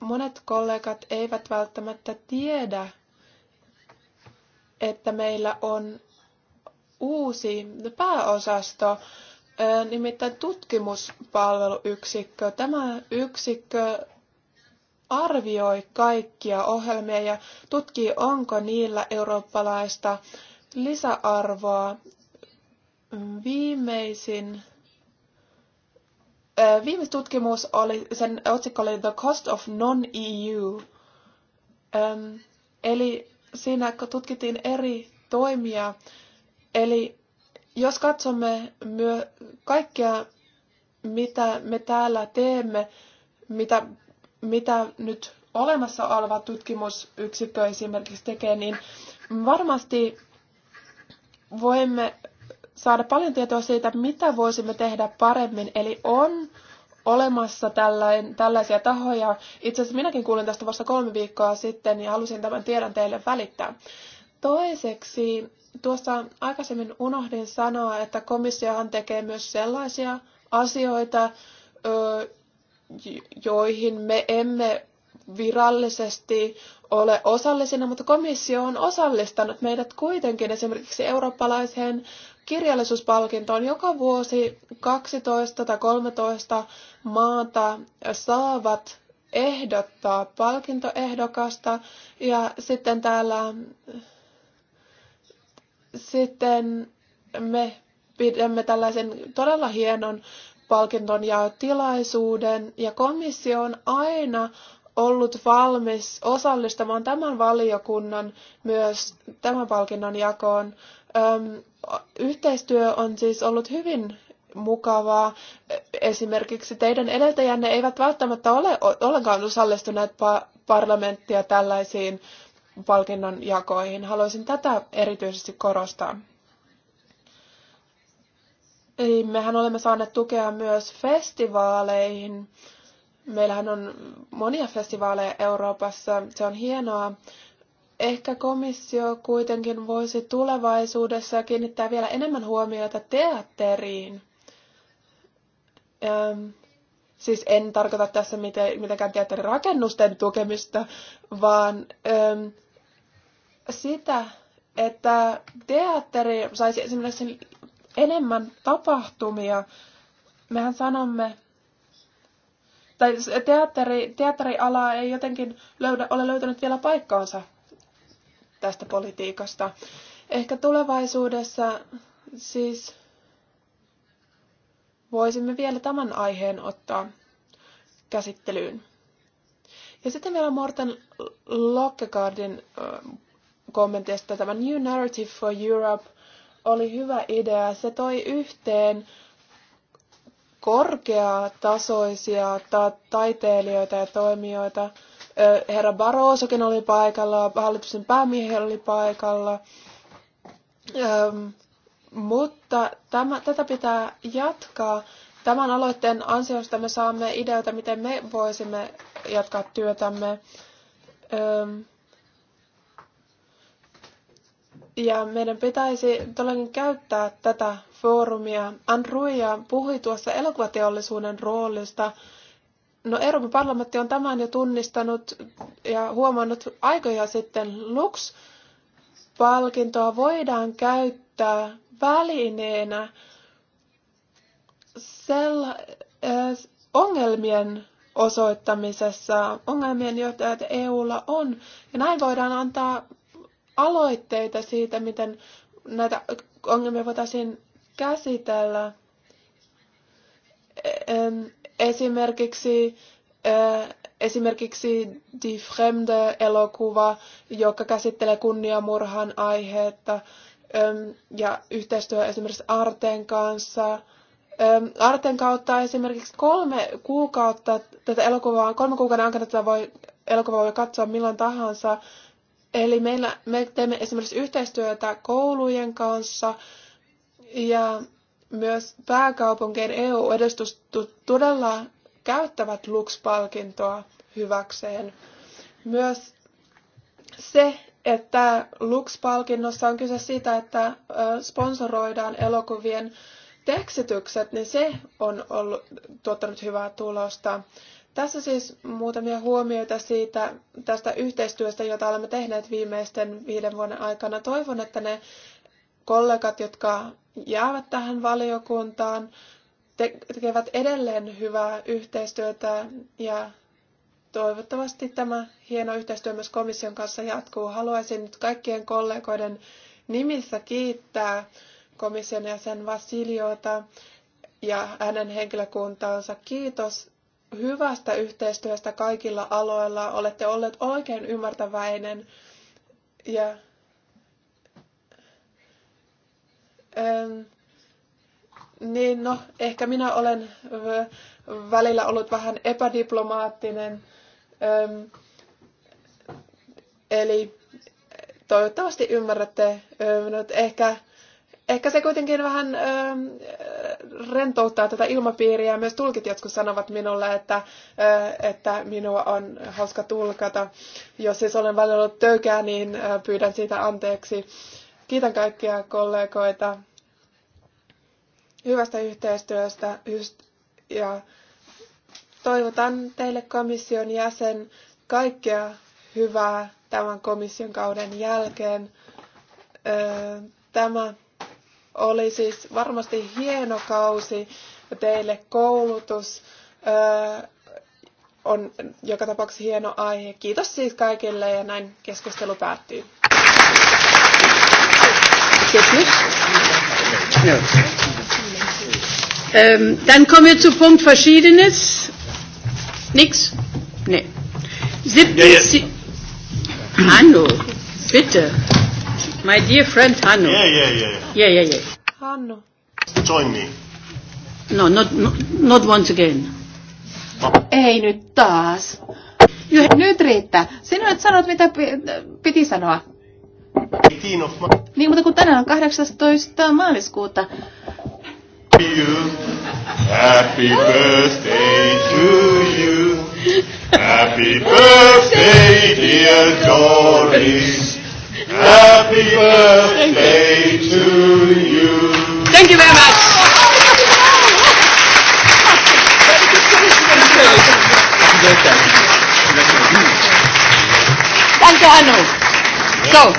Monet kollegat eivät välttämättä tiedä, että meillä on uusi pääosasto, nimittäin tutkimuspalveluyksikkö. Tämä yksikkö arvioi kaikkia ohjelmia ja tutkii, onko niillä eurooppalaista lisäarvoa Viimeisin viimeis tutkimus oli, sen otsikko oli The Cost of Non-EU. eli siinä tutkittiin eri toimia. Eli jos katsomme myö kaikkea, mitä me täällä teemme, mitä, mitä nyt olemassa oleva tutkimusyksikkö esimerkiksi tekee, niin varmasti voimme saada paljon tietoa siitä, mitä voisimme tehdä paremmin. Eli on olemassa tällain, tällaisia tahoja. Itse asiassa minäkin kuulin tästä vasta kolme viikkoa sitten ja halusin tämän tiedon teille välittää. Toiseksi, tuossa aikaisemmin unohdin sanoa, että komissiohan tekee myös sellaisia asioita, joihin me emme virallisesti ole osallisina, mutta komissio on osallistanut meidät kuitenkin esimerkiksi eurooppalaiseen kirjallisuuspalkintoon. Joka vuosi 12 tai 13 maata saavat ehdottaa palkintoehdokasta ja sitten täällä sitten me pidämme tällaisen todella hienon palkinton ja tilaisuuden ja komissio on aina ollut valmis osallistamaan tämän valiokunnan myös tämän palkinnon jakoon. Öm, yhteistyö on siis ollut hyvin mukavaa. Esimerkiksi teidän edeltäjänne eivät välttämättä ole ollenkaan osallistuneet parlamenttia tällaisiin palkinnon jakoihin. Haluaisin tätä erityisesti korostaa. Eli mehän olemme saaneet tukea myös festivaaleihin. Meillähän on monia festivaaleja Euroopassa. Se on hienoa. Ehkä komissio kuitenkin voisi tulevaisuudessa kiinnittää vielä enemmän huomiota teatteriin. Ähm, siis en tarkoita tässä mitenkään teatterirakennusten tukemista, vaan ähm, sitä, että teatteri saisi esimerkiksi enemmän tapahtumia. Mehän sanomme, tai teatteri, teatteriala ei jotenkin löydä, ole löytänyt vielä paikkaansa tästä politiikasta. Ehkä tulevaisuudessa siis voisimme vielä tämän aiheen ottaa käsittelyyn. Ja sitten vielä Morten Lockegaardin kommenteista tämä New Narrative for Europe oli hyvä idea. Se toi yhteen korkeatasoisia ta- taiteilijoita ja toimijoita. Herra Barrosokin oli paikalla, hallituksen päämiehi oli paikalla. Ähm, mutta tämä, tätä pitää jatkaa. Tämän aloitteen ansiosta me saamme ideoita, miten me voisimme jatkaa työtämme. Ähm, ja meidän pitäisi todellakin käyttää tätä foorumia. Andruja puhui tuossa elokuvateollisuuden roolista. No Euroopan parlamentti on tämän jo tunnistanut ja huomannut aikoja sitten Lux palkintoa voidaan käyttää välineenä sell- äh, ongelmien osoittamisessa, ongelmien joita EUlla on. Ja näin voidaan antaa aloitteita siitä, miten näitä ongelmia voitaisiin käsitellä. Esimerkiksi, esimerkiksi Die Fremde-elokuva, joka käsittelee kunniamurhan aihetta ja yhteistyö esimerkiksi Arten kanssa. Arten kautta esimerkiksi kolme kuukautta tätä elokuvaa, kolme kuukauden aikana tätä voi, elokuvaa voi katsoa milloin tahansa Eli meillä, me teemme esimerkiksi yhteistyötä koulujen kanssa ja myös pääkaupunkien EU-edustus todella käyttävät Lux-palkintoa hyväkseen. Myös se, että Lux-palkinnossa on kyse siitä, että sponsoroidaan elokuvien tekstitykset, niin se on ollut, tuottanut hyvää tulosta. Tässä siis muutamia huomioita siitä, tästä yhteistyöstä, jota olemme tehneet viimeisten viiden vuoden aikana. Toivon, että ne kollegat, jotka jäävät tähän valiokuntaan, tekevät edelleen hyvää yhteistyötä ja toivottavasti tämä hieno yhteistyö myös komission kanssa jatkuu. Haluaisin nyt kaikkien kollegoiden nimissä kiittää komission jäsen Vasiliota ja hänen henkilökuntaansa. Kiitos hyvästä yhteistyöstä kaikilla aloilla. Olette olleet oikein ymmärtäväinen ja ähm, niin no, ehkä minä olen äh, välillä ollut vähän epädiplomaattinen. Ähm, eli äh, toivottavasti ymmärrätte. Ähm, ehkä, ehkä se kuitenkin vähän ähm, rentouttaa tätä ilmapiiriä. Myös tulkit jotkut sanovat minulle, että, että minua on hauska tulkata. Jos siis olen ollut töykää, niin pyydän siitä anteeksi. Kiitän kaikkia kollegoita hyvästä yhteistyöstä ja toivotan teille komission jäsen kaikkea hyvää tämän komission kauden jälkeen. Tämä oli siis varmasti hieno kausi teille koulutus. Öö, on joka tapauksessa hieno aihe. Kiitos siis kaikille ja näin keskustelu päättyy. Ähm, dann kommen wir zu Punkt Verschiedenes. Nix? Nee. Siebten, ja, ja. Si Hallo, bitte. My dear friend Hanno. Yeah, yeah, yeah. Yeah, yeah, yeah. yeah. Hanno. Join me. No, not, not, not once again. Ei nyt taas. Juh, Nyt riittää. Sinä et sanot, mitä piti sanoa. Niin, mutta kun tänään on 18. maaliskuuta. Happy birthday to you. Happy birthday dear Doris. Happy birthday to you. Thank you very much. Danke, So,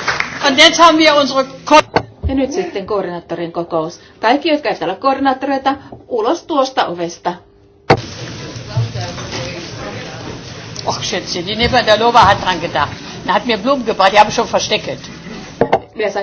und jetzt haben wir unsere... Ja nyt sitten koordinaattorin kokous. Kaikki, jotka eivät ole koordinaattoreita, ulos tuosta ovesta. Och, schätze, die Neva Dalova hat dran gedacht. Er hat mir Blumen gebracht, die habe ich schon versteckelt. Wer sagt